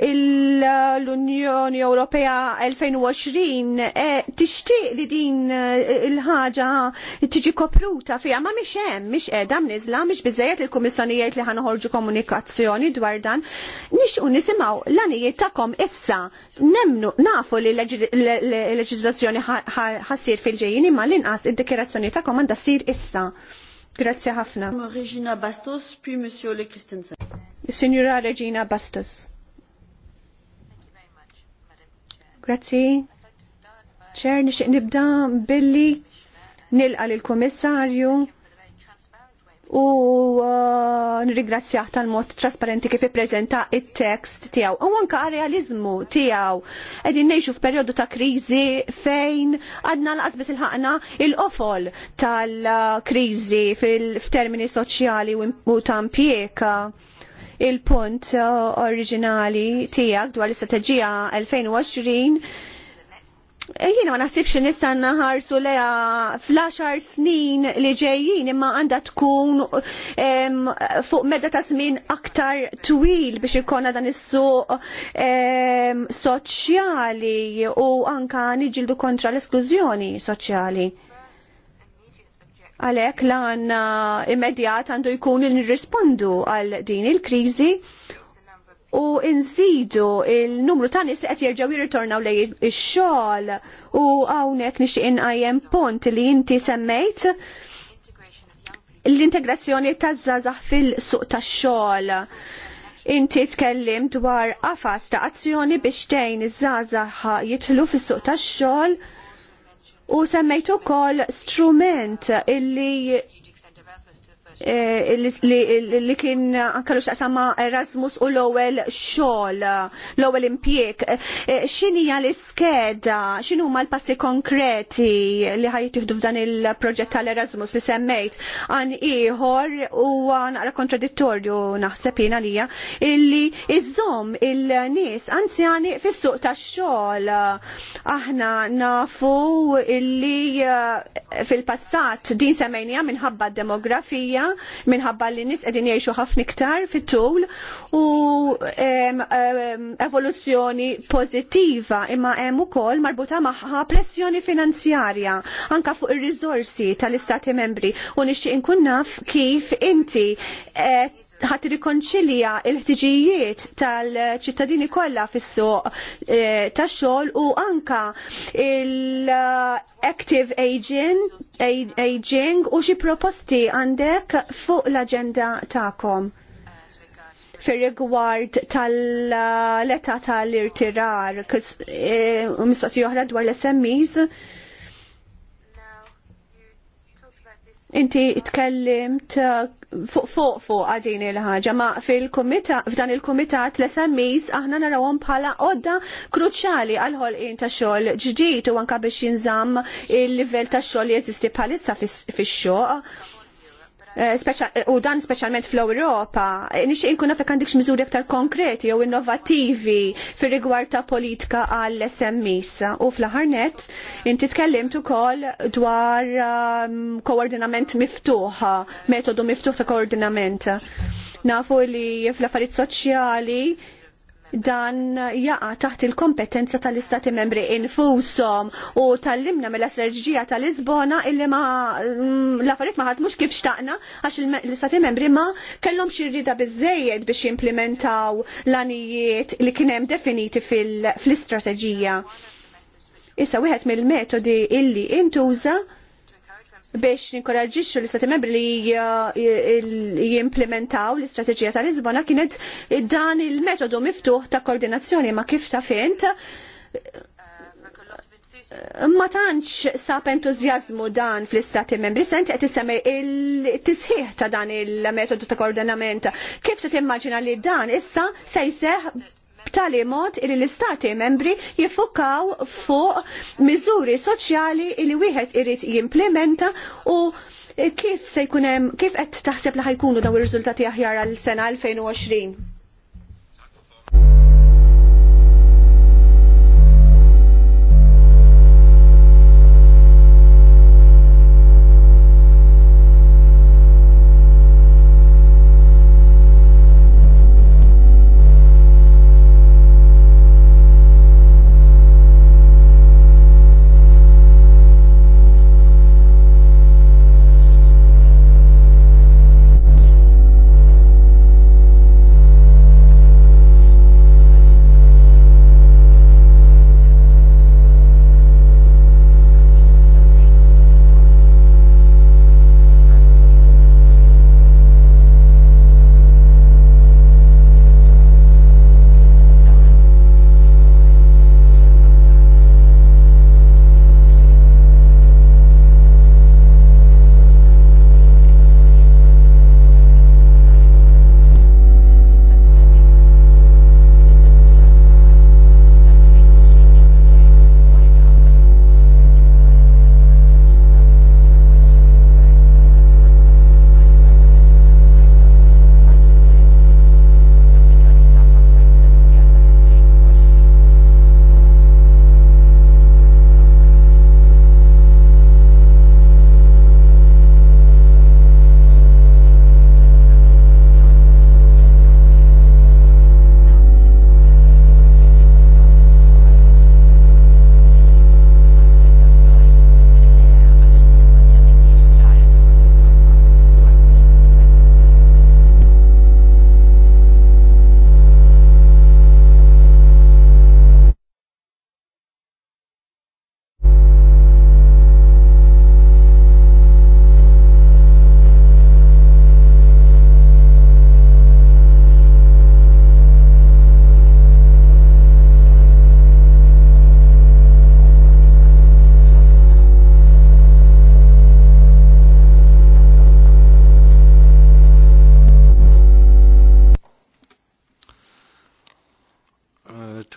l-Unjoni Ewropea 2020 e, tixtieq li din e, il-ħaġa tiġi kopruta fiha ma mhix hemm mhix qiegħda mniżla mhix biżejjed il-kummissjonijiet li ħanoħorġu komunikazzjoni dwar dan. Nixtiequ nisimgħu l-għanijiet tagħkom issa nemnu nafu li l-leġiżlazzjoni ħassir fil-ġejjin imma l-inqas id-dikjerazzjoni tagħkom għandha ssir issa. Grazie ħafna. Regina Bastos, puis Monsieur Le Christensen. Signora Regina Bastos. Grazzi. ċer nixtieq nibda billi nilqa l komissarju u uh, nirigrazzjaħ tal-mod trasparenti kif ippreżenta it-tekst tiegħu. U anke realizmu tiegħu. Qegħdin ngħixu f'perjodu ta' kriżi fejn għadna l biss il l il-qofol tal-kriżi uh, fil-termini soċjali u ta' impjieka il-punt uh, oriġinali tiegħek dwar l-istrateġija 2020 eh, Jiena ma naħsibx nista' naħarsu leha fl-10 snin li ġejjin imma għandha tkun fuq medda ta' żmien aktar twil biex ikonna dan is-suq soċjali u anka niġildu kontra l-esklużjoni soċjali. Għalek lan immedjat għandu jkun nirrispondu għal din il-krizi u nżidu il-numru ta' nis li qed jerġgħu jirritornaw lejn ix-xogħol u hawnhekk nixtieq inqajjem punt li inti semmejt l-integrazzjoni taż żgħażagħ fil-suq tax-xogħol inti tkellim dwar qafas ta' azzjoni biex tgħin iż-żgħażagħ jidħlu fis-suq tax-xogħol U semmejtu kol strument illi Eh, li kien anka xaqsama Erasmus u l-ewwel xogħol, l-ewwel impjieg. Eh, X'inhija l-iskeda, xinu ma l-passi konkreti li ħajt juhdu f'dan il-proġett tal-Erasmus li semmejt għan ieħor huwa naqra kontradittorju naħseb lija illi iżżomm il-nies anzjani fis-suq tax-xogħol. Aħna nafu illi eh, fil-passat din semmejnija minħabba demografija minħabba li nis qegħdin jgħixu ħafna ktar fit-tul u em, em, evoluzzjoni pożittiva imma hemm ukoll marbuta magħha pressjoni finanzjarja anka fuq ir-riżorsi tal-Istati membri u nixtieq inkun naf kif inti ħat rikonċilja il-ħtiġijiet tal-ċittadini kollha fis-suq eh, tax-xogħol u anka il-active aging, aging u xi proposti għandek fuq l-aġenda tagħkom fir-rigward tal età tal-irtirar, eh, mistoqsija oħra dwar l-SMEs. Inti tkellimt fuq fuq fuq għadin il-ħagġa ma f'dan il-komitat l-SMEs aħna narawhom bħala odda kruċjali għal ħolqien ta' xogħol ġdid u anke biex jinżamm il-livell ta' xogħol li jeżisti bħalissa fix-xogħol Eh, eh, u dan speċjalment fl-Ewropa, eh, nixtieq inkun nafek għandekx mizuri aktar konkreti jew innovattivi fir-rigward ta' politika għall smis U fl-aħħar nett inti tkellimt ukoll dwar ehm, koordinament miftuħ, metodu miftuħ ta' koordinament. Nafu li fl-affarijiet soċjali dan jaqa taħt il-kompetenza tal-istati membri infusom u tal-limna mill strategija tal-Lisbona illi ma mm, l-affarijiet ma ħadmux kif xtaqna għax l-istati membri ma kellhom xirrida bizzejed biex jimplementaw l-anijiet li kien hemm definiti fil-istrateġija. Issa wieħed mill-metodi illi intuża biex ninkoraġġixxu l-istati membri li jimplementaw l-istrateġija ta' lisbona kienet dan il-metodu miftuħ ta' koordinazzjoni ma' kif ta' fint ma tantx sab entużjażmu dan fl-istati membri, sent qed issemmi il-tisħiħ ta' dan il-metodu ta' koordinament. Kif se timmaġina li dan issa se jseħ b'tali mod li l-istati membri jifukaw fuq miżuri soċjali li wieħed irid jimplementa u kif se jkunem, kif qed taħseb li ħajkunu daw ir-riżultati aħjar għal sena 2020?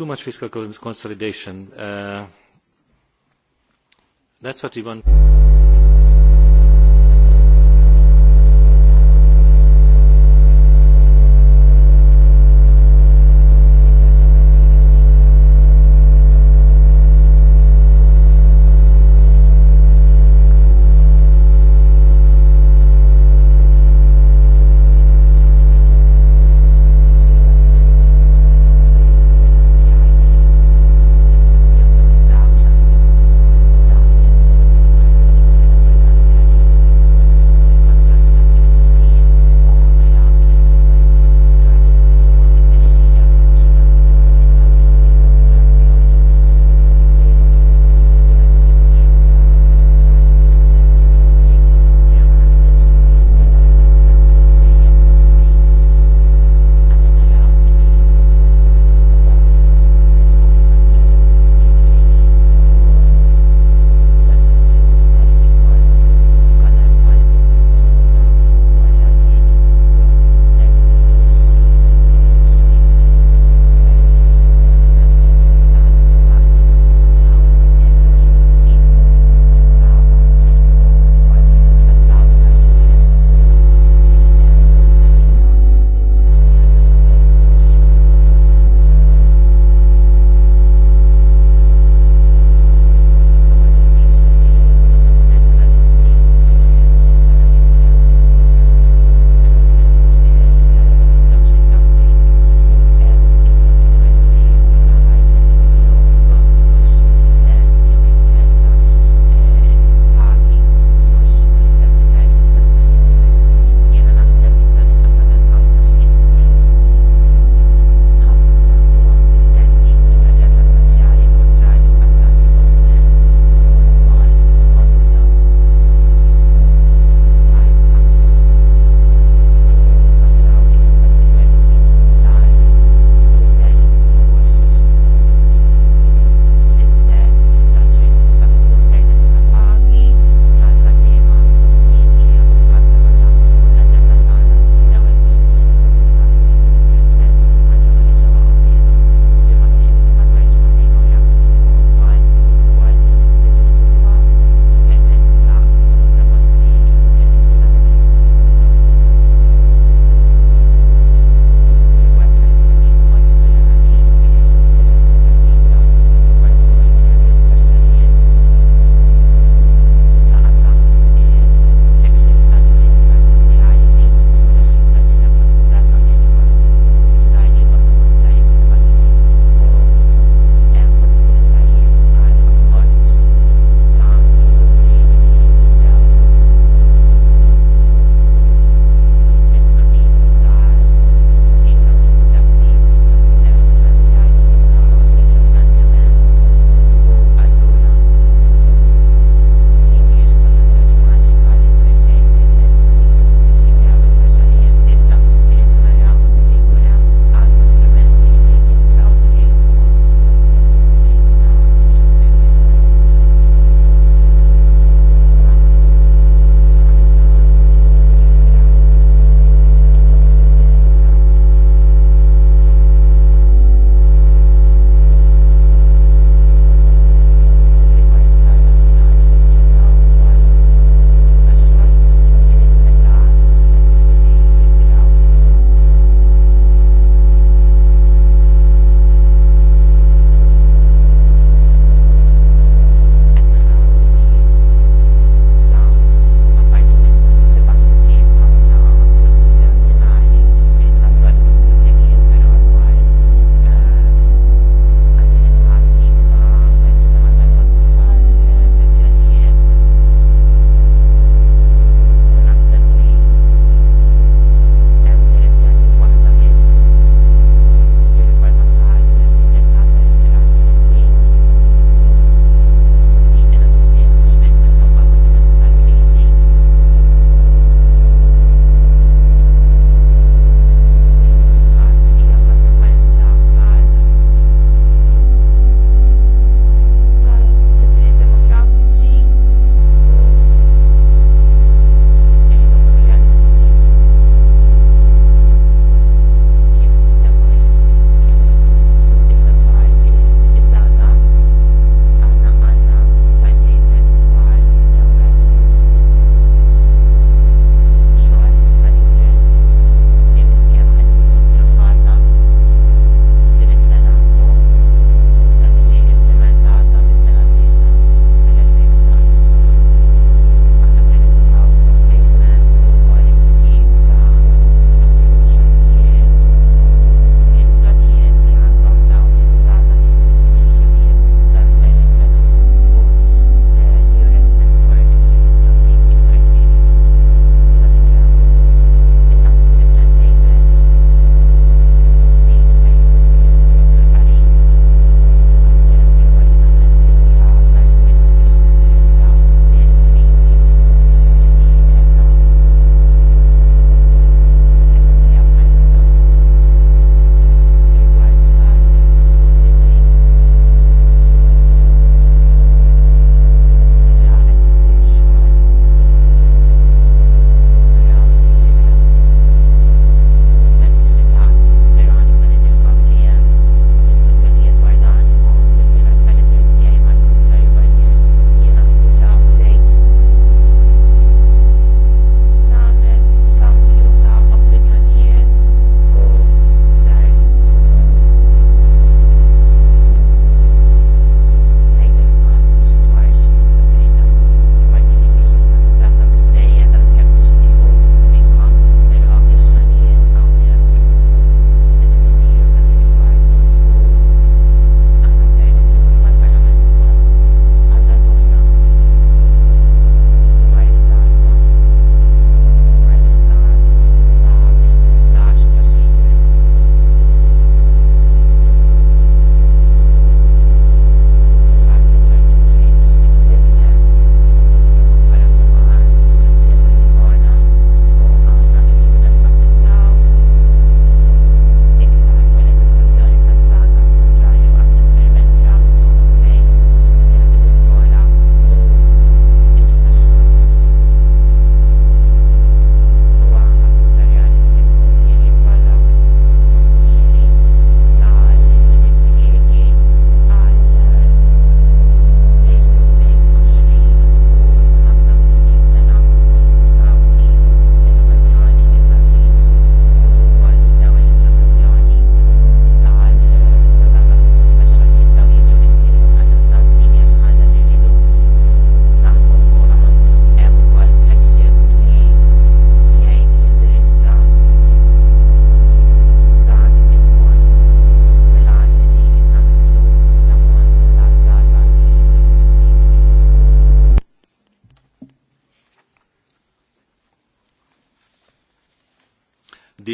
too much fiscal consolidation. Uh, that's what we want.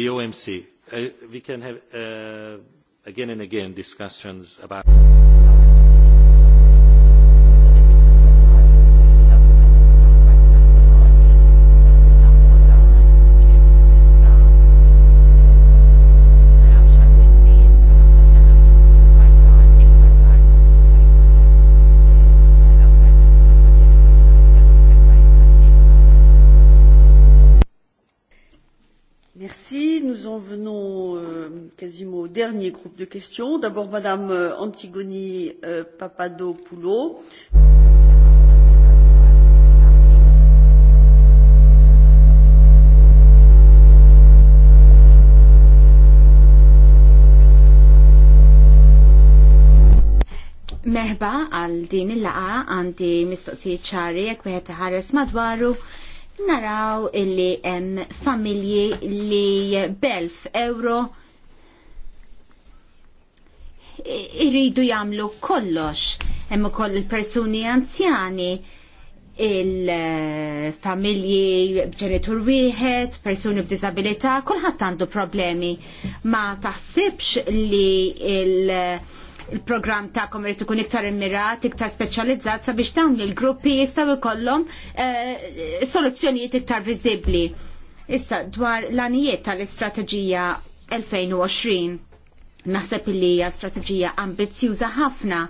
OMC. Uh, we can have uh, again and again discussions about en venons euh, quasiment au dernier groupe de questions. D'abord, Madame euh, Antigoni euh, Papadopoulou. Merba għal din il-laqa għandi mistoqsijiet ċari jekk wieħed ħares madwaru naraw illi hemm familji li belf euro irridu jagħmlu kollox. Hemm ukoll il-persuni anzjani il-familji ġenitur wieħed, persuni b'disabilità, kulħadd għandu problemi. Ma taħsibx li il- il-programm ta' irid ikun iktar immirat, iktar speċjalizzat sabiex dawn il-gruppi jistgħu jkollhom eh, soluzzjonijiet iktar viżibbli. Issa dwar l-anijiet tal-istrateġija 2020. Naħseb li hija strateġija ambizzjuża ħafna.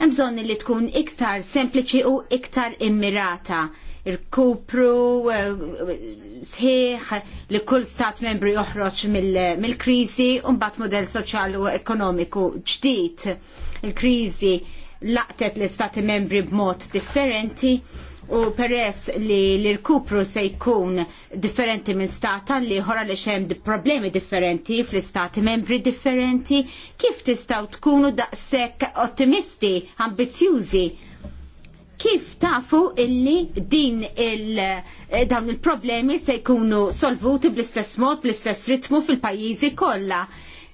Hemm bżonn li tkun iktar sempliċi u iktar immirata irkupru eh, sħiħ li kull stat membri joħroġ mill-kriżi u mbagħad model soċjali u ekonomiku ġdid. Il-kriżi laqtet l-istati membri b'mod differenti u peress li l-irkupru se jkun differenti minn stata li ħora li xem problemi differenti fl-istati membri differenti, kif tistaw tkunu daqsek ottimisti, ambizjużi kif tafu illi din il eh, dawn il-problemi se jkunu solvuti bl-istess mod, bl-istess ritmu fil-pajjiżi kollha.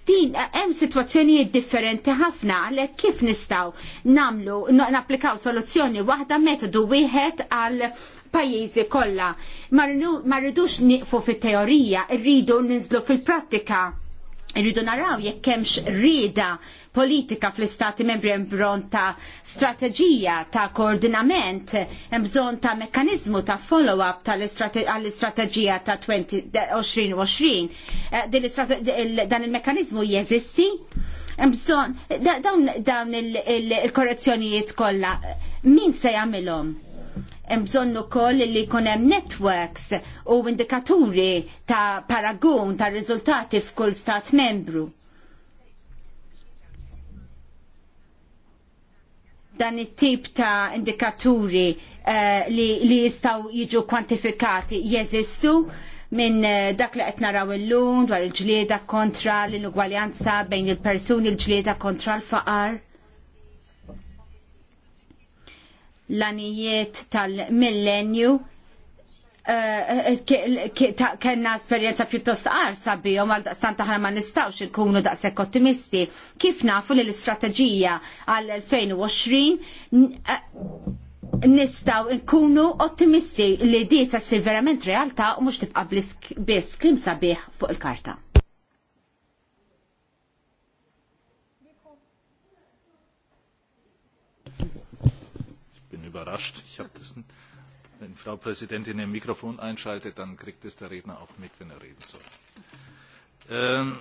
Din eh, hemm sitwazzjonijiet differenti ħafna għalhekk kif nistgħu namlu napplikaw soluzzjoni waħda metodu wieħed għal pajjiżi kollha. Ma rridux nieqfu fit-teorija, rridu ninżlu fil-prattika. rridu naraw jekk hemmx rieda politika fl-istati membri hemm bżonn ta' strateġija ta' koordinament, hemm bżonn ta' mekkaniżmu ta' follow-up tal-istrateġija ta' 2020. Eh, dan il-mekkaniżmu jeżisti? Hemm bżonn dawn il-korrezzjonijiet kollha min se jagħmilhom? hemm bżonn ukoll li jkun hemm networks u indikaturi ta' paragun ta' riżultati f'kull stat membru. dan it-tip ta' indikaturi uh, li, li jistaw jiġu kwantifikati jeżistu minn eh, dak li qed naraw illum dwar il-ġlieda kontra l-inugwaljanza bejn il-persuni il-ġlieda kontra l-faqar. L-anijiet tal-millenju Eh, eh, kena esperienza pjuttost qarsa u mal daqstan taħna ma nistawx nkunu daqshekk ottimisti. Kif nafu li l-istrateġija għal 2020 eh, nistaw nkunu ottimisti li di se ssir verament realtà u mhux tibqa' biss klim sabiħ fuq il-karta. Bin überrascht, ich habe das nicht. Frau Präsidentin ihr Mikrofon einschaltet, dann kriegt es der Redner auch mit, wenn er reden soll. Ähm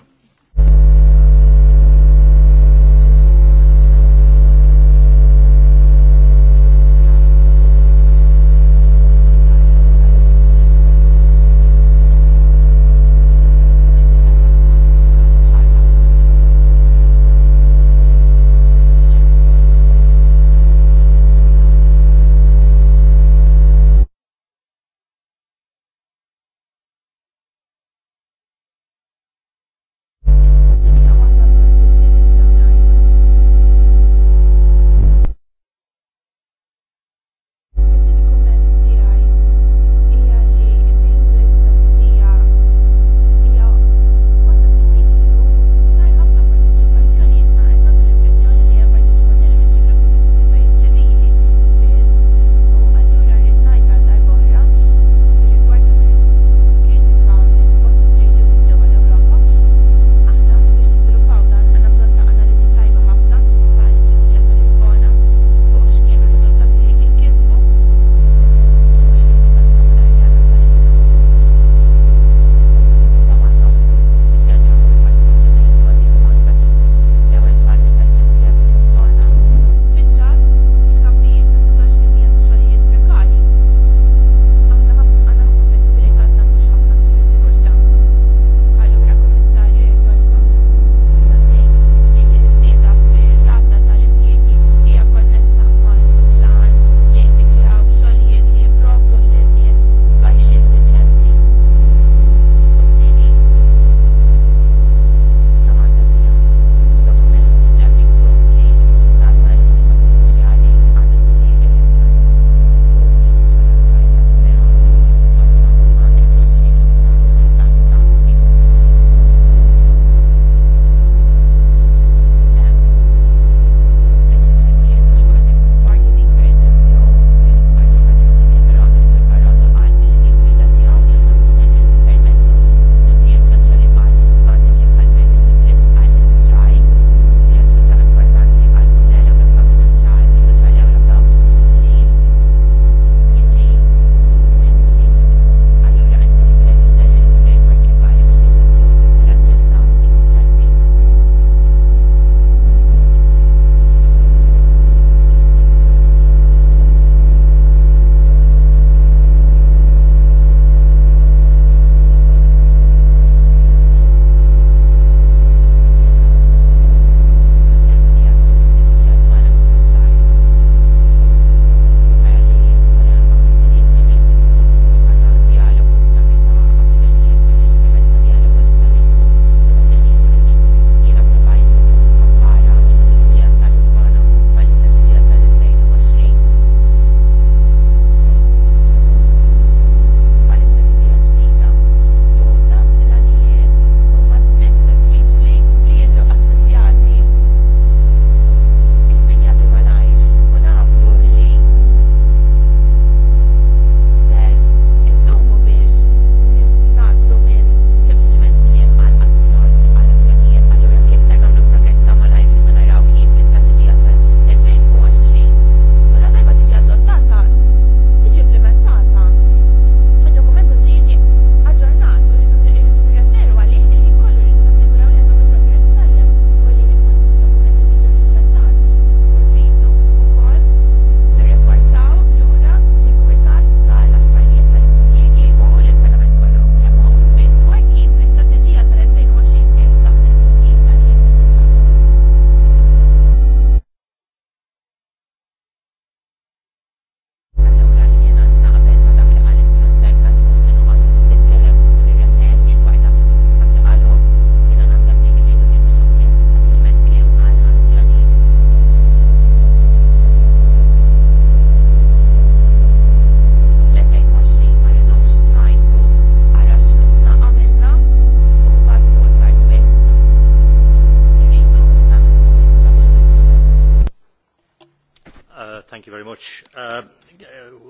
Uh, uh,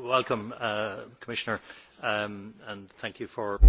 welcome, uh, Commissioner, um, and thank you for.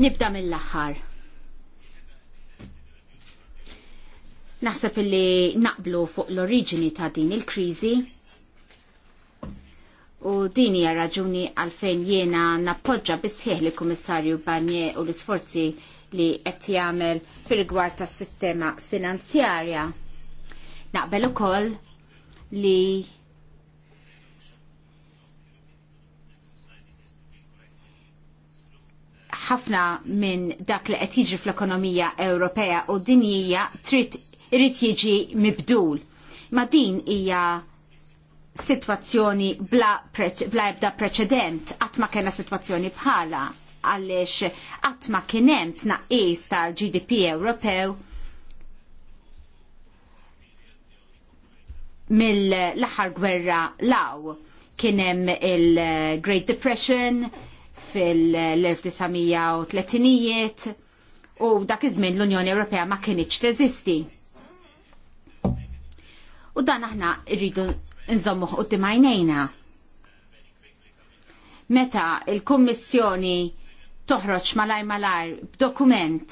Nibda mill-aħħar. Naħseb illi naqblu fuq l-oriġini ta' din il-kriżi u din hija raġuni għalfejn jiena nappoġġa bisħieħ li kummissarju Barnier u l-isforzi li qed jagħmel fir-rigward tas-sistema finanzjarja. Naqbel ukoll li ħafna minn dak li qed jiġri fl-ekonomija Ewropea u dinjija trid irid jiġi mibdul. Ma din hija situazzjoni bla, bla ebda preċedent, qatt ma kena situazzjoni bħala għaliex qatt ma kien hemm tnaqqis tal-GDP Ewropew mill-aħħar gwerra law kien hemm il-Great Depression, fil-1930-ijiet u dak iż-żmien l-Unjoni Ewropea ma kienx teżisti. U dan aħna rridu nżommu qudiem għajnejna. Meta il-Kummissjoni toħroġ malaj malar b'dokument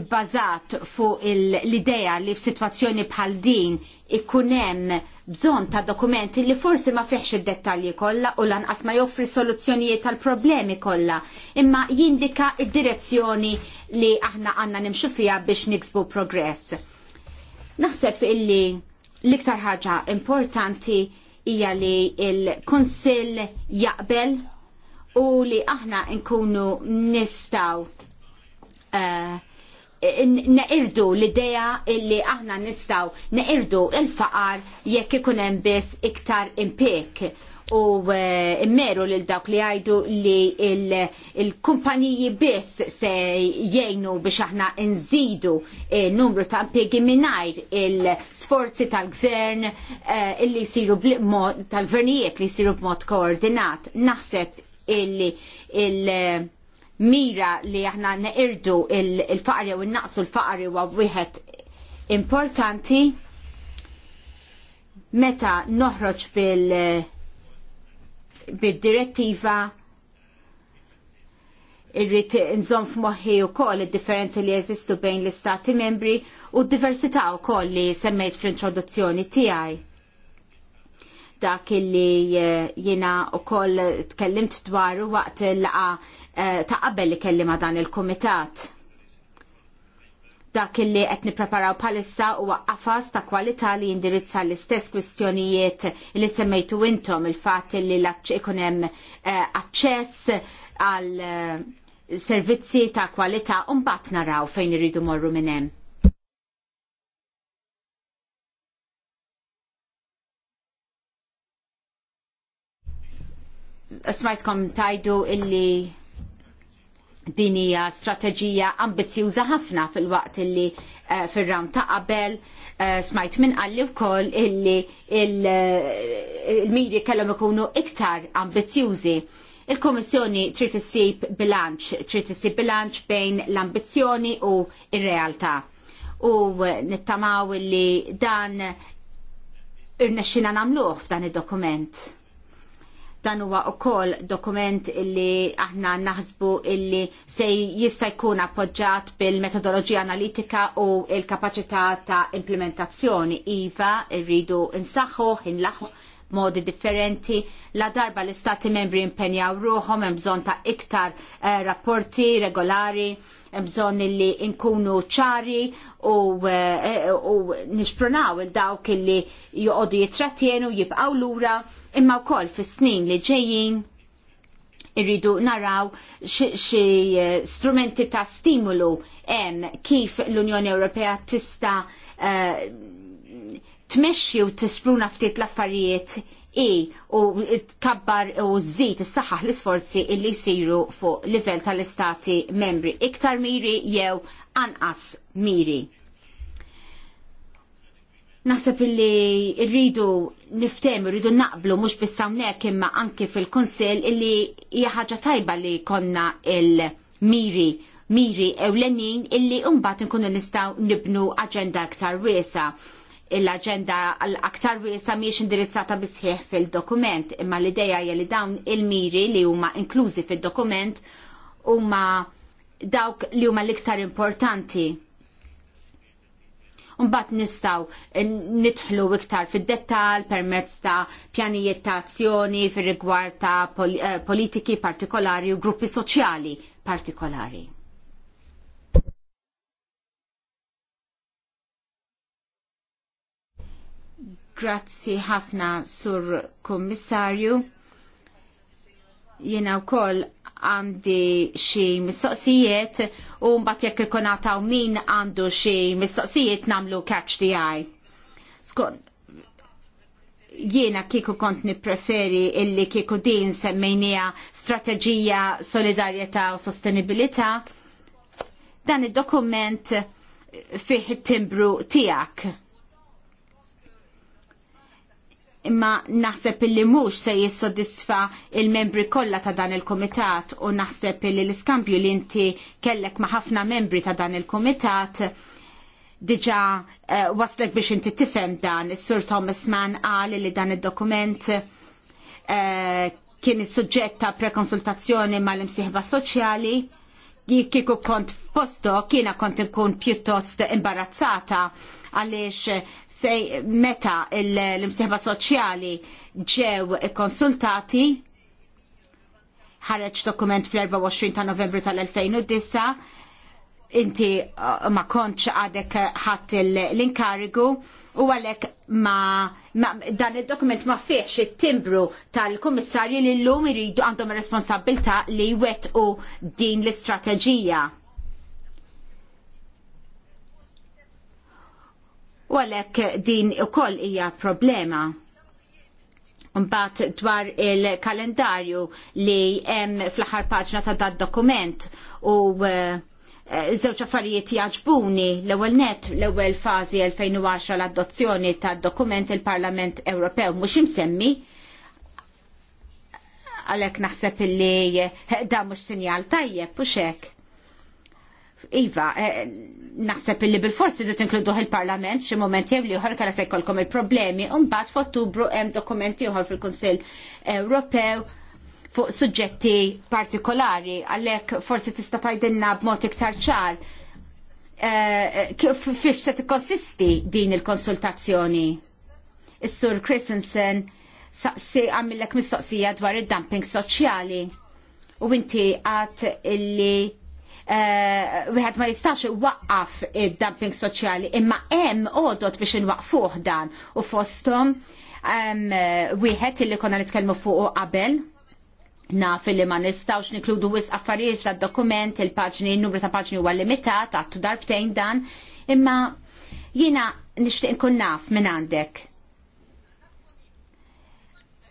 bbażat fuq l-idea li f'sitwazzjoni bħal din ikun hemm bżonn ta' dokumenti li forsi ma fiħx id-dettalji kollha u lanqas ma joffri soluzzjonijiet tal-problemi kollha, imma jindika id-direzzjoni li aħna għandna nimxu fiha biex niksbu progress. Naħseb illi l-iktar ħaġa importanti hija li l kunsill jaqbel u li aħna nkunu nistaw uh, neqirdu l-ideja illi aħna nistaw neqirdu il-faqar jekk ikun hemm biss iktar impek u eh, immeru lil dawk li għajdu li il-kumpaniji biss se jgħinu biex aħna nżidu eh, numru ta' impjegi mingħajr il-sforzi tal-gvern eh, illi jsiru tal-gvernijiet li jsiru b'mod koordinat. Naħseb illi il mira li aħna neqirdu il-faqri u naqsu l-faqri huwa wieħed importanti meta noħroġ bil bil-direttiva irrit nżom f'moħħi u koll il-differenzi li jeżistu bejn l-istati membri u d-diversità u koll li semmejt fl-introduzzjoni tiegħi. Dak li eh, jena u koll tkellimt dwaru waqt l-laqa Eh, ta' qabel li kelli ma' dan il-komitat. Dak li qed nippreparaw bħalissa huwa qafas ta' kwalità li jindirizza l-istess kwistjonijiet li semmejtu intom il-fatt li ikun hemm eh, aċċess għal eh, servizzi ta' kwalità u mbagħad naraw fejn iridu morru minn hemm. smajtkom tajdu illi Din hija strateġija ambizjuża ħafna fil-waqt illi uh, eh, fir-ram ta' qabel uh, smajt minn qalli wkoll illi eh, il-miri il kellhom ikunu iktar ambizjużi. il kummissjoni trid issib bilanċ, trid issib bilanċ bejn l-ambizzjoni u ir-realtà. U nittamaw li dan irnexxina nagħmluh f'dan id-dokument. Dan huwa wkoll dokument illi aħna naħsbu illi se jista' jkun appoġġat bil-metodoloġija analitika u l-kapaċità ta' implementazzjoni iva rridu insaħħu, inlaħħu modi differenti. La darba l-istati membri impenjaw ruħom hemm bżonn ta' iktar eh, rapporti regolari bżon illi nkunu ċari u, eh, eh, u nixpronaw il-dawk illi joqogħdu jitratjenu jibqgħu lura imma wkoll fis-snin li ġejjin irridu naraw xi eh, strumenti ta' stimulu hemm kif l-Unjoni Ewropea tista' uh, u tispruna ftit l-affarijiet i u tkabbar u żżid is-saħħaħ l-isforzi illi jsiru fuq livell tal-istati membri iktar miri jew anqas miri. Naħseb illi rridu niftemu, rridu naqblu mhux biss hawnhekk imma anki fil-Kunsill illi hija ħaġa tajba li konna il-miri miri ewlenin illi mbagħad nkunu nistgħu nibnu aġenda aktar wiesa' l-agenda aktar wiesa miex indirizzata bisħieħ fil-dokument, imma l-ideja hija li dawn il-miri li huma inklużi fil-dokument huma dawk li huma l-iktar importanti. Mbagħad nistgħu nidħlu iktar fid-dettall permezz ta' pjanijiet ta' azzjoni fir-rigward ta' eh, politiki partikolari u gruppi soċjali partikolari. Grazzi ħafna sur kommissarju. Jena u koll għandi xie mistoqsijiet u mbatt jekk ikun min għandu xie mistoqsijiet namlu catch the eye. Skon, jiena kieku kont nipreferi illi kieku din semmejnija strategija solidarieta u sostenibilita dan id-dokument fih it-timbru tijak imma naħseb illi mhux se jissodisfa il-membri kollha ta' dan il kumitat u naħseb illi l-iskambju li inti kellek ma' ħafna membri ta' dan il kumitat diġa uh, waslek biex inti tifhem dan. Is-Sur Thomas Mann qal li dan id-dokument uh, kien is-suġġett ta' prekonsultazzjoni mal-imsieħba soċjali kieku kont f'posto kiena kont nkun pjuttost imbarazzata għaliex fej meta l-imsieħba soċjali ġew konsultati ħareġ dokument fl-24 ta' novembru tal-2009 inti uh, ma konċ għadek ħadd l-inkarigu u għalek ma, ma dan il-dokument ma fiex it-timbru tal-kummissarji li l-lum iridu għandhom responsabilta li wet u din l-istrateġija. u għalhekk din ukoll hija problema. Unbat dwar il-kalendarju li hemm fl-aħħar paġna ta' dat dokument u eh, żewġ affarijiet jaġbuni l-ewwel net l-ewwel fażi 2010 l-adozzjoni tad dokument il-Parlament Ewropew mhux imsemmi għalhekk naħseb illi da mhux sinjal tajjeb u xek Iva, eh, naħseb illi bil-forsi du tinkluduħ il-parlament xi moment jew li uħor kalla sejkolkom il-problemi, u mbagħad f'Ottubru hemm dokumenti uħor fil-Kunsill Ewropew fuq suġġetti partikolari, għalhekk forsi tista' tgħidilna b'mod iktar ċar. Eh, fiex se tikkonsisti din il-konsultazzjoni? Is-Sur Christensen saqsi għamillek mistoqsija dwar id-dumping soċjali u inti għat illi Eh, wieħed ma jistax waqqaf id-dumping soċjali imma hemm għodot biex inwaqfuh dan u fosthom wieħed illi konna nitkellmu fuqu qabel naf li ma nistawx nikludu wis affarijiet tad dokument il-paġni, n numru ta' paġni huwa limitat, għattu darbtejn dan, imma jiena nixtieq nkun naf minn għandek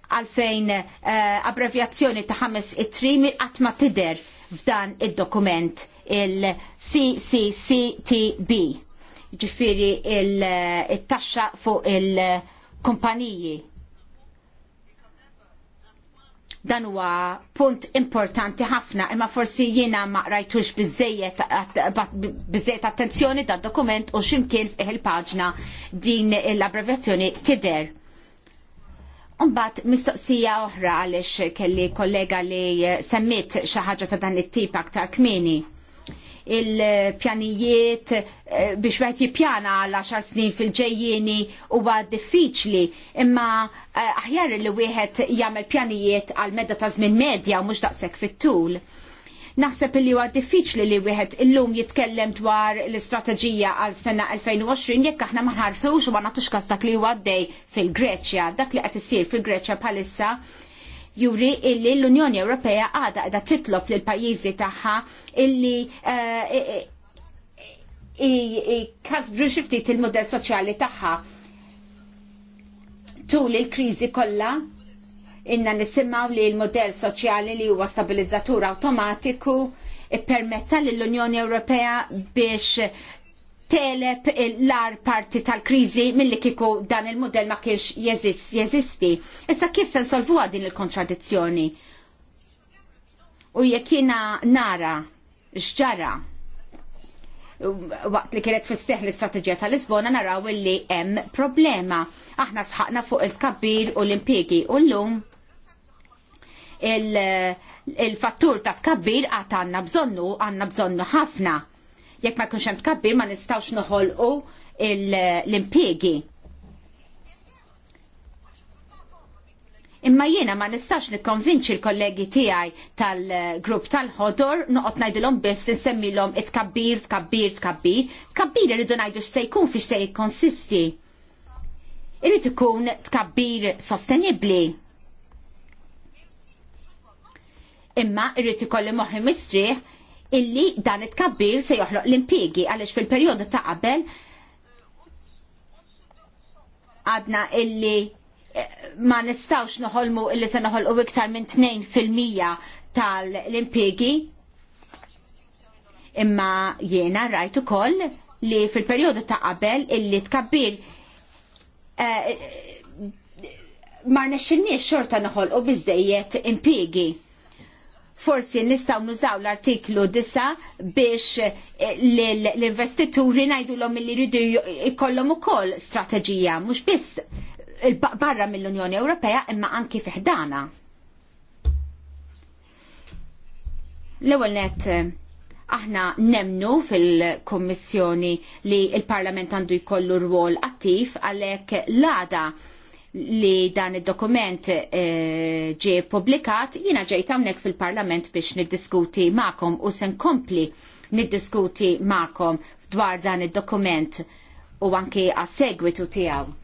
għalfejn uh, eh, abbrevjazzjoni ta' ħames it-trimi qatt ma tidher f'dan id-dokument il-CCCTB, ġifiri il-taxxa fuq il-kumpaniji. Dan huwa punt importanti ħafna, imma forsi jiena ma rajtux bizzejet attenzjoni dal dokument u ximkien fih il-paġna din l-abbreviazzjoni tider. Umbat, mistoqsija oħra għalix kelli kollega li semmit xaħġa ta' dan it-tip aktar kmini il-pjanijiet eh, biex wieħed jippjana għal 10 snin fil-ġejjieni huwa diffiċli, imma eh, aħjar li wieħed jagħmel pjanijiet għal medda ta' żmien medja u mhux daqshekk fit-tul. Naħseb li huwa diffiċli li wieħed illum jitkellem dwar l-istrateġija għal sena 2020 jekk aħna ma ħarsux u ma nagħtux kas dak li huwa għaddej fil-Greċja, dak li qed isir fil-Greċja bħalissa juri illi l-Unjoni Ewropea għada għada titlob lil pajjiżi tagħha illi eh, kasbru xiftit il-modell soċjali tagħha tul il-kriżi kollha inna nisimaw li l-modell soċjali li huwa stabilizzatur awtomatiku ippermetta l-Unjoni Ewropea biex teleb l-ar parti tal-krizi mill-li kiku dan il model ma kiex jeżisti. Issa kif se nsolvuha din il-kontradizzjoni? U jekk nara x'ġara waqt li kienet fis-seħħ l-istrateġija tal-Lisbona naraw li hemm problema. Aħna sħaqna fuq il-tkabbir u l impjiegi u llum il-fattur ta' tkabbir għad għandna bżonnu, għanna bżonnu ħafna. Jekk ma jkunx hemm tkabbir ma nistgħux noħolqu l-impjiegi. Imma jiena ma nistax nikkonvinċi l-kollegi tiegħi tal-grupp tal-ħodor noqgħod ngħidilhom biss insemmilhom itkabbir, tkabbir, tkabbir. Tkabbir irridu ngħidu x'se jkun fiex se jikkonsisti. Irrid ikun tkabbir sostenibbli. Imma irrid ikolli moħi mistrieħ illi dan it-kabbir se joħloq l-impiegi għalix fil-periodu ta' qabel għadna illi eh, ma nistawx noħolmu illi se noħolqu iktar minn 2% tal-impiegi imma jiena rajt ukoll li fil-perjodu ta' qabel illi tkabbir eh, eh, ma nexxinniex xorta noħolqu bizzejiet impiegi forsi nistaw nużaw l-artiklu disa' biex eh, l-investituri najdu l-om li rridu ikollom u koll strategija, mux biss barra mill-Unjoni Ewropea imma anki fiħdana. L-ewel net, eh, aħna nemnu fil-Kommissjoni li il-Parlament għandu jkollu rwol attiv għalek l-għada li dan id-dokument eh, ġie publikat, jiena ġejt hawnhekk fil-Parlament biex niddiskuti magħkom u se nkompli niddiskuti magħkom dwar dan id-dokument u anke għas-segwitu tiegħu.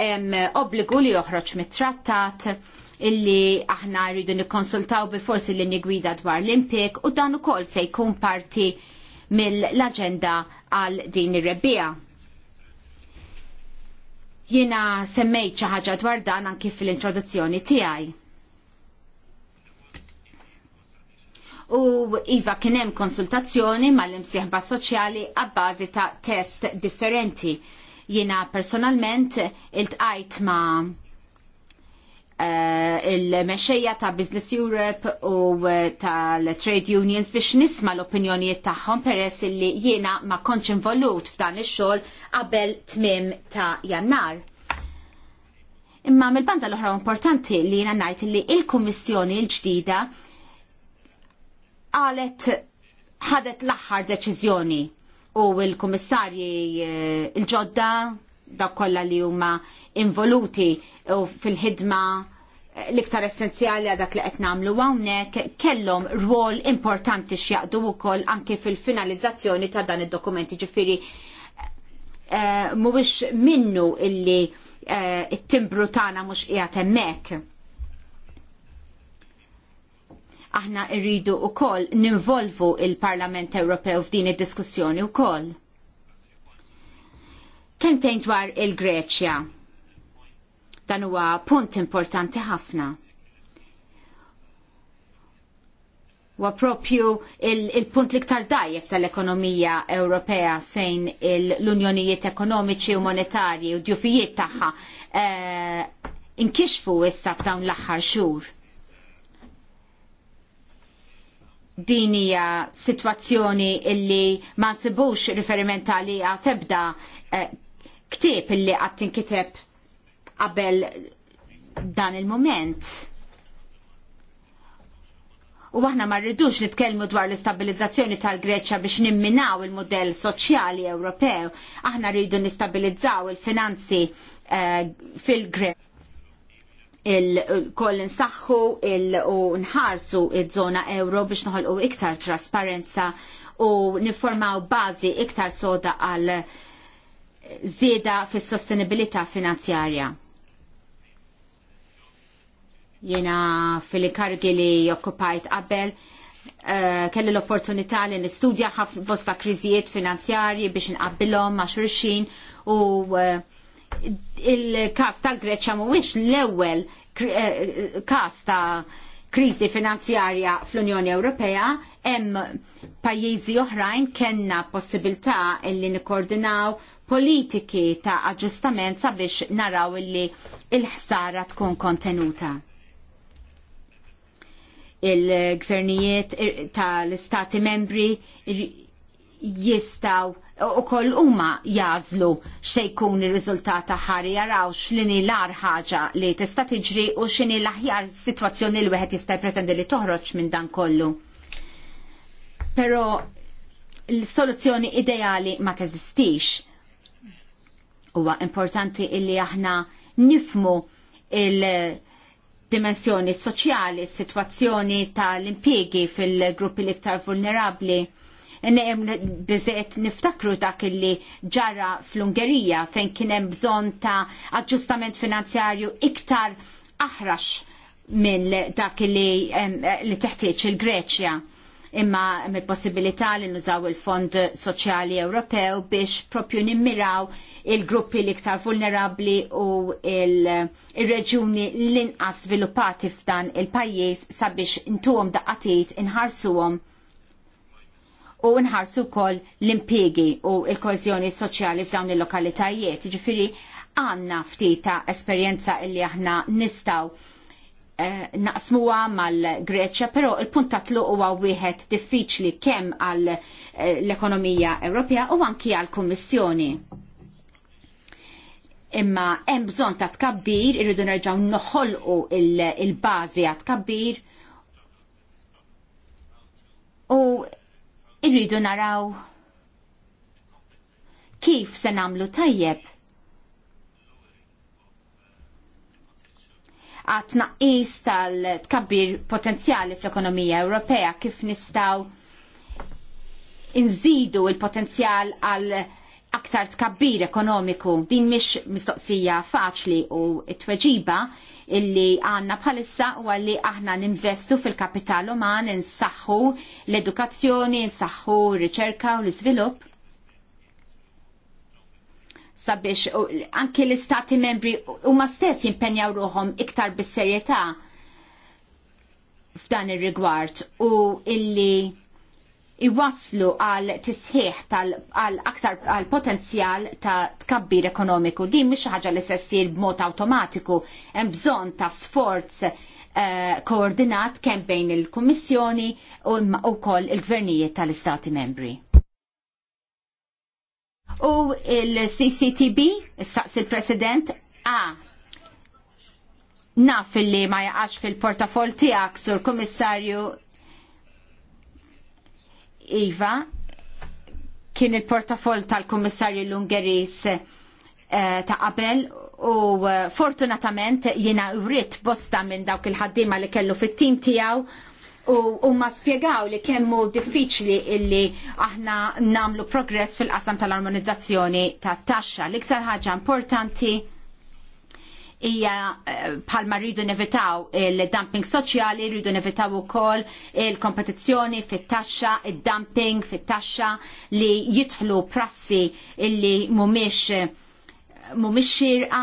Hemm obbligu li joħroġ mit-trattat illi aħna rridu nikkonsultaw bi forsi li nigwida dwar l-impik u dan ukoll se jkun parti mill agenda għal din ir-rebbija Jiena semmejt xi ħaġa dwar dan anki fil-introduzzjoni tiegħi. u Iva kien hemm konsultazzjoni mal-imsieħba soċjali għabbażi ta' test differenti. Jina personalment il-tqajt ma' Eh, il-mexxejja ta' Business Europe u eh, tal-Trade Unions biex nisma l-opinjonijiet tagħhom peress li jiena ma kontx involut f'dan ix-xogħol qabel tmiem ta' Jannar. Imma mill-banda l-oħra importanti li jiena ngħid li l kummissjoni l-ġdida qalet ħadet l-aħħar deċiżjoni u l-kummissarji eh, l ġodda dak kollha li huma involuti fil-ħidma l-iktar essenzjali għal dak li qed nagħmlu hawnhekk kellhom rwol importanti x'jaqdu wkoll anke fil-finalizzazzjoni ta' dan id-dokumenti ġifiri uh, eh, mhuwiex minnu illi uh, it-timbru tagħna mhux qiegħed hemmhekk. Aħna rridu wkoll ninvolvu l parlament Ewropew f'din id-diskussjoni wkoll. Kentejn dwar il-Greċja Dan huwa punt importanti ħafna. Wa propju il-punt il liktar dajjef tal-ekonomija Ewropea fejn l-unjonijiet ekonomiċi u monetarji u djufijiet tagħha uh, inkixfu issa f'dawn l-aħħar xhur. din hija sitwazzjoni illi ma nsibux riferimentali għafebda febda eh, ktieb illi qatt kiteb qabel dan il-moment. U aħna ma rridux nitkellmu dwar l-istabilizzazzjoni tal-Greċja biex nimminaw il-modell soċjali Ewropew. Aħna rridu nistabilizzaw il-finanzi uh, eh, fil-Greċja il-koll nsaxħu u nħarsu il-żona euro biex noħolqu iktar trasparenza u niformaw bażi iktar soda għal zieda fis sostenibilità finanzjarja. Jena fil-kargi li okkupajt qabel, uh, kelli l-opportunità li nistudja ħafna bosta kriżijiet finanzjarji biex nqabbilhom ma' xurxin u uh, il-kas tal-Greċja mhuwiex l-ewwel eh, kas ta' kriżi finanzjarja fl-Unjoni Ewropea, hemm pajjiżi oħrajn kellna possibilità li nikkoordinaw politiki ta' aġġustament sabiex naraw illi l il ħsara tkun kontenuta il-gvernijiet tal-istati membri jistaw u koll huma jazlu xejkun ir-riżultat ħari jaraw x'lini l-ar ħaġa li tista' tiġri u x'inhi l-aħjar sitwazzjoni li wieħed jista' jpretendi li toħroġ minn dan kollu. Però l-soluzzjoni ideali ma teżistix. Huwa importanti illi aħna nifmu il- dimensjoni soċjali, situazzjoni tal-impiegi fil-gruppi l-iktar vulnerabli. Bizet niftakru dak li ġara fl-Ungerija fejn kien hemm bżonn ta' aġġustament finanzjarju iktar aħrax minn dak li, li teħtieġ il-Greċja imma mill possibilità li nużaw il-Fond Soċjali Ewropew biex propju nimmiraw il-gruppi l-iktar vulnerabli u il-reġuni il reġuni l inqas sviluppati f'dan il-pajjiż sabiex intuhom daqqatijiet inħarsuhom u nħarsu kol l-impiegi u il-kozjoni soċjali f'dawn il-lokalitajiet. Ġifiri, għanna ftita esperjenza illi aħna nistaw Eh, naqsmuha mal-Greċja, però il-punt ta' tluq huwa wieħed diffiċli kemm għal eh, l-ekonomija Ewropea u anki għal kummissjoni Imma hemm bżonn ta' tkabbir, irridu nerġgħu noħolqu il-bażi għat tkabbir u irridu naraw kif se nagħmlu tajjeb għat naqis tal-tkabbir potenzjali fl-ekonomija Ewropea kif nistaw inżidu il-potenzjal għal aktar tkabbir ekonomiku. Din mish mistoqsija faċli u t-tweġiba illi għanna bħalissa u għalli aħna ninvestu fil-kapital uman, nsaxħu l-edukazzjoni, nsaxħu r-riċerka u l-izvilup sabiex anki l-istati membri huma stess jimpenjaw ruhom iktar bis-serjetà f'dan ir-rigward u illi iwaslu għal tisħiħ għal aktar għal potenzjal ta' tkabbir ekonomiku. Din mhix ħaġa li se ssir b'mod awtomatiku, hemm bżonn ta' sforz eh, koordinat kemm bejn il-Kummissjoni u wkoll il-gvernijiet tal-Istati membri. U il-CCTB, saqs il-President, a naf li ma jaqax fil-portafol tijak sur komissarju Iva, kien il-portafol tal-komissarju l-Ungeris eh, ta' qabel u eh, fortunatament jiena uriet bosta minn dawk il-ħaddima li kellu fit-tim tijaw u ma spiegaw li kemmu diffiċli illi aħna namlu progress fil-qasam tal-armonizzazzjoni ta' taxxa. L-iktar ħaġa importanti hija eh, bħalma rridu nevitaw il-dumping soċjali, rridu nevitaw ukoll il-kompetizzjoni fit-taxxa, il-dumping fit-taxxa li jidħlu prassi illi mhumiex mhumiex xirqa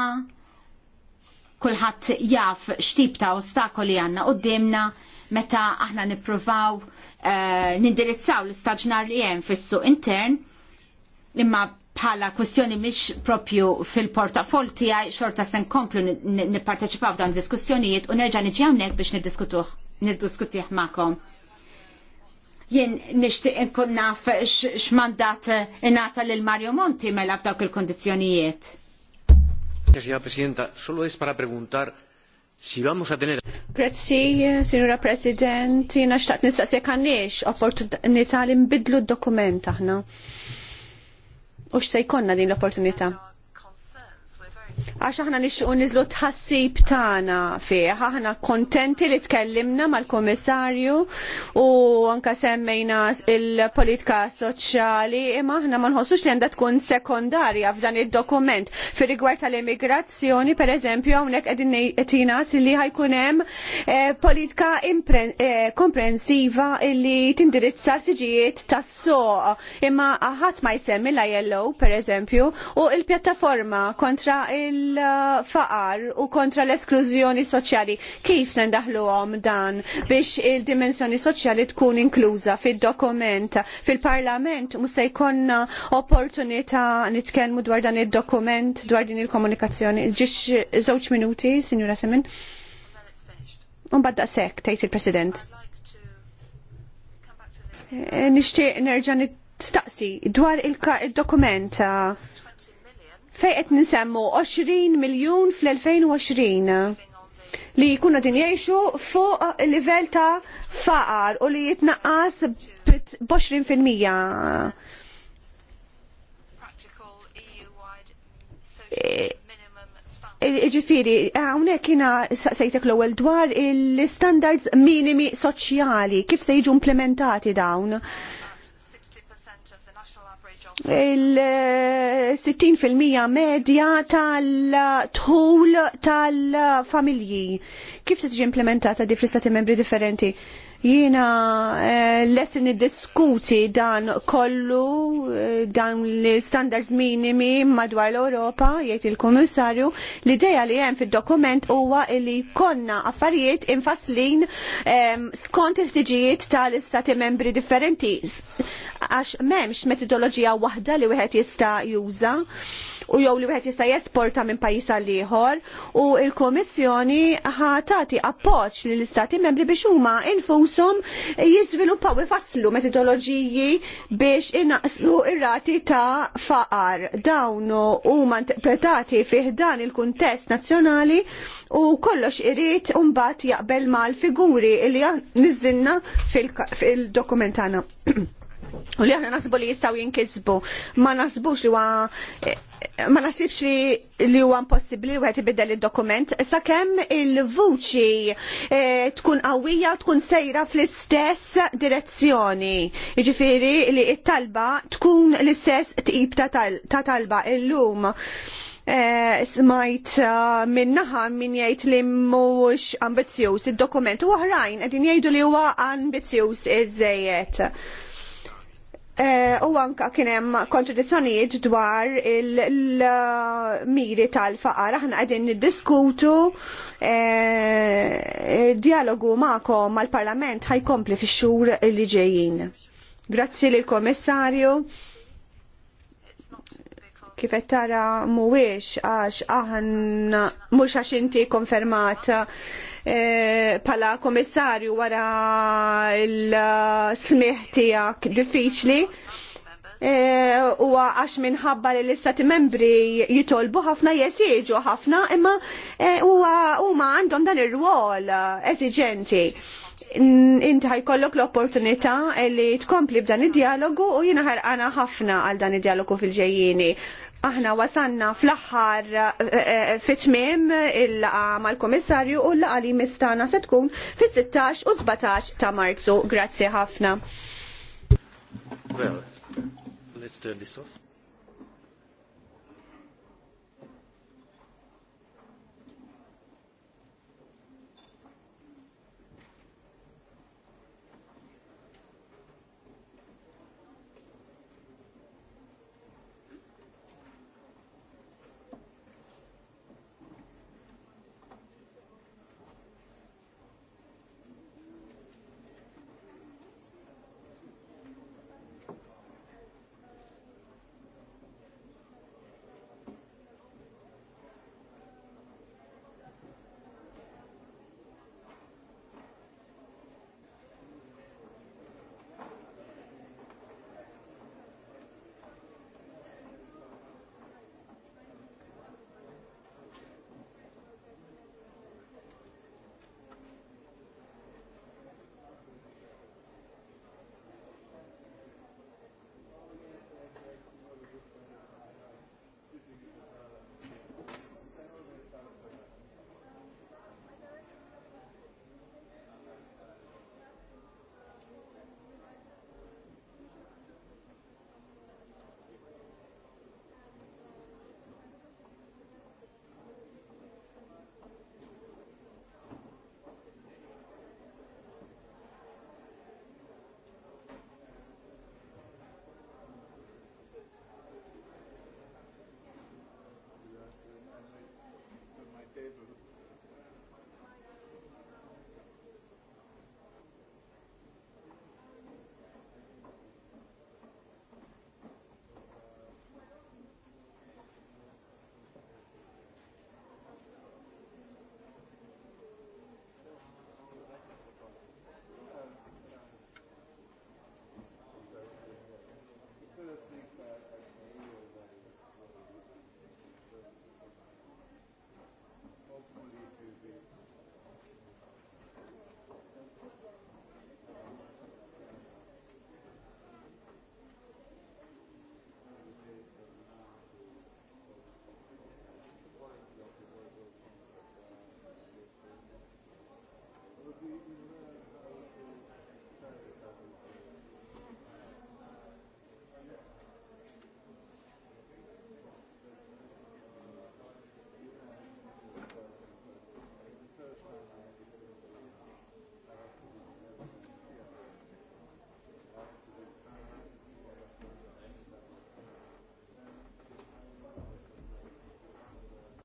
kulħadd jaf x'tip ta' ostakoli għandna quddiemna meta aħna nippruvaw uh, nindirizzaw l-istaġnar li hemm fis-suq intern imma bħala kwestjoni mhix propju fil-portafol tiegħi xorta se nkomplu nipparteċipaw f'dawn diskussjonijiet u nerġa' niġi hawnhekk biex niddiskutuh niddiskutih magħkom. Jien nixtieq inkun naf x'mandat inata lil Mario Monti mela f'dawk il-kondizzjonijiet. Señora Presidenta, solo es para preguntar Grazzi, Signora President, jina xtaqt nistaqsi għannix opportunità li nbidlu d-dokument aħna. U x'se jkollna din l-opportunità? għax aħna nixqu niżlu tħassib tagħna fih, aħna kontenti li tkellimna mal-Kummissarju u anka semmejna il-politika soċjali imma aħna ma nħossux li għandha tkun sekondarja f'dan id-dokument fir-rigward tal-immigrazzjoni pereżempju hawnhekk qegħdin ngħid li ħajkun hemm eh, politika eh, komprensiva li tindirizza l-tiġijiet tas-soq imma ħadd ma jsemmi l-ILO pereżempju u l-pjattaforma kontra il il-faqar u kontra l-esklużjoni soċjali. Kif għom dan biex il-dimensjoni soċjali tkun inkluża fid-dokument? Fil-Parlament mhux se jkollna opportunità nitkellmu dwar dan id-dokument, dwar din il-komunikazzjoni. Ġiġ zoċ minuti, Sinjura Semin. Unbadda sekk, tgħid il-President. Eh, nixtieq nerġa' nistaqsi dwar il-dokument. il dokument fejqet qed nisemmu 20 miljun fl-2020 li jkunu din jgħixu fuq il livell ta' faqar u li jitnaqqas b'20%. Iġifiri, għawnek jina sejtek l ewwel dwar il-standards minimi soċjali, kif se jiġu implementati dawn il-60% medja tal-tħul tal-familji. Kif se tiġi implementata di fl-istati membri differenti? Jiena eh, lessi niddiskuti dan kollu eh, dan l-standards minimi madwar l-Europa jgħid il-Kummissarju l-idea li hemm fid-dokument huwa li konna affarijiet infaslin skont il-ħtiġijiet tal-istati membri differenti għax m'hemmx metodoloġija waħda li wieħed jista' juża u jew li wieħed jista' jesporta minn pajjiż għal ieħor u l-Kummissjoni tagħti appoġġ lill istati membri biex huma infushom jiżviluppaw ifasslu metodoloġiji biex inaqsu r rati ta' faqar. Dawn huma interpretati fih dan il-kuntest nazzjonali u kollox irid mbagħad jaqbel mal-figuri li niżinna fil-dokumentana. u li aħna nasbu li jistaw jinkisbu. Ma nasbux li huwa ma nasibx li li huwa impossibbli wieħed ibidel id-dokument sakemm il-vuċi eh, tkun qawwija u tkun sejra fl-istess direzzjoni. Jiġifieri li t-talba tkun l-istess tqib ta' talba illum. Eh, smajt eh, minn naħa jgħid li mhux ambizzjuż id-dokument u oħrajn qegħdin jgħidu li huwa ambizzjuż iżejjed. Eh, u anka kienem kontradizzjonijiet dwar il-miri tal-faqar. Aħna għedin diskutu eh, dialogu ma'kom mal-parlament ħajkompli fi xur li ġejjin. Grazzi lil komissarju kif qed tara mhuwiex għax aħna mhux għax inti konfermata Eh, pala komissarju wara l smih tijak diffiċli eh, u għax minħabba li l-istati membri jitolbu ħafna jesieġu ħafna imma eh, u ma għandhom dan ir-rwol eżiġenti. Inti ħajkollok l-opportunità li tkompli b'dan id-dialogu u jina ħarqana ħafna għal dan id-dialogu fil-ġejjini aħna wasanna fl axħar eh, eh, eh, fitmim il-laqa mal-komissarju u l-laqa li mistana se tkun fit-16 u 17 ta' Marzu. Grazzi ħafna. Well, let's turn this off.